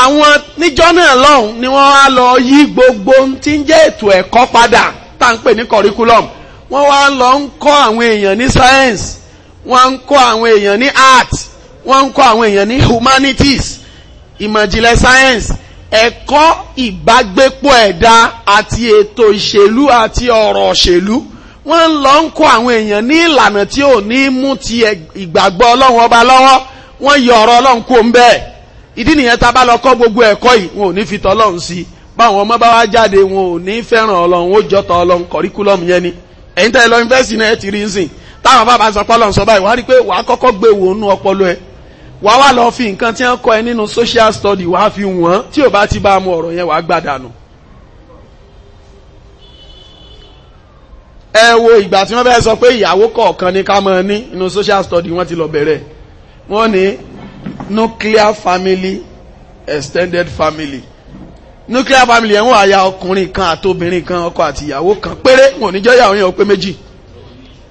àwọn níjọ́ náà lọ́hùn ni wọ́n á lọ yí gbogbo tí ń jẹ́ ètò ẹ̀kọ́ padà tá ń pè ní curriculum wọ́n wá lọ ń kọ́ àwọn èèyàn ní science wọ́n ń kọ́ àwọn èèyàn ní art wọ́n ń kọ́ àwọn èèyàn ní humanities ìmọ̀jìnlẹ̀ science ẹ̀kọ́ ìbágbépọ̀ ẹ̀dá àti ètò ìṣèlú àti ọ̀rọ̀ òṣèlú wọ́n ń lọ ń kó àwọn èèyàn ní ìlànà tí ò ní mú ti ìgbàgbọ́ ọlọ́run ọba lọ́wọ́ wọ́n yọ ọ̀rọ̀ ọlọ́run kó ń bẹ́ẹ̀ ìdí nìyẹn tá a bá lọ kọ́ gbogbo ẹ̀kọ́ yìí wọn ò ní fi tọ́lọ́run sí i báwọn ọmọ bá wá jáde wọn ò ní fẹ́ràn ọlọ́run ó jọ tọ́ ọlọ́run kọ̀ríkúlọ́mù yẹn ni ẹ̀yin tẹ́ ẹ lọ yunifásitì náà ẹ ti rí ń sìn táwọn bàbá sọ pọ́lọ́n sọ báyìí wàá rí i pé wàá kọ́kọ́ gbé wò nú social study wàá fi wọ́n tí ò bá ti bá a ẹ wo ìgbà tí wọ́n fẹ́ sọ pé ìyàwó kọ̀ọ̀kan ni ká máa ní inú social study wọ́n ti lọ bẹ̀rẹ̀ wọ́n ní nuclear family extended family nuclear family ẹ̀ ń wà ya ọkùnrin kan àtobìnrin kan ọkọ àti ìyàwó kan péré wọn ò ní jẹ́ ìyàwó yẹn ó pé méjì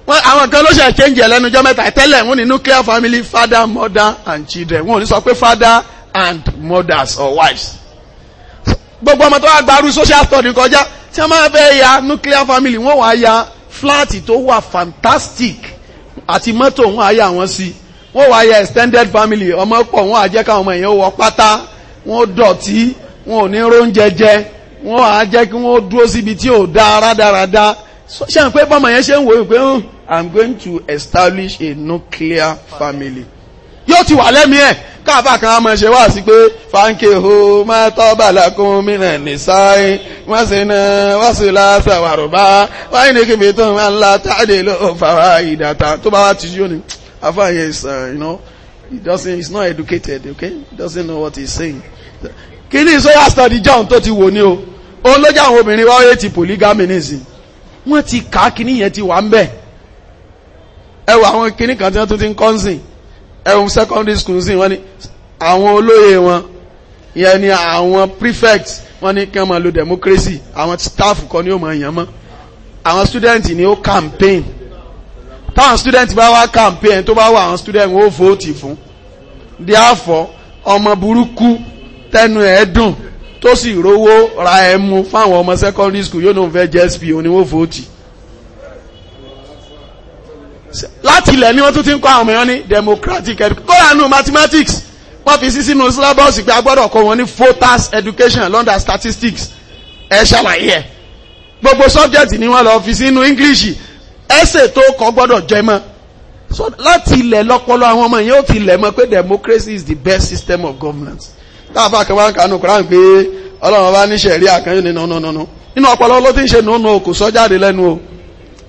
wọ́n àwọn kan ló ṣe change ẹ̀ lẹ́nu ọjọ́ mẹ́ta tẹ́lẹ̀ wọ́n ní nuclear family father mother and children wọ́n ò ní sọ pé father and mothers or wives gbogbo ọmọ tó wá gbarú social study kọjá tí wọ́n máa fẹ́ ya nuclear family wọ́n wá ya fúláàtì tó wà fantastic àti mọ́tò wọn á yà wọ́n sí wọ́n wá yẹ extended family ọmọ pọ̀ wọ́n á jẹ́ káwọn ọmọ èèyàn wọ pátá wọ́n dọ̀tí wọn ò ní róúnjẹ jẹ wọ́n á jẹ́ kí wọ́n dúró síbi tí ò dá rádaràda ṣé n pé bọ́mọ yẹn ṣe ń wòye pé hmm, i'm going to establish a nuclear family yóò ti wà lẹ́mí ẹ̀ káàfà kan á mọ̀ ṣe wá sí pé fáńkì ho máa tọ́ bàlákún mìíràn ní sáyé wọ́n sì ná wọ́n sì lá sàwàrùbá wáyé ní kíbi tó máa ń la táàdé ló fàwa ìdàtà tó bá wá ti yóò ní afáàyè ìsàn uh, you know he doesn't he's not educated okay doesn't know what he's saying kí ni social study john tó ti wò ní o òun ló jẹ́ obìnrin wáyé ti polygamy nísìn wọ́n ti kà á kíní yẹn ti wà ń bẹ̀ ẹ wọ àwọn kíní kan tí wọ́n tún ti ń kọ́ńsìn ẹ̀hùn secondary school sí wọ́n ní àwọn olóyè wọn ìyẹn ni àwọn prefect wọ́n ní kí wọ́n máa lo democracy àwọn staff kọ́ ni ó máa yàn mọ́ àwọn student ni ó campaign táwọn student bá wá campaign tó bá wà àwọn student ó vote fún therefore ọmọ burúkú tẹnu ẹ̀ dùn tó sì rówó ra ẹmu fáwọn ọmọ secondary school yóò náà fẹ́ jẹ́ sp oníwó vote láti ilẹ̀ ni wọ́n tún ti ń kọ́ àwọn èèyàn ní democratic education kọ́ra nù mathematics wọ́n fi sí sínú syllabus pé gbọ́dọ̀ kọ́ wọn ní voters education london statistics ẹ ṣàlàyé ẹ gbogbo subject ni wọ́n lọ fi sínú english ẹsẹ̀ tó kọ́ gbọ́dọ̀ jẹ mọ́ so láti ilẹ̀ lọ́pọ̀lọ́ àwọn ọmọ yẹn ti lẹ̀ mọ́ pé democracy is the best system of governance táàbà kan wá ń kanú kúrán pé ọlọ́run bá ní sẹ̀rí àkànyìn nínú nínú nínú ọpọlọ ló ti ń ṣe nínú kò sọ lẹ́nu o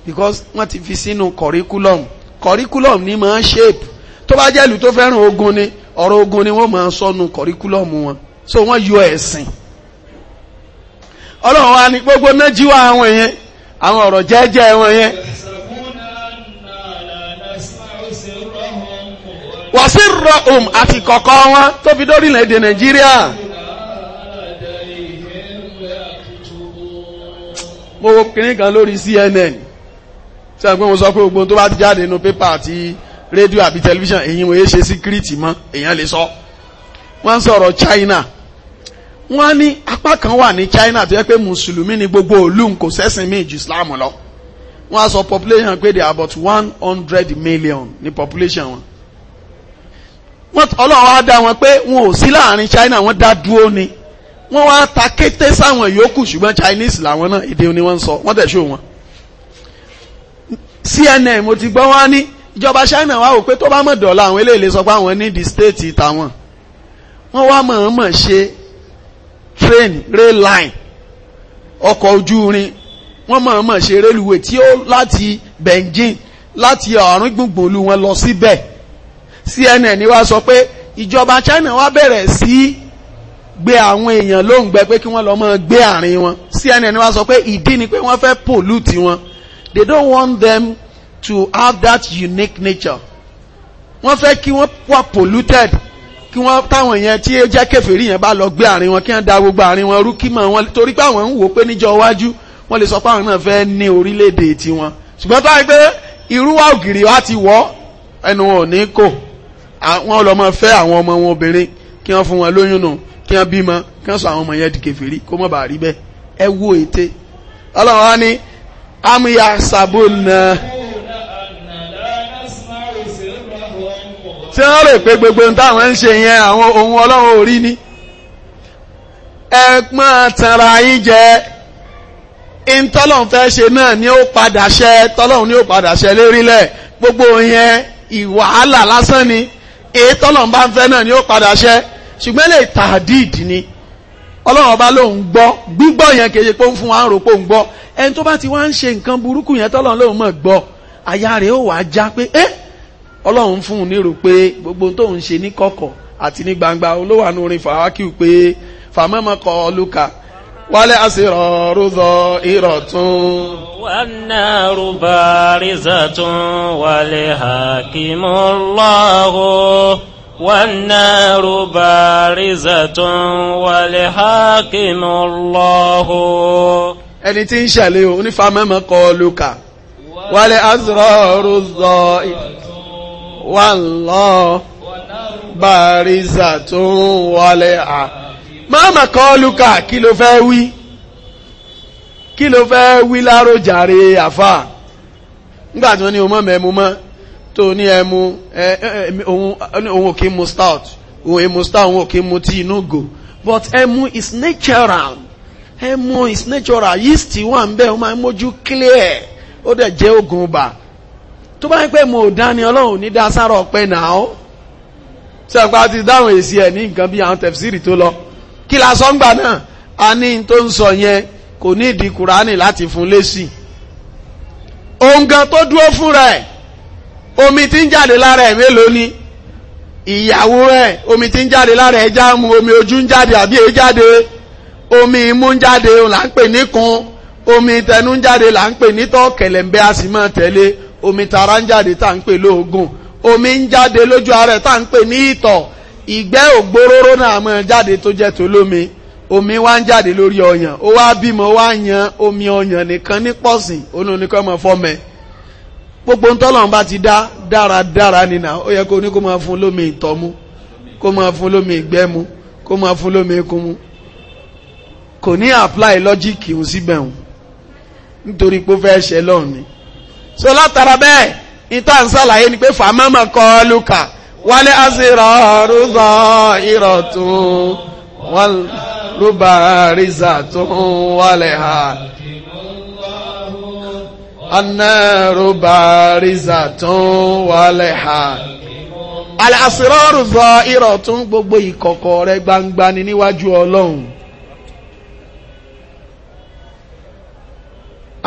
because wọ́n ti fi sínú curriculum curriculum ni máa shape tó bá jẹ́ ìlú tó fẹ́ràn ogun ni ọ̀rọ̀ ogun ni wọ́n máa sọnù curriculum wọn so wọ́n yọ ẹ̀sìn ọlọ́run wa ni gbogbo náà jíwá àwọn yẹn àwọn ọ̀rọ̀ jẹ́jẹ́ wọn yẹn wàsí rọ̀hùn àti kọ̀kọ́ wọn tó fi dórílẹ̀ èdè nàìjíríà mo wo kìnnìkan lórí CNN ṣe àgbẹ̀ wọn sọ pé gbogbo tó bá ti jáde nínú pépà àti rédíò àbí tẹlifíṣàn èyí wọ́n yé ṣe síkírìtì mọ́ èèyàn lè sọ wọ́n ń sọ̀rọ̀ China wọ́n ní apá kan wà ní China tó yẹ pé mùsùlùmí ni gbogbo òlù kò sẹ́sìn míì ju Islam lọ wọ́n á sọ population pé they are about one hundred million ní population wọn ọlọ́run á dá wọn pé wọn ò sí láàrin China wọ́n dá dúró ni wọ́n wá ta kété sáwọn yòókù ṣùgbọ́n Chinese làwọn náà èdè ni wọ́n sọ wọ́n dẹ̀ ṣó wọn CNN mo ti gbọ́ wá ní ìjọba China wá wò pé tó bá mọ̀ dọ̀la àwọn eléèlé sọ pé àwọn ní the state tàwọn wọ́n wá mọ̀ọ́mọ̀ ṣe train rail line ọkọ̀ ojú irin wọ́n mọ̀ọ́mọ̀ ṣe rélùwé tí ó láti Beijing láti ọ̀rún gbùngbùn olú wọn lọ síbẹ̀ CNN wá sọ pé ìjọba China wá bẹ̀rẹ̀ sí gbé àwọn èèyàn lóǹgbẹ pé kí wọ́n lọ mọ́ gbé àárín wọn CNN wá sọ pé ìdí ni pé wọ́n fẹ́ pollute wọn they don't want them to have that unique nature wọ́n fẹ́ kí wọ́n wà polluted kí wọ́n táwọn yẹn tí ó jẹ́ kèfèrí yẹn bá lọ gbé àárín wọn kí wọ́n da gbogbo àárín wọn rú kí mọ̀ wọn torí pé àwọn ń wò pé níjọ́ iwájú wọ́n lè sọ pé àwọn náà fẹ́ ní orílẹ̀-èdè tiwọn ṣùgbọ́n táwọn pé irúwà ògiri wa ti wọ́ ẹnu wọn ò ní kò wọ́n lọ máa fẹ́ àwọn ọmọ wọn obìnrin kí wọ́n fún wọn lóyún nù kí wọ́n bímọ kí wọ́n sọ àwọn ọmọ yẹn di kèfèrí kó má bàa rí bẹ́ẹ̀ ẹ wo ète ọlọ́run á ní amúyá sàbò nà. tí wọ́n rò pé gbogbo ohun táwọn ń ṣe yẹn àwọn ohun ọlọ́run ò rí ni. ẹ̀pọ́n tanra yín jẹ́ ìtọ́lọ́run fẹ́ ṣe náà ni ó padà ṣẹ tọ́lọ́run ni ó padà ṣẹ lérílẹ̀ gbogbo yẹn ìwàhálà lásán ni èyí tọ́lọ́run bá ń fẹ́ náà ni ó padà ṣẹ ṣùgbọ́n lè tàdíìdì ni ọlọ́run ọba lòun gbọ́ gbígbọ́ yẹn kèye pé ó ń fún wa ń rò pé òun gbọ́ ẹni tó bá ti wá ń ṣe nǹkan burúkú yẹn tọ́lọ́run lòun mọ̀ gbọ́ àyà rẹ̀ ó wàá já pé ẹ́ ọlọ́run fún un nírò pé gbogbo tó ń ṣe ní kọ̀kọ̀ àti ní gbangba olówà ní orin fàákìú pé fàmọ́mọ́ kọ ọlùkà wálé àṣírọ̀ rúzọ ìrọ̀tún. wàhánà rúbà rìzà tún wálé hakimu lọ́hùn. والنار بارزة والحاكم الله ẹni tí ń ṣàlẹ̀ o onífàmẹ́mọ́ kọ lùkà wálé azrọ́rù zọ wà kí ló fẹ́ wí kí ló fẹ́ wí láròjàre àfà nígbà tí wọ́n ní mọ́ tó ní ẹmu ohun òkè mu stout ohun èmu stout ohun òkè mu tí inú gò but ẹmu is natural ẹmu is natural yeast wà ń bẹ́ ọ máa ń mójú clear ó dẹ̀ jẹ́ oògùn ibà tó bá ń pẹ́ mo dá ni ọlọ́run ní dá sára ọ̀pẹ náà ó sẹ́pà ti dáhùn èsì ẹ̀ ní nǹkan bí àwọn tẹ̀fsìrì tó lọ kí la sọ ń gbà náà a ní tó ń sọ yẹn kò ní ìdí kùránì láti fún lésì ohun gan tó dúró fún rẹ̀ omi ti ń jáde lára ẹ̀ mélòó ni ìyàwó ẹ̀ omi ti ń jáde lára ẹ̀ jáàmù omi ojú ń jáde àbí èé jáde omi imú ń jáde là ń pè ní kun omi tẹnu ń jáde là ń pè ní tọ́ kẹlẹ̀mbẹ́ a sì máa tẹ̀lé omi tara ń jáde tá ń pè lóògùn omi ń jáde lójú ara ẹ̀ tá ń pè ní ìtọ̀ ìgbẹ́ ògbóróró náà máa jáde tó jẹ́ tolómi omi wá ń jáde lórí ọyàn ó wá bímọ wá yan omi ọyàn nìkan ní pọ̀sìn onínúkọ́ mọ̀ fọ́mẹ́ gbogbo ntọ́lọ́run bá ti dá dáradára nínà ó yẹ kó ní kó máa fún lómi ìtọ́mú kó máa fún lómi ìgbẹ́mu kó máa fún lómi ikúnmú kò ní apply lọ́jíìkì òun síbẹ̀ òun nítorí pé ó fẹ́ ṣe lọ́run ni so látara bẹ́ẹ̀ ìta ń sàlàyé ni pé fàmámà kọ́ lùkà wálé àṣírọ̀ rúzọ ìrọ̀ tún wọ́n rúbà rìzà tún wálé ha. النار بارزة والحال الأسرار ظاهرة gbogbo ìkọ̀kọ̀ rẹ̀ gbangba ni níwájú Ọlọ́run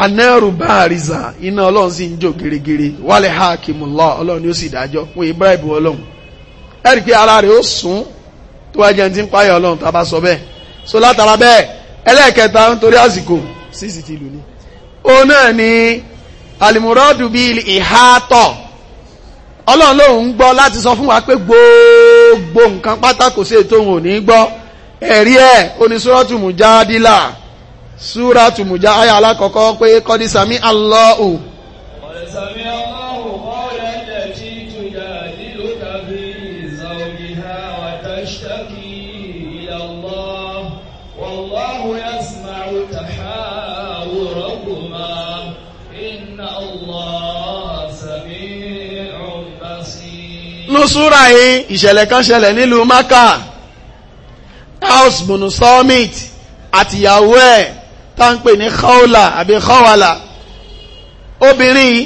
anẹ́rù báàrìzà Ọlọ́run sì ń jó gírígírí wálé hakimullah Ọlọ́run ni ó sì dájọ́ fún ibrahim Ọlọ́run ń Ọlọ́run tá sọ so látara àsìkò ona ni alimuradu bi ihato olohun lo n gbo lati so fun wa pe gbogbo nkan patako si se to won ni gbo eri e oni suratu mujadila suratu mujadila aya alakoko pe kodisami allahu kodisami nínú súra yìí ìṣẹ̀lẹ̀ kan ṣẹlẹ̀ nílùú maka house bunu summit àtìyàwó ẹ̀ tá ń pè ní khawla àbí khawala obìnrin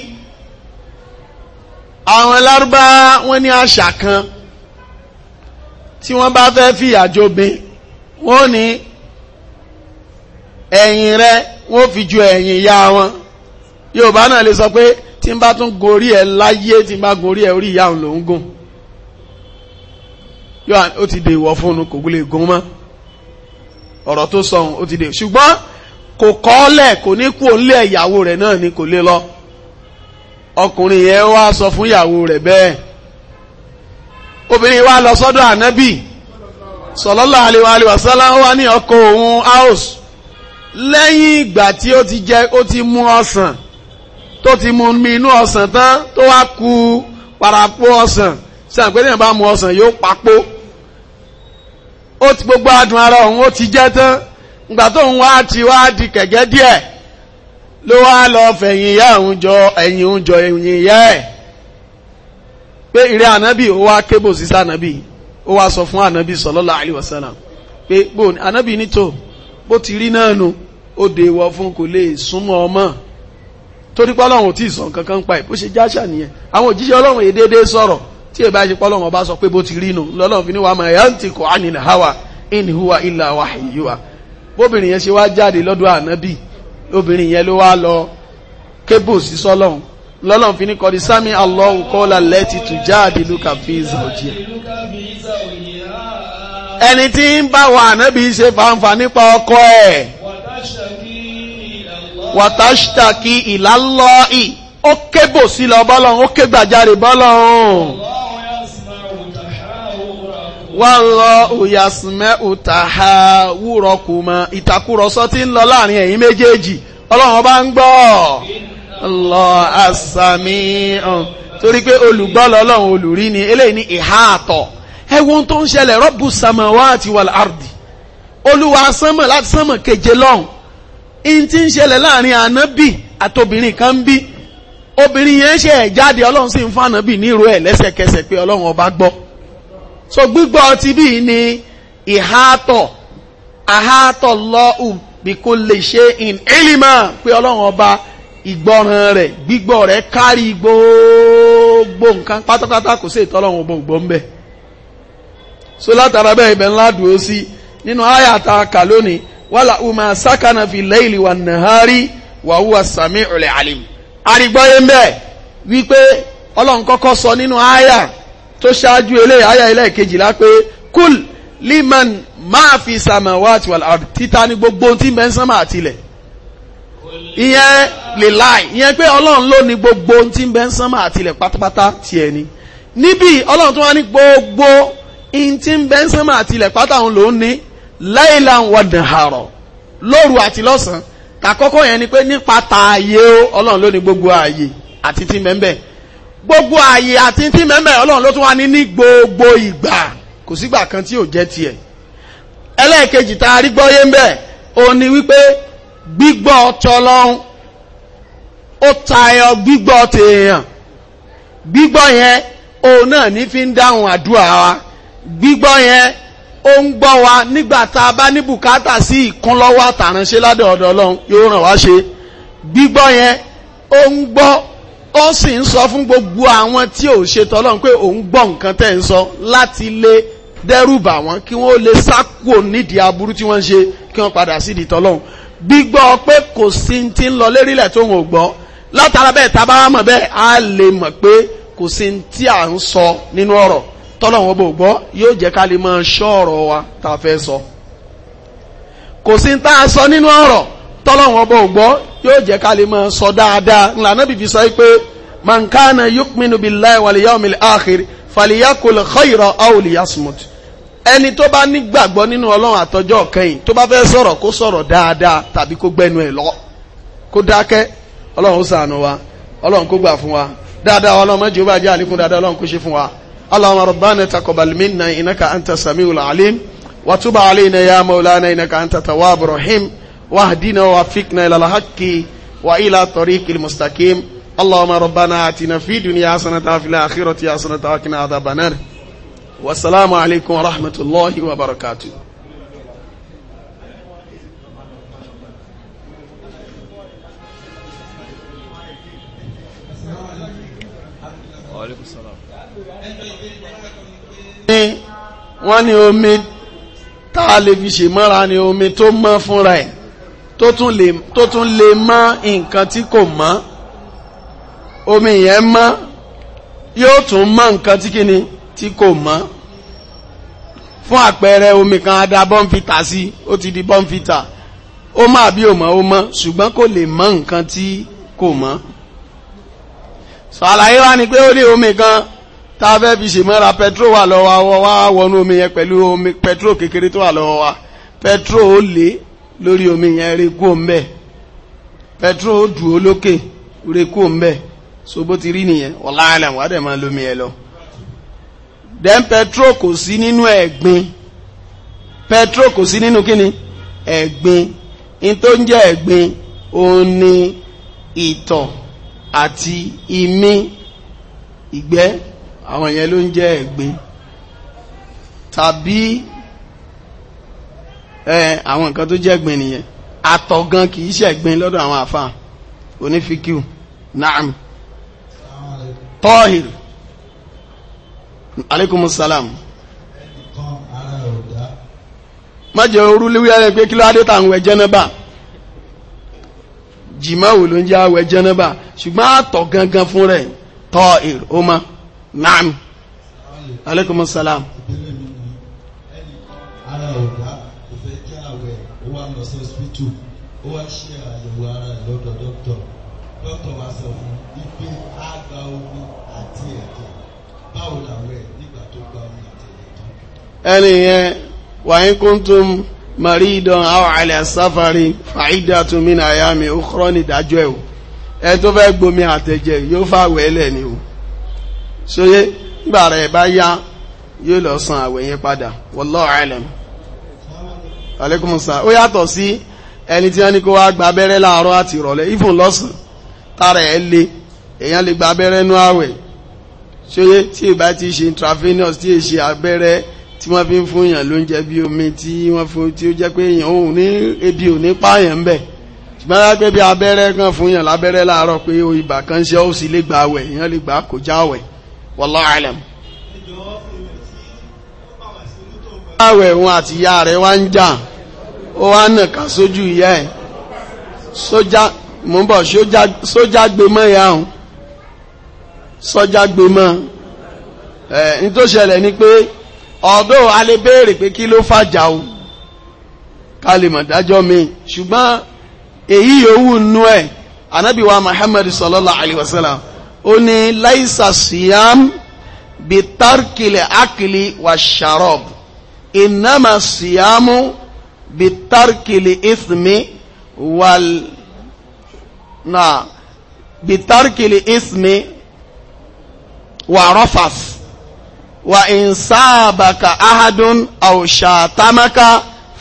àwọn lárúbá wọn ní àṣà kan tí wọ́n bá fẹ́ fìyà jobin wọ́n ní ẹ̀yìn rẹ̀ wọ́n fi ju ẹ̀yìn ìyá wọn yorùbá náà lè sọ pé tí n bá tún gorí ẹ̀ láyé tí n bá gorí ẹ̀ orí ìyá òun lòún gùn yóò ó ti dè ìwọ̀ fún un kò gúlé gún mọ́ ọ̀rọ̀ tó sọ ó ti dè ṣùgbọ́n kò kọ́ọ́lẹ̀ kò ní kú òǹlé ìyàwó rẹ̀ náà ni kò lè lọ ọkùnrin yẹn wá sọ fún ìyàwó rẹ̀ bẹ́ẹ̀ obìnrin wá lọ sọ́dọ̀ ànábì sallallahu alaihi wa sallam wá ní ọkọ òun house lẹ́yìn ìgbà tí ó ti jẹ ó ti mú ọsàn tó ti mú mi inú ọsàn tán tó wá ku parapọ̀ ọsàn ṣe àpẹẹrẹ yẹn bá mú ọsàn yóò papọ̀ ó ti gbogbo adùn ara òun ó ti jẹ́ tán ìgbà tó ń wá ti wá di díẹ̀ ló wá lọ fẹ̀yìn ìyá òun jọ ẹ̀yìn òun ẹ̀yìn ìyá ẹ̀ pé ìrẹ́ ànábì ó wá kébò sísá ànábì ó sọ fún ànábì sọlọ́lá alaihi pé bò ànábì nítò bó ti rí nu ó fún kò lè súnmọ́ ọmọ tí ì sọ nǹkan kan pa ẹ̀ bó ṣe nìyẹn àwọn òjíṣẹ́ tí ẹ bá ṣe pọ́ lọ́wọ́ bá sọ pé bó ti rí nu lọ́lọ́run fi ní wàá máa yá ń ti kọ́ ànínà hawa in huwa illa wahyuha bóbìnrin yẹn ṣe wá jáde lọ́dọ̀ ànábì obìnrin yẹn ló wá lọ kébù sí sọ́lọ́run lọ́lọ́run fi ní kọ́ di sami Allahu qawla allati tujadiluka fi zawjiha. ẹni tí ń bá wa ànábì ṣe fàǹfà nípa ọkọ ẹ̀ wàtáṣítàkì ila Allahi ó ké bò sí lọ bọ́lọ́run ó ké gbàjarè bọ́lọ́run. wallahu yasma'u tahawurakuma ìtàkùrọ̀sọ tí ń lọ láàrin ẹ̀yin méjèèjì ọlọ́run ọba ń gbọ́ Allah àsàmì torí pé olùgbọ́ lọ́lọ́run olùrí ni eléyìí ní ìhà àtọ̀ ẹwọ́n tó ń ṣẹlẹ̀ rọ́bù samawati wal ardi olúwa sánmọ̀ láti sánmọ̀ keje lọ́hùn in ti ń ṣẹlẹ̀ láàrin ànábì àtobìnrin kan bí obìnrin yẹn ṣe jáde ọlọ́run sì ń fànà bí nírò ẹ̀ lẹ́sẹ̀kẹsẹ̀ pé ọlọ́run ọba gbọ́ so gbígbọ́ ti bí ni ìhátọ̀ àhátọ̀ lọ́hùn bí kò lè ṣe in elima pé ọlọ́run ọba ìgbọ́ràn rẹ̀ gbígbọ́ rẹ̀ kárí gbogbo nǹkan pátápátá kò sí ìtọ́lọ́run ọba ògbọ́n ń so látara bẹ́ẹ̀ ibẹ̀ ńlá dúró sí nínú àyàtà kà lónìí wàlà umar sakana fi layli wà nàhárí wà hùwà sami'ul alim àrígbọ́yé ń bẹ̀ wípé ọlọ́run kọ́kọ́ sọ nínú àyà tó ṣáájú ilé àyà ilé kejìlá pé kúl liman máa fi samawati wal ard títa ní gbogbo tí bẹ́ńsánmà àtilẹ̀ ìyẹn lè láì ìyẹn pé ọlọ́run ló ní gbogbo tí bẹ́ńsánmà àtilẹ̀ pátápátá tiẹ̀ ni níbi ọlọ́run tó wá ní gbogbo tí bẹ́ńsánmà àtilẹ̀ pátá òun lòún ní láìlan àrọ̀ lóru àti lọ́sàn-án àkọ́kọ́ yẹn ni pé nípa tààyè ó ọlọ́run ló ní gbogbo ààyè àti tí mẹ́mbẹ́ gbogbo ààyè àti tí mẹ́mbẹ́ ọlọ́run ló tún wá ní ní gbogbo ìgbà kò sígbà kan tí ò jẹ́ tiẹ̀ ẹlẹ́ẹ̀kejì tá a rí gbọ́yé ń bẹ̀ ó ní wípé gbígbọ́ tọlọ́run ó tayọ gbígbọ́ tèèyàn gbígbọ́ yẹn òun náà ní fi ń dáhùn àdúrà wa gbígbọ́ yẹn ó ń gbọ́ wa nígbà tá a bá ní bùkátà sí ìkúnlọ́wọ́ àtàránṣe ládọ̀ ọ̀dọ̀ ọlọ́run yóò ràn wá ṣe gbígbọ́ yẹn ó ń gbọ́ ó sì ń sọ fún gbogbo àwọn tí ò ṣe tọ́lọ́run pé òun gbọ́ nǹkan tẹ́ ń sọ láti lé dẹ́rùbà wọn kí wọ́n lè sákò nídìí aburú tí wọ́n ń ṣe kí wọ́n padà sídìí tọ́lọ́run gbígbọ́ pé kò sí ti ń lọ lérílẹ̀ tó ń gbọ́ látara bẹ́ẹ̀ tá a bá wà mọ̀ bẹ́ẹ̀ á lè mọ̀ pé kò sí ti à ń sọ nínú ọ̀rọ̀ tọ́lọ́wọ́n bò gbọ́ yóò jẹ́ ká lè máa ṣọ́ ọ̀rọ̀ wa tá a fẹ́ sọ kò sí tá a sọ nínú ọ̀rọ̀ tọ́lọ́wọ́n bò gbọ́ yóò jẹ́ ká lè máa sọ dáadáa ńlá Ànábì fi sọ pé man kana yukminu billahi wal yawmil akhir faliyakul khayra aw liyasmut ẹni tó bá nígbàgbọ́ nínú ọlọ́run àtọjọ́ kẹ́yìn tó bá fẹ́ sọ̀rọ̀ kó sọ̀rọ̀ dáadáa tàbí kó gbẹnu ẹ̀ lọ kó dákẹ́ ọlọ́run ó ṣàánú wa ọlọ́run kó gbà fún wa dáadáa ọlọ́run mọ́jú ó àlékún dáadáa ọlọ́run kó ṣe fún wa اللهم ربنا تقبل منا إنك أنت السميع العليم وتب علينا يا مولانا إنك أنت تواب رحيم واهدنا ووفقنا إلى الحق وإلى طريق المستقيم اللهم ربنا آتنا في الدنيا حسنة وفي الآخرة حسنة وقنا عذاب النار والسلام عليكم ورحمة الله وبركاته ní wọ́n ní omi tá a lè fi ṣe mọ́ra ní omi tó mọ́ fúnra ẹ̀ tó tún lè mọ́ nǹkan tí kò mọ́ omi yẹn mọ́ yóò tún mọ́ nǹkan tí kíni tí kò mọ́ fún àpẹẹrẹ omi kan á bọ́ǹfìtà sí ó ti di bọ́ǹfìtà ó máa bí òmọ́ ó mọ́ ṣùgbọ́n kò lè mọ́ nǹkan tí kò mọ́ sọ àlàyé wa ni pé ó ní omi kan tá a fẹ́ fi ṣèmọ́ra petrol wà lọ́wọ́ wa wá wọnú omi yẹn pẹ̀lú omi petrol kékeré tó wà lọ́wọ́ wa petrol ó lé lórí omi yẹn rekú ọ̀mbẹ́ petrol ó dùn ó lókè rekú ọ̀mbẹ́ so bó ti rí nìyẹn wọ́lá àlàm wà dẹ̀ lómi yẹn lọ. then petrol kò sí nínú ẹ̀gbin petrol kò sí nínú kíni ẹ̀gbin in tó ń ẹ̀gbin òun ni ìtọ̀ àti imí ìgbẹ́ àwọn yẹn ló ń jẹ́ ẹ̀gbin tàbí ẹ àwọn nǹkan tó jẹ́gbin nìyẹn àtọ̀gan kìí ṣẹ̀gbin lọ́dọ̀ àwọn àfáà onífíkíù naam tọ́hìr alaikumus salam mọ́jẹ̀ orú léwúyẹ́rẹ́ pé kí ló adé tàwọn ẹ̀wẹ̀ jẹ́nẹ́bà jìmọ́wò ló ń jẹ́ àwẹ̀ jẹ́nẹ́bà ṣùgbọ́n àtọ̀ gangan fún rẹ̀ tọ́hìr ó máa naam aleykum salaam. ara ọ̀gá kò fẹ́ kí àwẹ̀ ó wà lọ sí hospital ó wá ṣe àyẹ̀wò ara ẹ̀ lọ́dọ̀ dókítà dókítà wa sọ fún ipe àgbà omi àti ẹ̀jẹ̀ báwo làwẹ̀ nígbà tó gba omi àti ẹ̀jẹ̀. ẹni yẹn wàá kúntùm maridan aw ala safari fa'idatu min ayami ukhra ní ìdájọ́ ẹ̀ o ẹ tó fẹ́ gbomi àtẹ̀jẹ̀ yóò fà wẹ́lẹ̀ ni o ṣóyé nígbà rẹ̀ bá yá yóò lọ san àwẹ̀ yẹn padà wallahu alam alaikumussalam ó yàtọ̀ sí ẹni tí wọ́n ní kó wá gba abẹ́rẹ́ láàárọ̀ àti ìrọ̀lẹ́ ìfún lọ́sàn tára ẹ̀ le èèyàn lè gba abẹ́rẹ́ nú àwẹ̀ ṣóyé tí ìbá ti ṣe intravenous tí è ṣe abẹ́rẹ́ tí wọ́n fi ń fún èèyàn lóúnjẹ bí omi tí wọ́n fún tí ó jẹ́ pé èèyàn òun ní ebi ò ní pààyàn ń bẹ̀ ṣùgbọ́n lágbé bí abẹ́rẹ́ kan fún èèyàn lábẹ́rẹ́ láàárọ̀ pé o kan ṣe ó sì lè gba àwẹ̀ èèyàn lè gbà kó já àwẹ̀ wallahu alam àwẹ̀ wọn àti ìyá rẹ̀ wá ń jà ó wá nàka sójú ìyá ẹ̀ sójá mò ń bọ̀ sójá gbé mọ́ ìyá ọ̀hún sójá gbé mọ́ ẹ̀ ní tó ṣẹlẹ̀ ni pé ọ̀dọ́ a pé kí ló fàjà o ká lè mọ̀ dájọ́ mi ṣùgbọ́n èyí yòówù nú ẹ̀ anábìwá Muhammad sallallahu alaihi wasallam oni laisa siyam bi tarkil akili wa sharob inama siyamu bi tarkil ithmi wal na bi tarkil ithmi wa rafas wa insabaka ahadun au shatamaka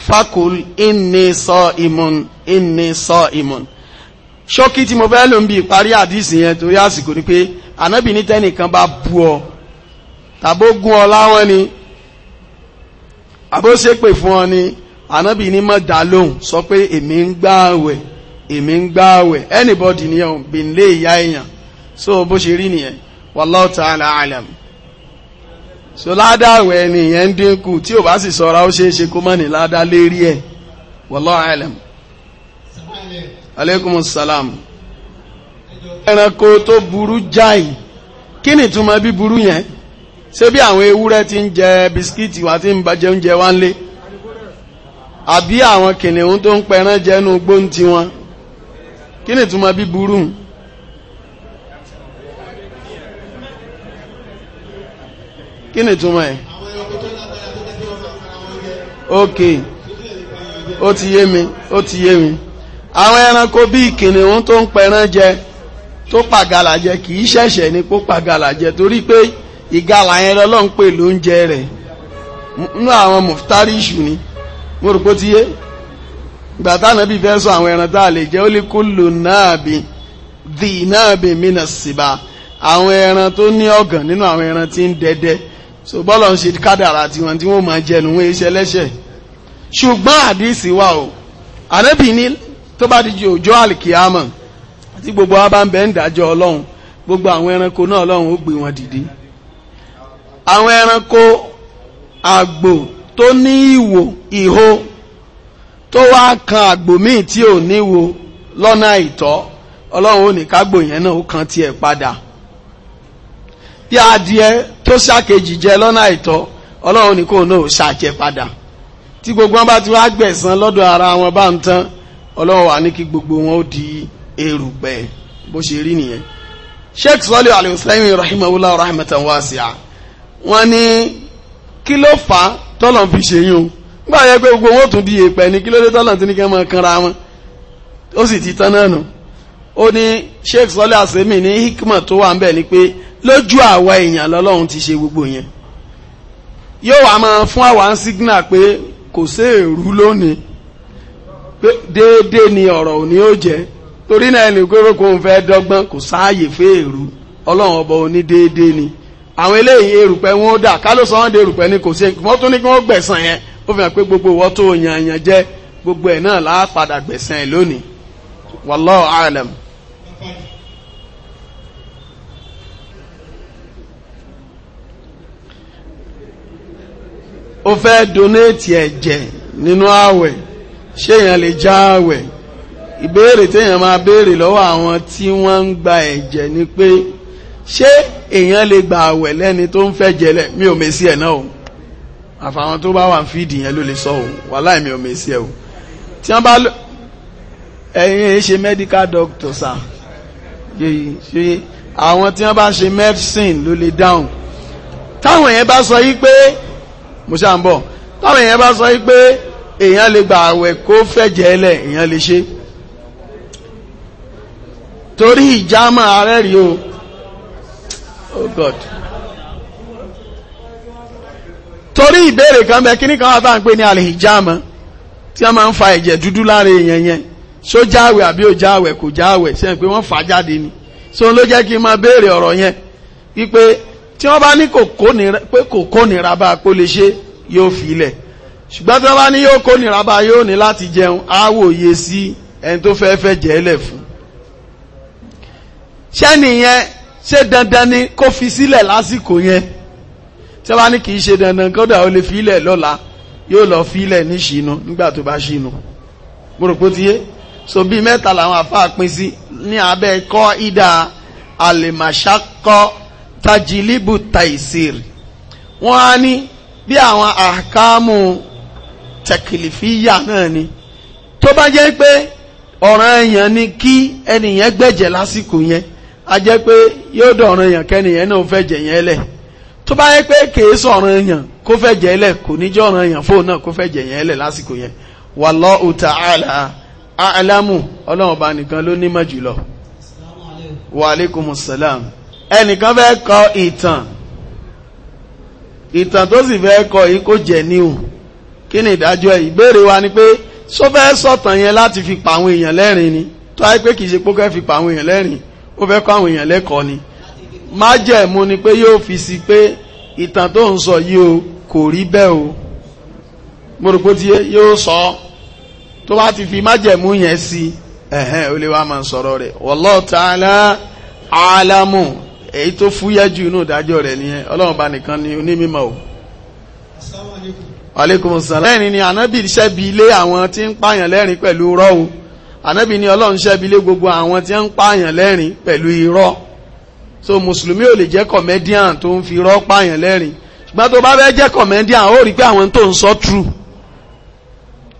fakul inni sa'imun inni sa'imun ṣọ́kí tí mo fẹ́ lò ń bí ìparí àdísì yẹn torí àsìkò ni pé ànábì ní tẹ́nìkan bá bú ọ tàbó gún ọ láwọn ni àbó ṣépè fún ọ ni ànábì ní mọ̀ dá lóhùn sọ pé èmi ń gbààwẹ̀ èmi ń gbààwẹ̀ anybody ni ọ̀hún bí nílé ìyá èèyàn so bó ṣe rí nìyẹn wallahu ta'ala alam so ládàáwẹ̀ nìyẹn dínkù tí ò bá sì sọra ó ṣeé ṣe kó mọ̀ ní ládàá lérí ẹ̀ wallahu alam alaikum salam ẹranko tó burú jáì kí ni túnmọ̀ bí burú yẹn ṣé bí àwọn ewúrẹ́ ti ń jẹ bisikíìtì wá tí ń bàjẹ́ oúnjẹ wá ń lé àbí àwọn kìnìún tó ń pẹran jẹnu gbóhùn tiwọn kí ni túnmọ̀ bí burú kí ok ó ti yé mi ó ti yé mi. àwọn ẹranko bí kìnìún tó ń pẹran jẹ tó pàgàlà jẹ kì í ṣẹ̀ṣẹ̀ ní kó jẹ torí pé ìgalà yẹn lọ́lọ́run pè lóúnjẹ rẹ̀ nínú àwọn mọ̀fítárì ìṣù ni mo rò pé ti yé ìgbà ẹran tá a lè ó lè kó lò náà bí dì àwọn ẹran tó ní ọ̀gàn nínú ẹran tí ń so bọ́lọ̀ ń ṣe kádàrà tiwọn tí wọ́n máa lẹ́ṣẹ̀ ṣùgbọ́n àdìsí wa o tó bá di ju ọjọ́ àlìkìyàmọ̀ tí gbogbo wa bá ń bẹ ń dájọ́ ọlọ́run gbogbo àwọn ẹranko náà ọlọ́run ó gbé wọn dìde àwọn ẹranko àgbò tó ní ìwò ìhó tó wá kan àgbò míì tí ò níwò lọ́nà àìtọ́ ọlọ́run ò ní kágbò yẹn náà ó kan tiẹ̀ padà bí adìẹ tó ṣàkejì jẹ lọ́nà àìtọ́ ọlọ́run ní kóun náà ó ṣàjẹ padà tí gbogbo wọn bá ti wá gbẹ̀san lọ́dọ̀ ara wọn bá ń tán ọlọ́run wà ní kí gbogbo wọn ó di erùpẹ̀ bó ṣe rí nìyẹn sheikh sọlẹ alayhislami rahimahullah rahmatan wasi'a wọ́n ní kí ló fà á tọ́lọ̀ fi ṣe yín o nígbà yẹn pé gbogbo wọn ó tún di èèpẹ̀ ni kí ló dé tọ́lọ̀ tí ní kí wọ́n máa kanra wọn ó sì ti tán náà nù ó ní sheikh sọlẹ asemi ní hikma tó wà ń bẹ̀ ni pé lójú àwa èèyàn lọ́lọ́run ti ṣe gbogbo yẹn yóò wá máa fún àwa ń sígínà pé kò sí èrú lónìí déédé ni ọ̀rọ̀ òní ó jẹ́ torí náà ẹni pé ń fẹ́ dọ́gbọ́n kò sáàyè fẹ́ èrú ọlọ́run ọba òní ni àwọn eléyìí erùpẹ̀ wọn ó dà ká sọ dé ni kò sí wọ́n tún ní kí wọ́n gbogbo ìwọ́ tó yàn yàn jẹ́ gbogbo ẹ̀ náà láà padà gbẹ̀sán ẹ̀ lónìí ó ṣéyàn lè jáwẹ̀ ìbéèrè téèyàn máa béèrè lọ́wọ́ àwọn tí wọ́n ń gba ẹ̀jẹ̀ ni pé ṣé èèyàn lè gba àwẹ̀ lẹ́ni tó ń fẹ́ jẹlẹ̀ mi ò mèsì ẹ̀ náà o àfàwọn tó bá wà ń fìdí yẹn ló lè sọ o wàláì mi ò mèsì ẹ̀ o tí wọ́n bá ẹ̀yin ẹ̀ ṣe medical doctor sà ṣe àwọn tí wọ́n bá ṣe medicine ló lè dáhùn táwọn yẹn bá sọ yí pé mo ṣà ń bọ̀ táwọn yẹn bá sọ yí pé èèyàn lè gba àwẹ̀ kó fẹ̀jẹ̀ ẹlẹ̀ èèyàn lè ṣe torí ìjámọ̀ ààrẹ rí o oh god torí ìbéèrè kan bẹ kí ní kan wá bá ń pè ní àlè ìjámọ̀ tí a máa ń fa ẹ̀jẹ̀ dúdú lára èèyàn yẹn ṣó jáwẹ̀ àbí ò jáwẹ̀ kò jáwẹ̀ sẹ́yìn pé wọ́n fà jáde ni so ló jẹ́ kí n máa béèrè ọ̀rọ̀ yẹn wípé tí wọ́n bá ní kò kónira pé bá a kó lè ṣe yóò fi ilẹ̀ ṣùgbọ́n tí wọ́n bá ní yóò kó nira bá yóò ní láti jẹun á wòye sí ẹni tó fẹ́ fẹ́ jẹ́ lẹ̀ fún ṣé nìyẹn ṣé dandan ni kó fi sílẹ̀ lásìkò yẹn tí wọ́n bá ní kì í ṣe dandan kódà ó lè fi ilẹ̀ lọ́la yóò lọ fi ní ṣìnú nígbà tó bá ṣìnú mo ti yé so bíi mẹ́ta làwọn àfáà pín sí ní abẹ́ kọ́ ìdá àlèmàṣákọ́ tajilibu taisir wọ́n á ní bí àwọn àkámù tẹkìlìfíyà náà ni tó bá jẹ́ pé ọ̀ràn èèyàn ni kí ẹnìyàn gbẹ̀jẹ̀ lásìkò yẹn a jẹ́ pé yóò dọ̀ràn èèyàn kẹ́nìyẹn náà fẹ́ jẹ̀ yẹn lẹ̀ tó bá yẹ pé kìí sọ̀ràn èèyàn kó fẹ́ jẹ̀ lẹ̀ kò ní èèyàn fóun náà kó fẹ́ jẹ̀ yẹn lẹ̀ lásìkò yẹn wa salam ẹnìkan fẹ́ kọ ìtàn ìtàn tó sì fẹ́ kọ yìí kó kí ni ìdájọ́ ẹ̀ ìbéèrè wa ni pé só fẹ́ sọ̀tàn yẹn láti fi pa àwọn èèyàn lẹ́rìn ni tó ayé pé kì í ṣe pókẹ́ fi pa àwọn èèyàn lẹ́rìn ó fẹ́ kọ́ àwọn èèyàn lẹ́kọ̀ọ́ ni májẹ̀mú ni pé yóò fi sí pé ìtàn tó ń sọ yìí o kò rí bẹ́ẹ̀ o gbòrògbò tí yóò sọ tó bá ti fi májẹ̀mú yẹn sí ẹ̀hẹ́n ó lè wá máa sọ̀rọ̀ rẹ̀ wallahu ta'ala alamu èyí tó fúyẹ́ jù inú ìdájọ́ rẹ̀ nìyẹn ọlọ́run bá nìkan ni onímọ̀ o aleykum salam lẹ́rìn ni ànábì ṣẹ́bi ilé àwọn tí ń pààyàn lẹ́rìn pẹ̀lú irọ́ o ànábì ni ọlọ́run ṣẹ́bi ilé gbogbo àwọn tí ń pààyàn lẹ́rìn pẹ̀lú irọ́ so mùsùlùmí ò lè jẹ́ comedian tó ń fi irọ́ pààyàn lẹ́rìn ṣùgbọ́n tó bá fẹ́ jẹ́ comedian ó rí pé àwọn tó ń sọ true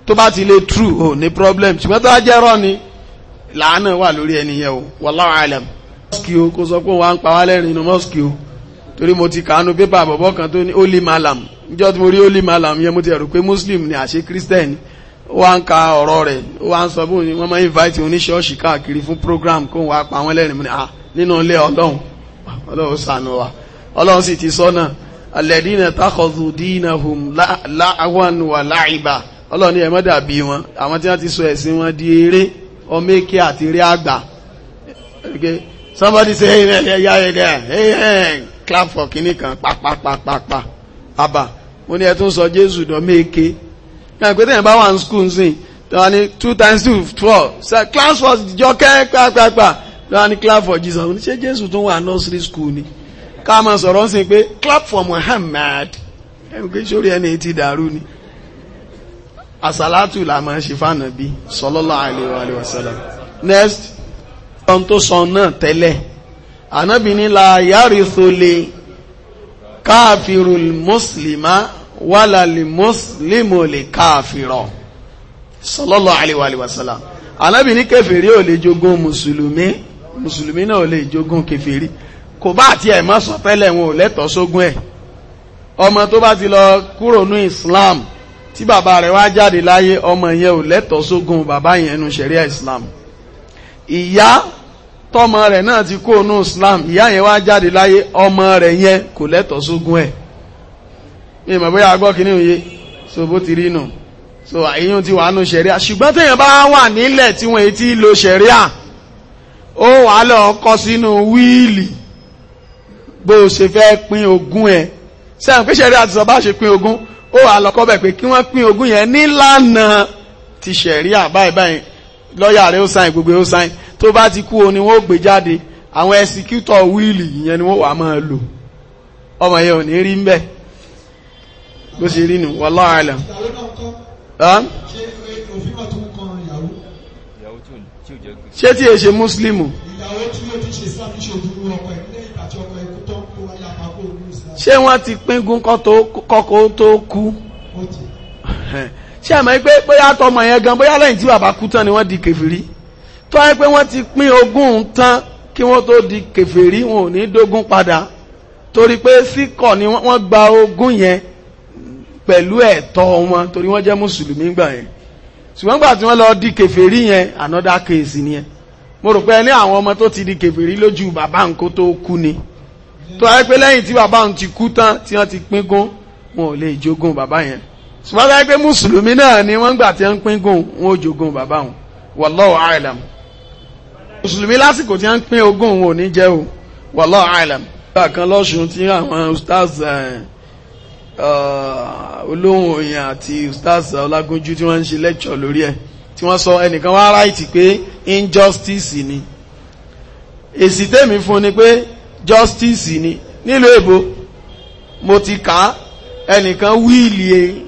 tó bá ti lè true ò ní problem ṣùgbọ́n tó bá jẹ́ irọ́ ni làánà wà lórí ẹni yẹn o wallahu alam mọ́sùkì o kó sọ pé wọ́n á ń pa wá lẹ́rìn inú mọ́sùkì o torí mo ti kàánú pépà bọ̀bọ̀ kan tó ní holy malam níjọ́ tí mo rí holy malam yẹn mo ti ẹ̀rù pé muslim ni àṣẹ christian wá ń ka ọ̀rọ̀ rẹ̀ wá ń sọ bóun wọ́n máa invite oníṣọ́ọ̀ṣì káàkiri fún program kó wá pa wọ́n lẹ́rìn ah nínú ilé ọlọ́run ọlọ́run ṣàánú wa ọlọ́run sì ti sọ́nà alẹ́dínà tákọ̀dù dínà hùm láwọn wà láìbà ọlọ́run ni ẹ má dàbí wọn àwọn tí wọ́n ti sọ ẹ̀sìn wọn di eré ọmọ èké àti eré àgbà somebody say hey hey hey hey hey clap for kìíní kan pàpàpàpàpà àbà mo ní ẹ tún sọ jésù dán méke náà pé tẹ̀yìn bá wà ní school sí tọ́wọ́ ní two times two four clap for jọkẹ́ pàpàpà tọ́wọ́ ní clap for jesus mo ní ṣé jésù tún wà nursery school ni ká máa sọ̀rọ̀ sí pé clap for muhammad ẹnu pé sórí ẹni tí dàrú ni àsàlátù là máa ṣe fànàbí sallallahu alaihi wa sallam next ohun tó sọ náà tẹ́lẹ̀ ànábì ní la yarithu li káàfìrù mùsùlùmá wàlà lè mùsùlùmù lè káàfìrọ̀ sallallahu alaihi wa sallam ànábì ní kèfèrí ò lè jogún mùsùlùmí mùsùlùmí náà ò lè jogún kèfèrí kò bá àti ẹ̀ mọ́ sọ tẹ́lẹ̀ wọn ò lẹ́tọ̀ọ́ sógún ẹ̀ ọmọ tó bá ti lọ kúrò ní islam tí bàbá rẹ̀ wá jáde láyé ọmọ yẹn ò lẹ́tọ̀ọ́ sógún bàbá yẹn nu ṣẹ̀ríà islam ìyá tọ́mọ rẹ̀ náà ti kó inú Islam ìyá yẹn wá jáde láyé ọmọ rẹ̀ yẹn kò lẹ́tọ̀ọ́ sógún ẹ̀ mi mọ̀ bóyá agbọ́ kìíní òye so bó ti rí nù so àyíyún ti wà nù ṣẹ̀ríà ṣùgbọ́n téèyàn bá wà nílẹ̀ tí wọ́n ti lo ṣẹ̀ríà ó wà lọ kọ sínú wíìlì bó o ṣe fẹ́ pín ogún ẹ̀ sẹ́yìn pé ṣẹ̀ríà ti sọ bá ṣe pín ogún ó wà lọ kọ́ bẹ̀ pé kí wọ́n pín ogún yẹn nílànà ti ṣẹ̀ríà báyìí báyìí lọ́ọ̀yà rẹ̀ ó sáyìn gbogbo ó sáyìn tó bá ti kú o ni wọ́n gbé jáde àwọn ẹsikítọ̀ wíìlì ìyẹn ni wọ́n wà máa lò ọmọ yẹn ò ní rí mbẹ́ bó ṣe rí nù wallahu alam. ṣé tí èṣe múslímù. ṣé wọ́n ti píngun kọ́kọ́ tó kú ṣé àmọ́ pé bóyá tọmọ yẹn gan bóyá lẹ́yìn tí bàbá kú tán ni wọ́n di kèfìrí tó wáyé pé wọ́n ti pín ogún tán kí wọ́n tó di kèfèrí wọn ò ní dógún padà torí pé síkọ̀ ni wọ́n gba ogún yẹn pẹ̀lú ẹ̀tọ́ wọn torí wọ́n jẹ́ mùsùlùmí gbà yẹn ṣùgbọ́n gbà tí wọ́n lọ di kèfèrí yẹn another case nìyẹn mo rò pé ní àwọn ọmọ tó ti di kèfèrí lójú bàbá nǹkó tó kú ni tó wáyé pé lẹ́yìn tí bàbá ń ti kú tán tí wọ́n ti pín gún wọn ò lè jogún bàbá yẹn ṣùgbọ́n láyé pé mùsùlùmí náà ni wọ́n gbà tí wọ́n pín gún wọn ò jogún bàbá wọn wallahu a'lam mùsùlùmí lásìkò tí wọ́n ń pín ogún òun ò ní o wallahu alam. ìgbà kan lọ́sùn tí àwọn ustaz eh, eh, olóhùn òyìn àti ustaz ọlágúnjú tí wọ́n ń ṣe lẹ́kṣọ̀ lórí ẹ̀ tí wọ́n sọ ẹnìkan wá ráìtì pé injustice ni èsì tèmi fún ni pé justice ni nílùú èbó mo ti kà á ẹnìkan wíìlì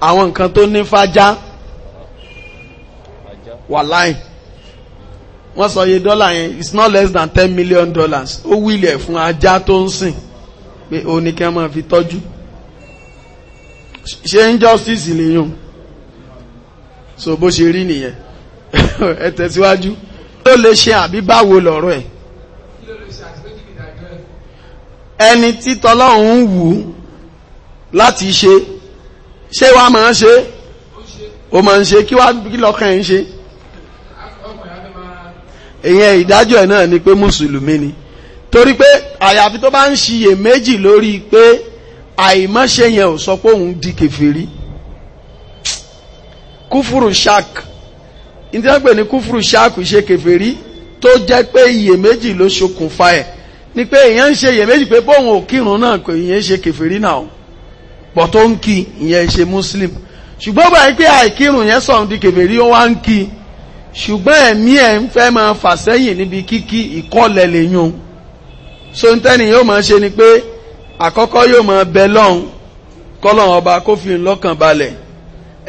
àwọn nǹkan tó ní fájá wàláì wọ́n sọ iye dọ́là yẹn it's not less than ten million dollars ó wílẹ̀ fún ajá tó ń sìn pé ó ní kí wọ́n máa fi tọ́jú ṣé injustice lèyàn so bó ṣe rí nìyẹn ẹ tẹ̀síwájú ló lè ṣe àbí báwo lọ̀rọ̀ ẹ̀ ẹni tí tọ́lọ́hun ń wù láti ṣe ṣé wàá máa ṣe ó máa ń ṣe kí wàá kí lọ́kàn ẹ̀ ń ṣe ìyẹn ìdájọ́ ẹ̀ náà ni pé mùsùlùmí ni torí pé àyàfi tó bá ń ṣiyè méjì lórí pé àìmọ́ṣe yẹn ò sọ pé òun di kèfèrí kúfùrù ṣak ìdílọ́gbẹ̀ ní kúfùrù ṣak ṣe kèfèrí tó jẹ́ pé iyèméjì ló ṣokùnfà ẹ̀ ni pé èèyàn ń ṣe iyèméjì pé bóun ò kírun náà kò ìyẹn ṣe kèfèrí náà pọ̀ tó ń kí ìyẹn ṣe muslim ṣùgbọ́n báyìí pé àìkírun yẹn sọ̀rọ̀ di kèfèrí ó wá ń kí i ṣùgbọ́n ẹ̀mí ẹ̀ ń fẹ́ máa fà sẹ́yìn níbi kíkí ìkọlẹ̀ lèyún o so ń tẹ́ni yóò máa ṣe ni pé àkọ́kọ́ yóò máa bẹ lọ́hùn kọ́lọ́hùn ọba kó fi lọ́kàn balẹ̀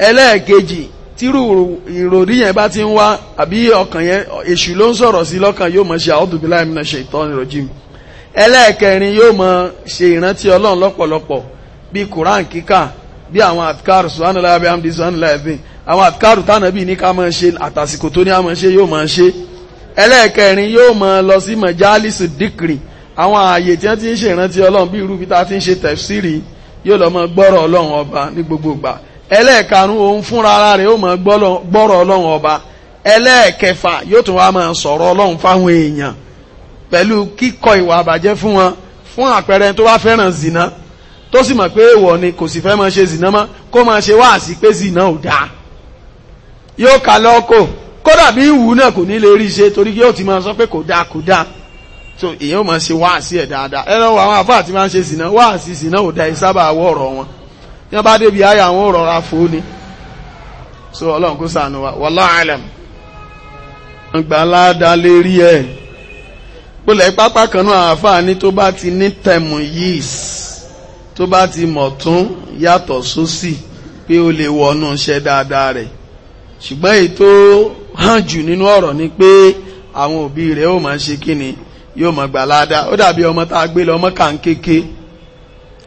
ẹlẹ́ẹ̀kejì tírú ìròrí yẹn bá ti ń wá àbí ọkàn yẹn èṣù ló ń sọ̀rọ̀ sí lọ́kàn yóò máa ṣe a'udhu billahi minash shaitani rajim ẹlẹ́ẹ̀kẹrin yóò máa ṣe ìrántí ọlọ́run lọ́pọ̀lọpọ̀ bíi Quran kíkà bíi àwọn adkar subhanallah abihamdi subhanallah ẹ̀dín àwọn àtikárù tánàbí ní ká máa ṣe àtàsìkò tó ní a máa ṣe yóò máa ṣe ẹlẹ́ẹ̀kẹrin yóò máa lọ sí mọ̀jálísù díkìrì àwọn ààyè tí wọ́n ti ń ṣèrántí ọlọ́run bí irú bí ta ti ń ṣe tẹ̀fsírì yóò lọ máa gbọ́rọ̀ ọlọ́run ọba ní gbogbo ìgbà ẹlẹ́ẹ̀karùn òun fúnra ara rẹ̀ yóò máa gbọ́rọ̀ ọlọ́run ọba ẹlẹ́ẹ̀kẹfà yóò tún wá máa zina tó sì mọ̀ pé zina mọ́ kó máa ṣe wáàsí pé zina ò dáa yóò kà lọ́kò kódà bí ìwú náà kò ní lè rí ṣe torí yóò ti máa sọ pé kò dáa kò dáa so èyàn máa ṣe wáàsí ẹ̀ dáadáa ẹ lọ́wọ́ àwọn àfáà ti máa ń ṣe sìnà wáàsí sìnà ò da ìsábà wọ ọ̀rọ̀ wọn tí bá débi ayé àwọn rọra fún ni so ọlọ́run kó sànù wa wallahu alam gbàládà lè rí ẹ̀ pọlẹ̀ pápá kan náà àfáà ní tó bá ti ní tẹ̀mù yìí tó bá ti mọ̀ tún yàtọ̀ sósì pé ó lè wọnú iṣẹ́ dáadáa rẹ̀ ṣùgbọ́n èyí tó hàn jù nínú ọ̀rọ̀ ni pé àwọn òbí rẹ̀ ó máa ṣe kí ni yóò máa gbà ládàá ó dàbí ọmọ tá a gbé lọ ọmọ kàn kéke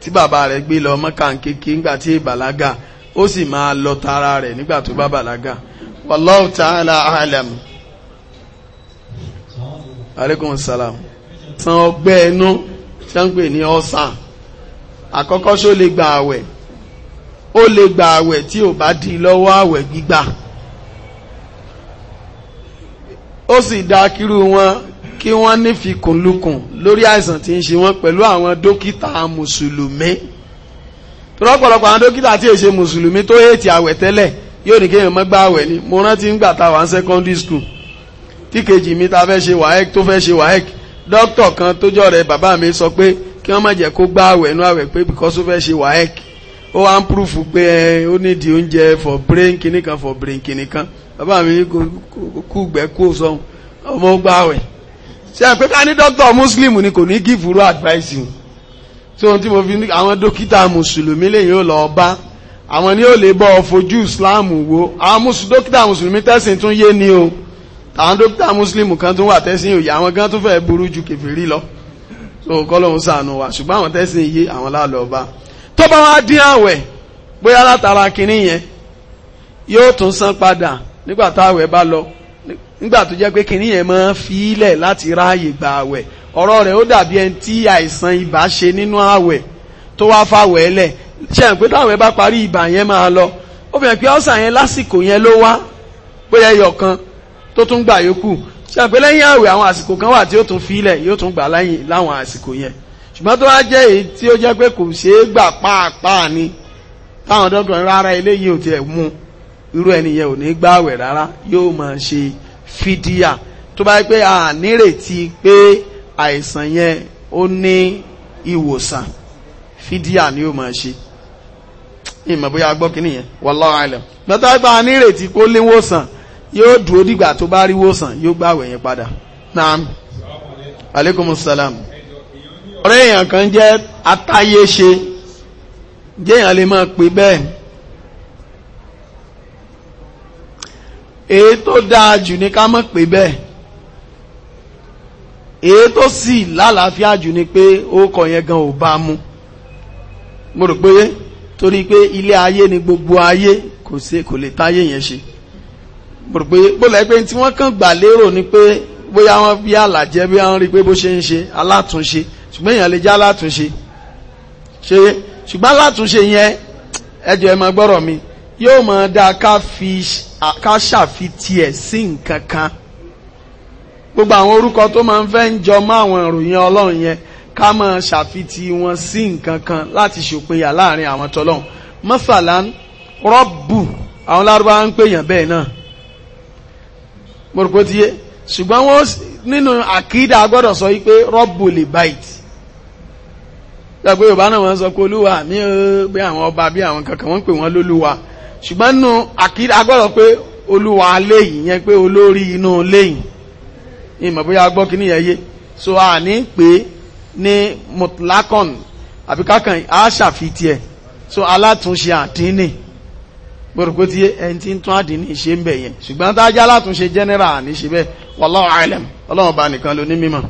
tí bàbá rẹ̀ gbé lọ ọmọ kàn kéke nígbà tí ìbàlágà ó sì máa lọ tara rẹ̀ nígbà tó bá bàlágà wallahu salam san ọgbẹ́ ẹnu tí wọ́n ń pè ní ọ̀sán àkọ́kọ́ ṣó lè gba àwẹ̀ ó lè gba àwẹ̀ tí ò bá di lọ́wọ́ àwẹ̀ gbígbà ó sì dá kírú wọn kí wọ́n ní fikùnlukùn lórí àìsàn tí ń ṣe wọ́n pẹ̀lú àwọn dókítà mùsùlùmí tọ́lọ́pọ̀lọpọ̀ àwọn dókítà tí è ṣe mùsùlùmí tó èètì àwẹ̀ tẹ́lẹ̀ yóò ní kéèyàn má gba àwẹ̀ ni mo rántí ńgbà tá wà ń secondary school tí kejì mi ta fẹ́ ṣe wàhẹ́k tó fẹ́ ṣe wàhẹ́k dókítà kan tó jọ bàbá mi sọ pé kí wọ́n má jẹ́ kó gba àwẹ̀ nú àwẹ̀ pé because ó fẹ́ ṣe wàhẹ́k ó wá ń proof pé ó nídìí oúnjẹ for brain kìnnìkan for brain kìnnìkan bàbá mi kú gbẹ́ kú sọ ọmọ gbààwẹ̀ ṣe àpé ká ní dókítà muslim ni kò ní gífúrú advice wọn tí ohun tí mo fi ní àwọn dókítà mùsùlùmí lèyìn ò lọ bá àwọn ni ó lè bọ́ fojú islam wo àwọn dókítà mùsùlùmí tẹ́sìn tún yé ni o àwọn dókítà mùsùlùmí kan tún wà tẹ́sìn òye àwọn gan tún fẹ́ burú ju kèfèrí lọ so kọ́lọ́hún ṣàánú wa ṣùgbọ́n àwọn tẹ́sìn yé àwọn lálọ́ọ̀bá tó bá wá dín àwẹ̀ bóyá látara kinní yóò tún san padà nígbà táwẹ̀ bá lọ nígbà tó jẹ́ pé kìnní yẹn máa fi ilẹ̀ láti ráàyè gba àwẹ̀ ọ̀rọ̀ rẹ̀ ó dàbí ẹni tí àìsàn ibà ṣe nínú àwẹ̀ tó wá fàwẹ̀ ẹlẹ̀ ṣe hàn pé táwẹ̀ bá parí ibà yẹn máa lọ ó fi hàn pé ọ̀sà yẹn lásìkò yẹn ló wá pé ẹyọ kan tó tún gbà yókù ṣe hàn pé lẹ́yìn àwẹ̀ àwọn àsìkò kan wà tí ó tún fi ilẹ̀ yóò tún gbà lẹ́yìn láwọn àsìkò yẹn ṣùgbọ́n tó wá jẹ́ èyí tí ó jẹ́ pé kò ṣeé gbà pàápàá ni táwọn dọ́gbọ̀n rárá eléyìí ò tiẹ̀ mú un irú ẹni yẹn ò ní gbààwẹ̀ rárá yóò máa ṣe fídíà tó bá pé a nírètí pé àìsàn yẹn ó ní ìwòsàn fídíà ni yóò máa ṣe ìmọ̀ bóyá gbọ́ kí nìyẹn wallahu alam lọ́tọ́ bá a nírètí pé léwòsàn yóò dúró dìgbà tó bá rí wòsàn yóò gbààwẹ̀ yẹn padà naam aleykum salam ọ̀rẹ́ èèyàn kan jẹ́ atáyéṣe jẹ́yàn lè máa pè bẹ́ẹ̀ èyí tó dáa jù ní ká mọ̀ pé bẹ́ẹ̀ èyí tó sì lálàáfíà jù ni pé orúkọ yẹn gan ò bá mu mo rò pé torí pé ilé ayé ni gbogbo ayé kò sí kò lè táyé yẹn ṣe mo rò pé bólẹ̀ pé tí wọ́n kàn gbà lérò ni pé bóyá wọ́n bí àlàjẹ́ bí wọ́n rí pé bó ṣe ń ṣe alátúnṣe ṣùgbọ́n èèyàn lè jẹ́ alátúnṣe ṣe ṣùgbọ́n alátúnṣe yẹn ẹjọ́ ẹ máa gbọ́rọ̀ mi yóò mọ̀ dáa ká fi ká ṣàfitiẹ̀ sí nǹkan kan gbogbo àwọn orúkọ tó máa ń fẹ́ ń jọ mọ́ àwọn ìròyìn ọlọ́run yẹn ká máa ṣàfitì wọn sí nǹkan kan láti ṣòpinya láàrin àwọn tọ́lọ́run mọ́sàlán rọ́bù àwọn lárúbá ń pèèyàn bẹ́ẹ̀ náà mọ̀rùpọ̀ tiye ṣùgbọ́n wọ́n nínú àkídà gbọ́dọ̀ sọ wípé rọ́bù lè báyìí gbàgbé yorùbá náà wọ́n sọ pé olúwa mi ò bí àwọn ọba bí àwọn kankan wọ́n pè wọ́n lólúwa ṣùgbọ́n nù àkídà agbọ́dọ̀ pé olúwa léyìn yẹn pé olórí inú léyìn ìmọ̀ bóyá gbọ́ kí nìyẹn yé so a ní pé ní mutlakon àbí kákan a ṣàfitì so alátúnṣe àdínì gbọ́dọ̀pọ̀ tí ẹni tí ń tún àdínì ṣe ń bẹ̀ yẹn ṣùgbọ́n tá alátúnṣe general ní ṣe bẹ́ẹ̀ wallahu alam ọlọ́run ọba nìkan ló ní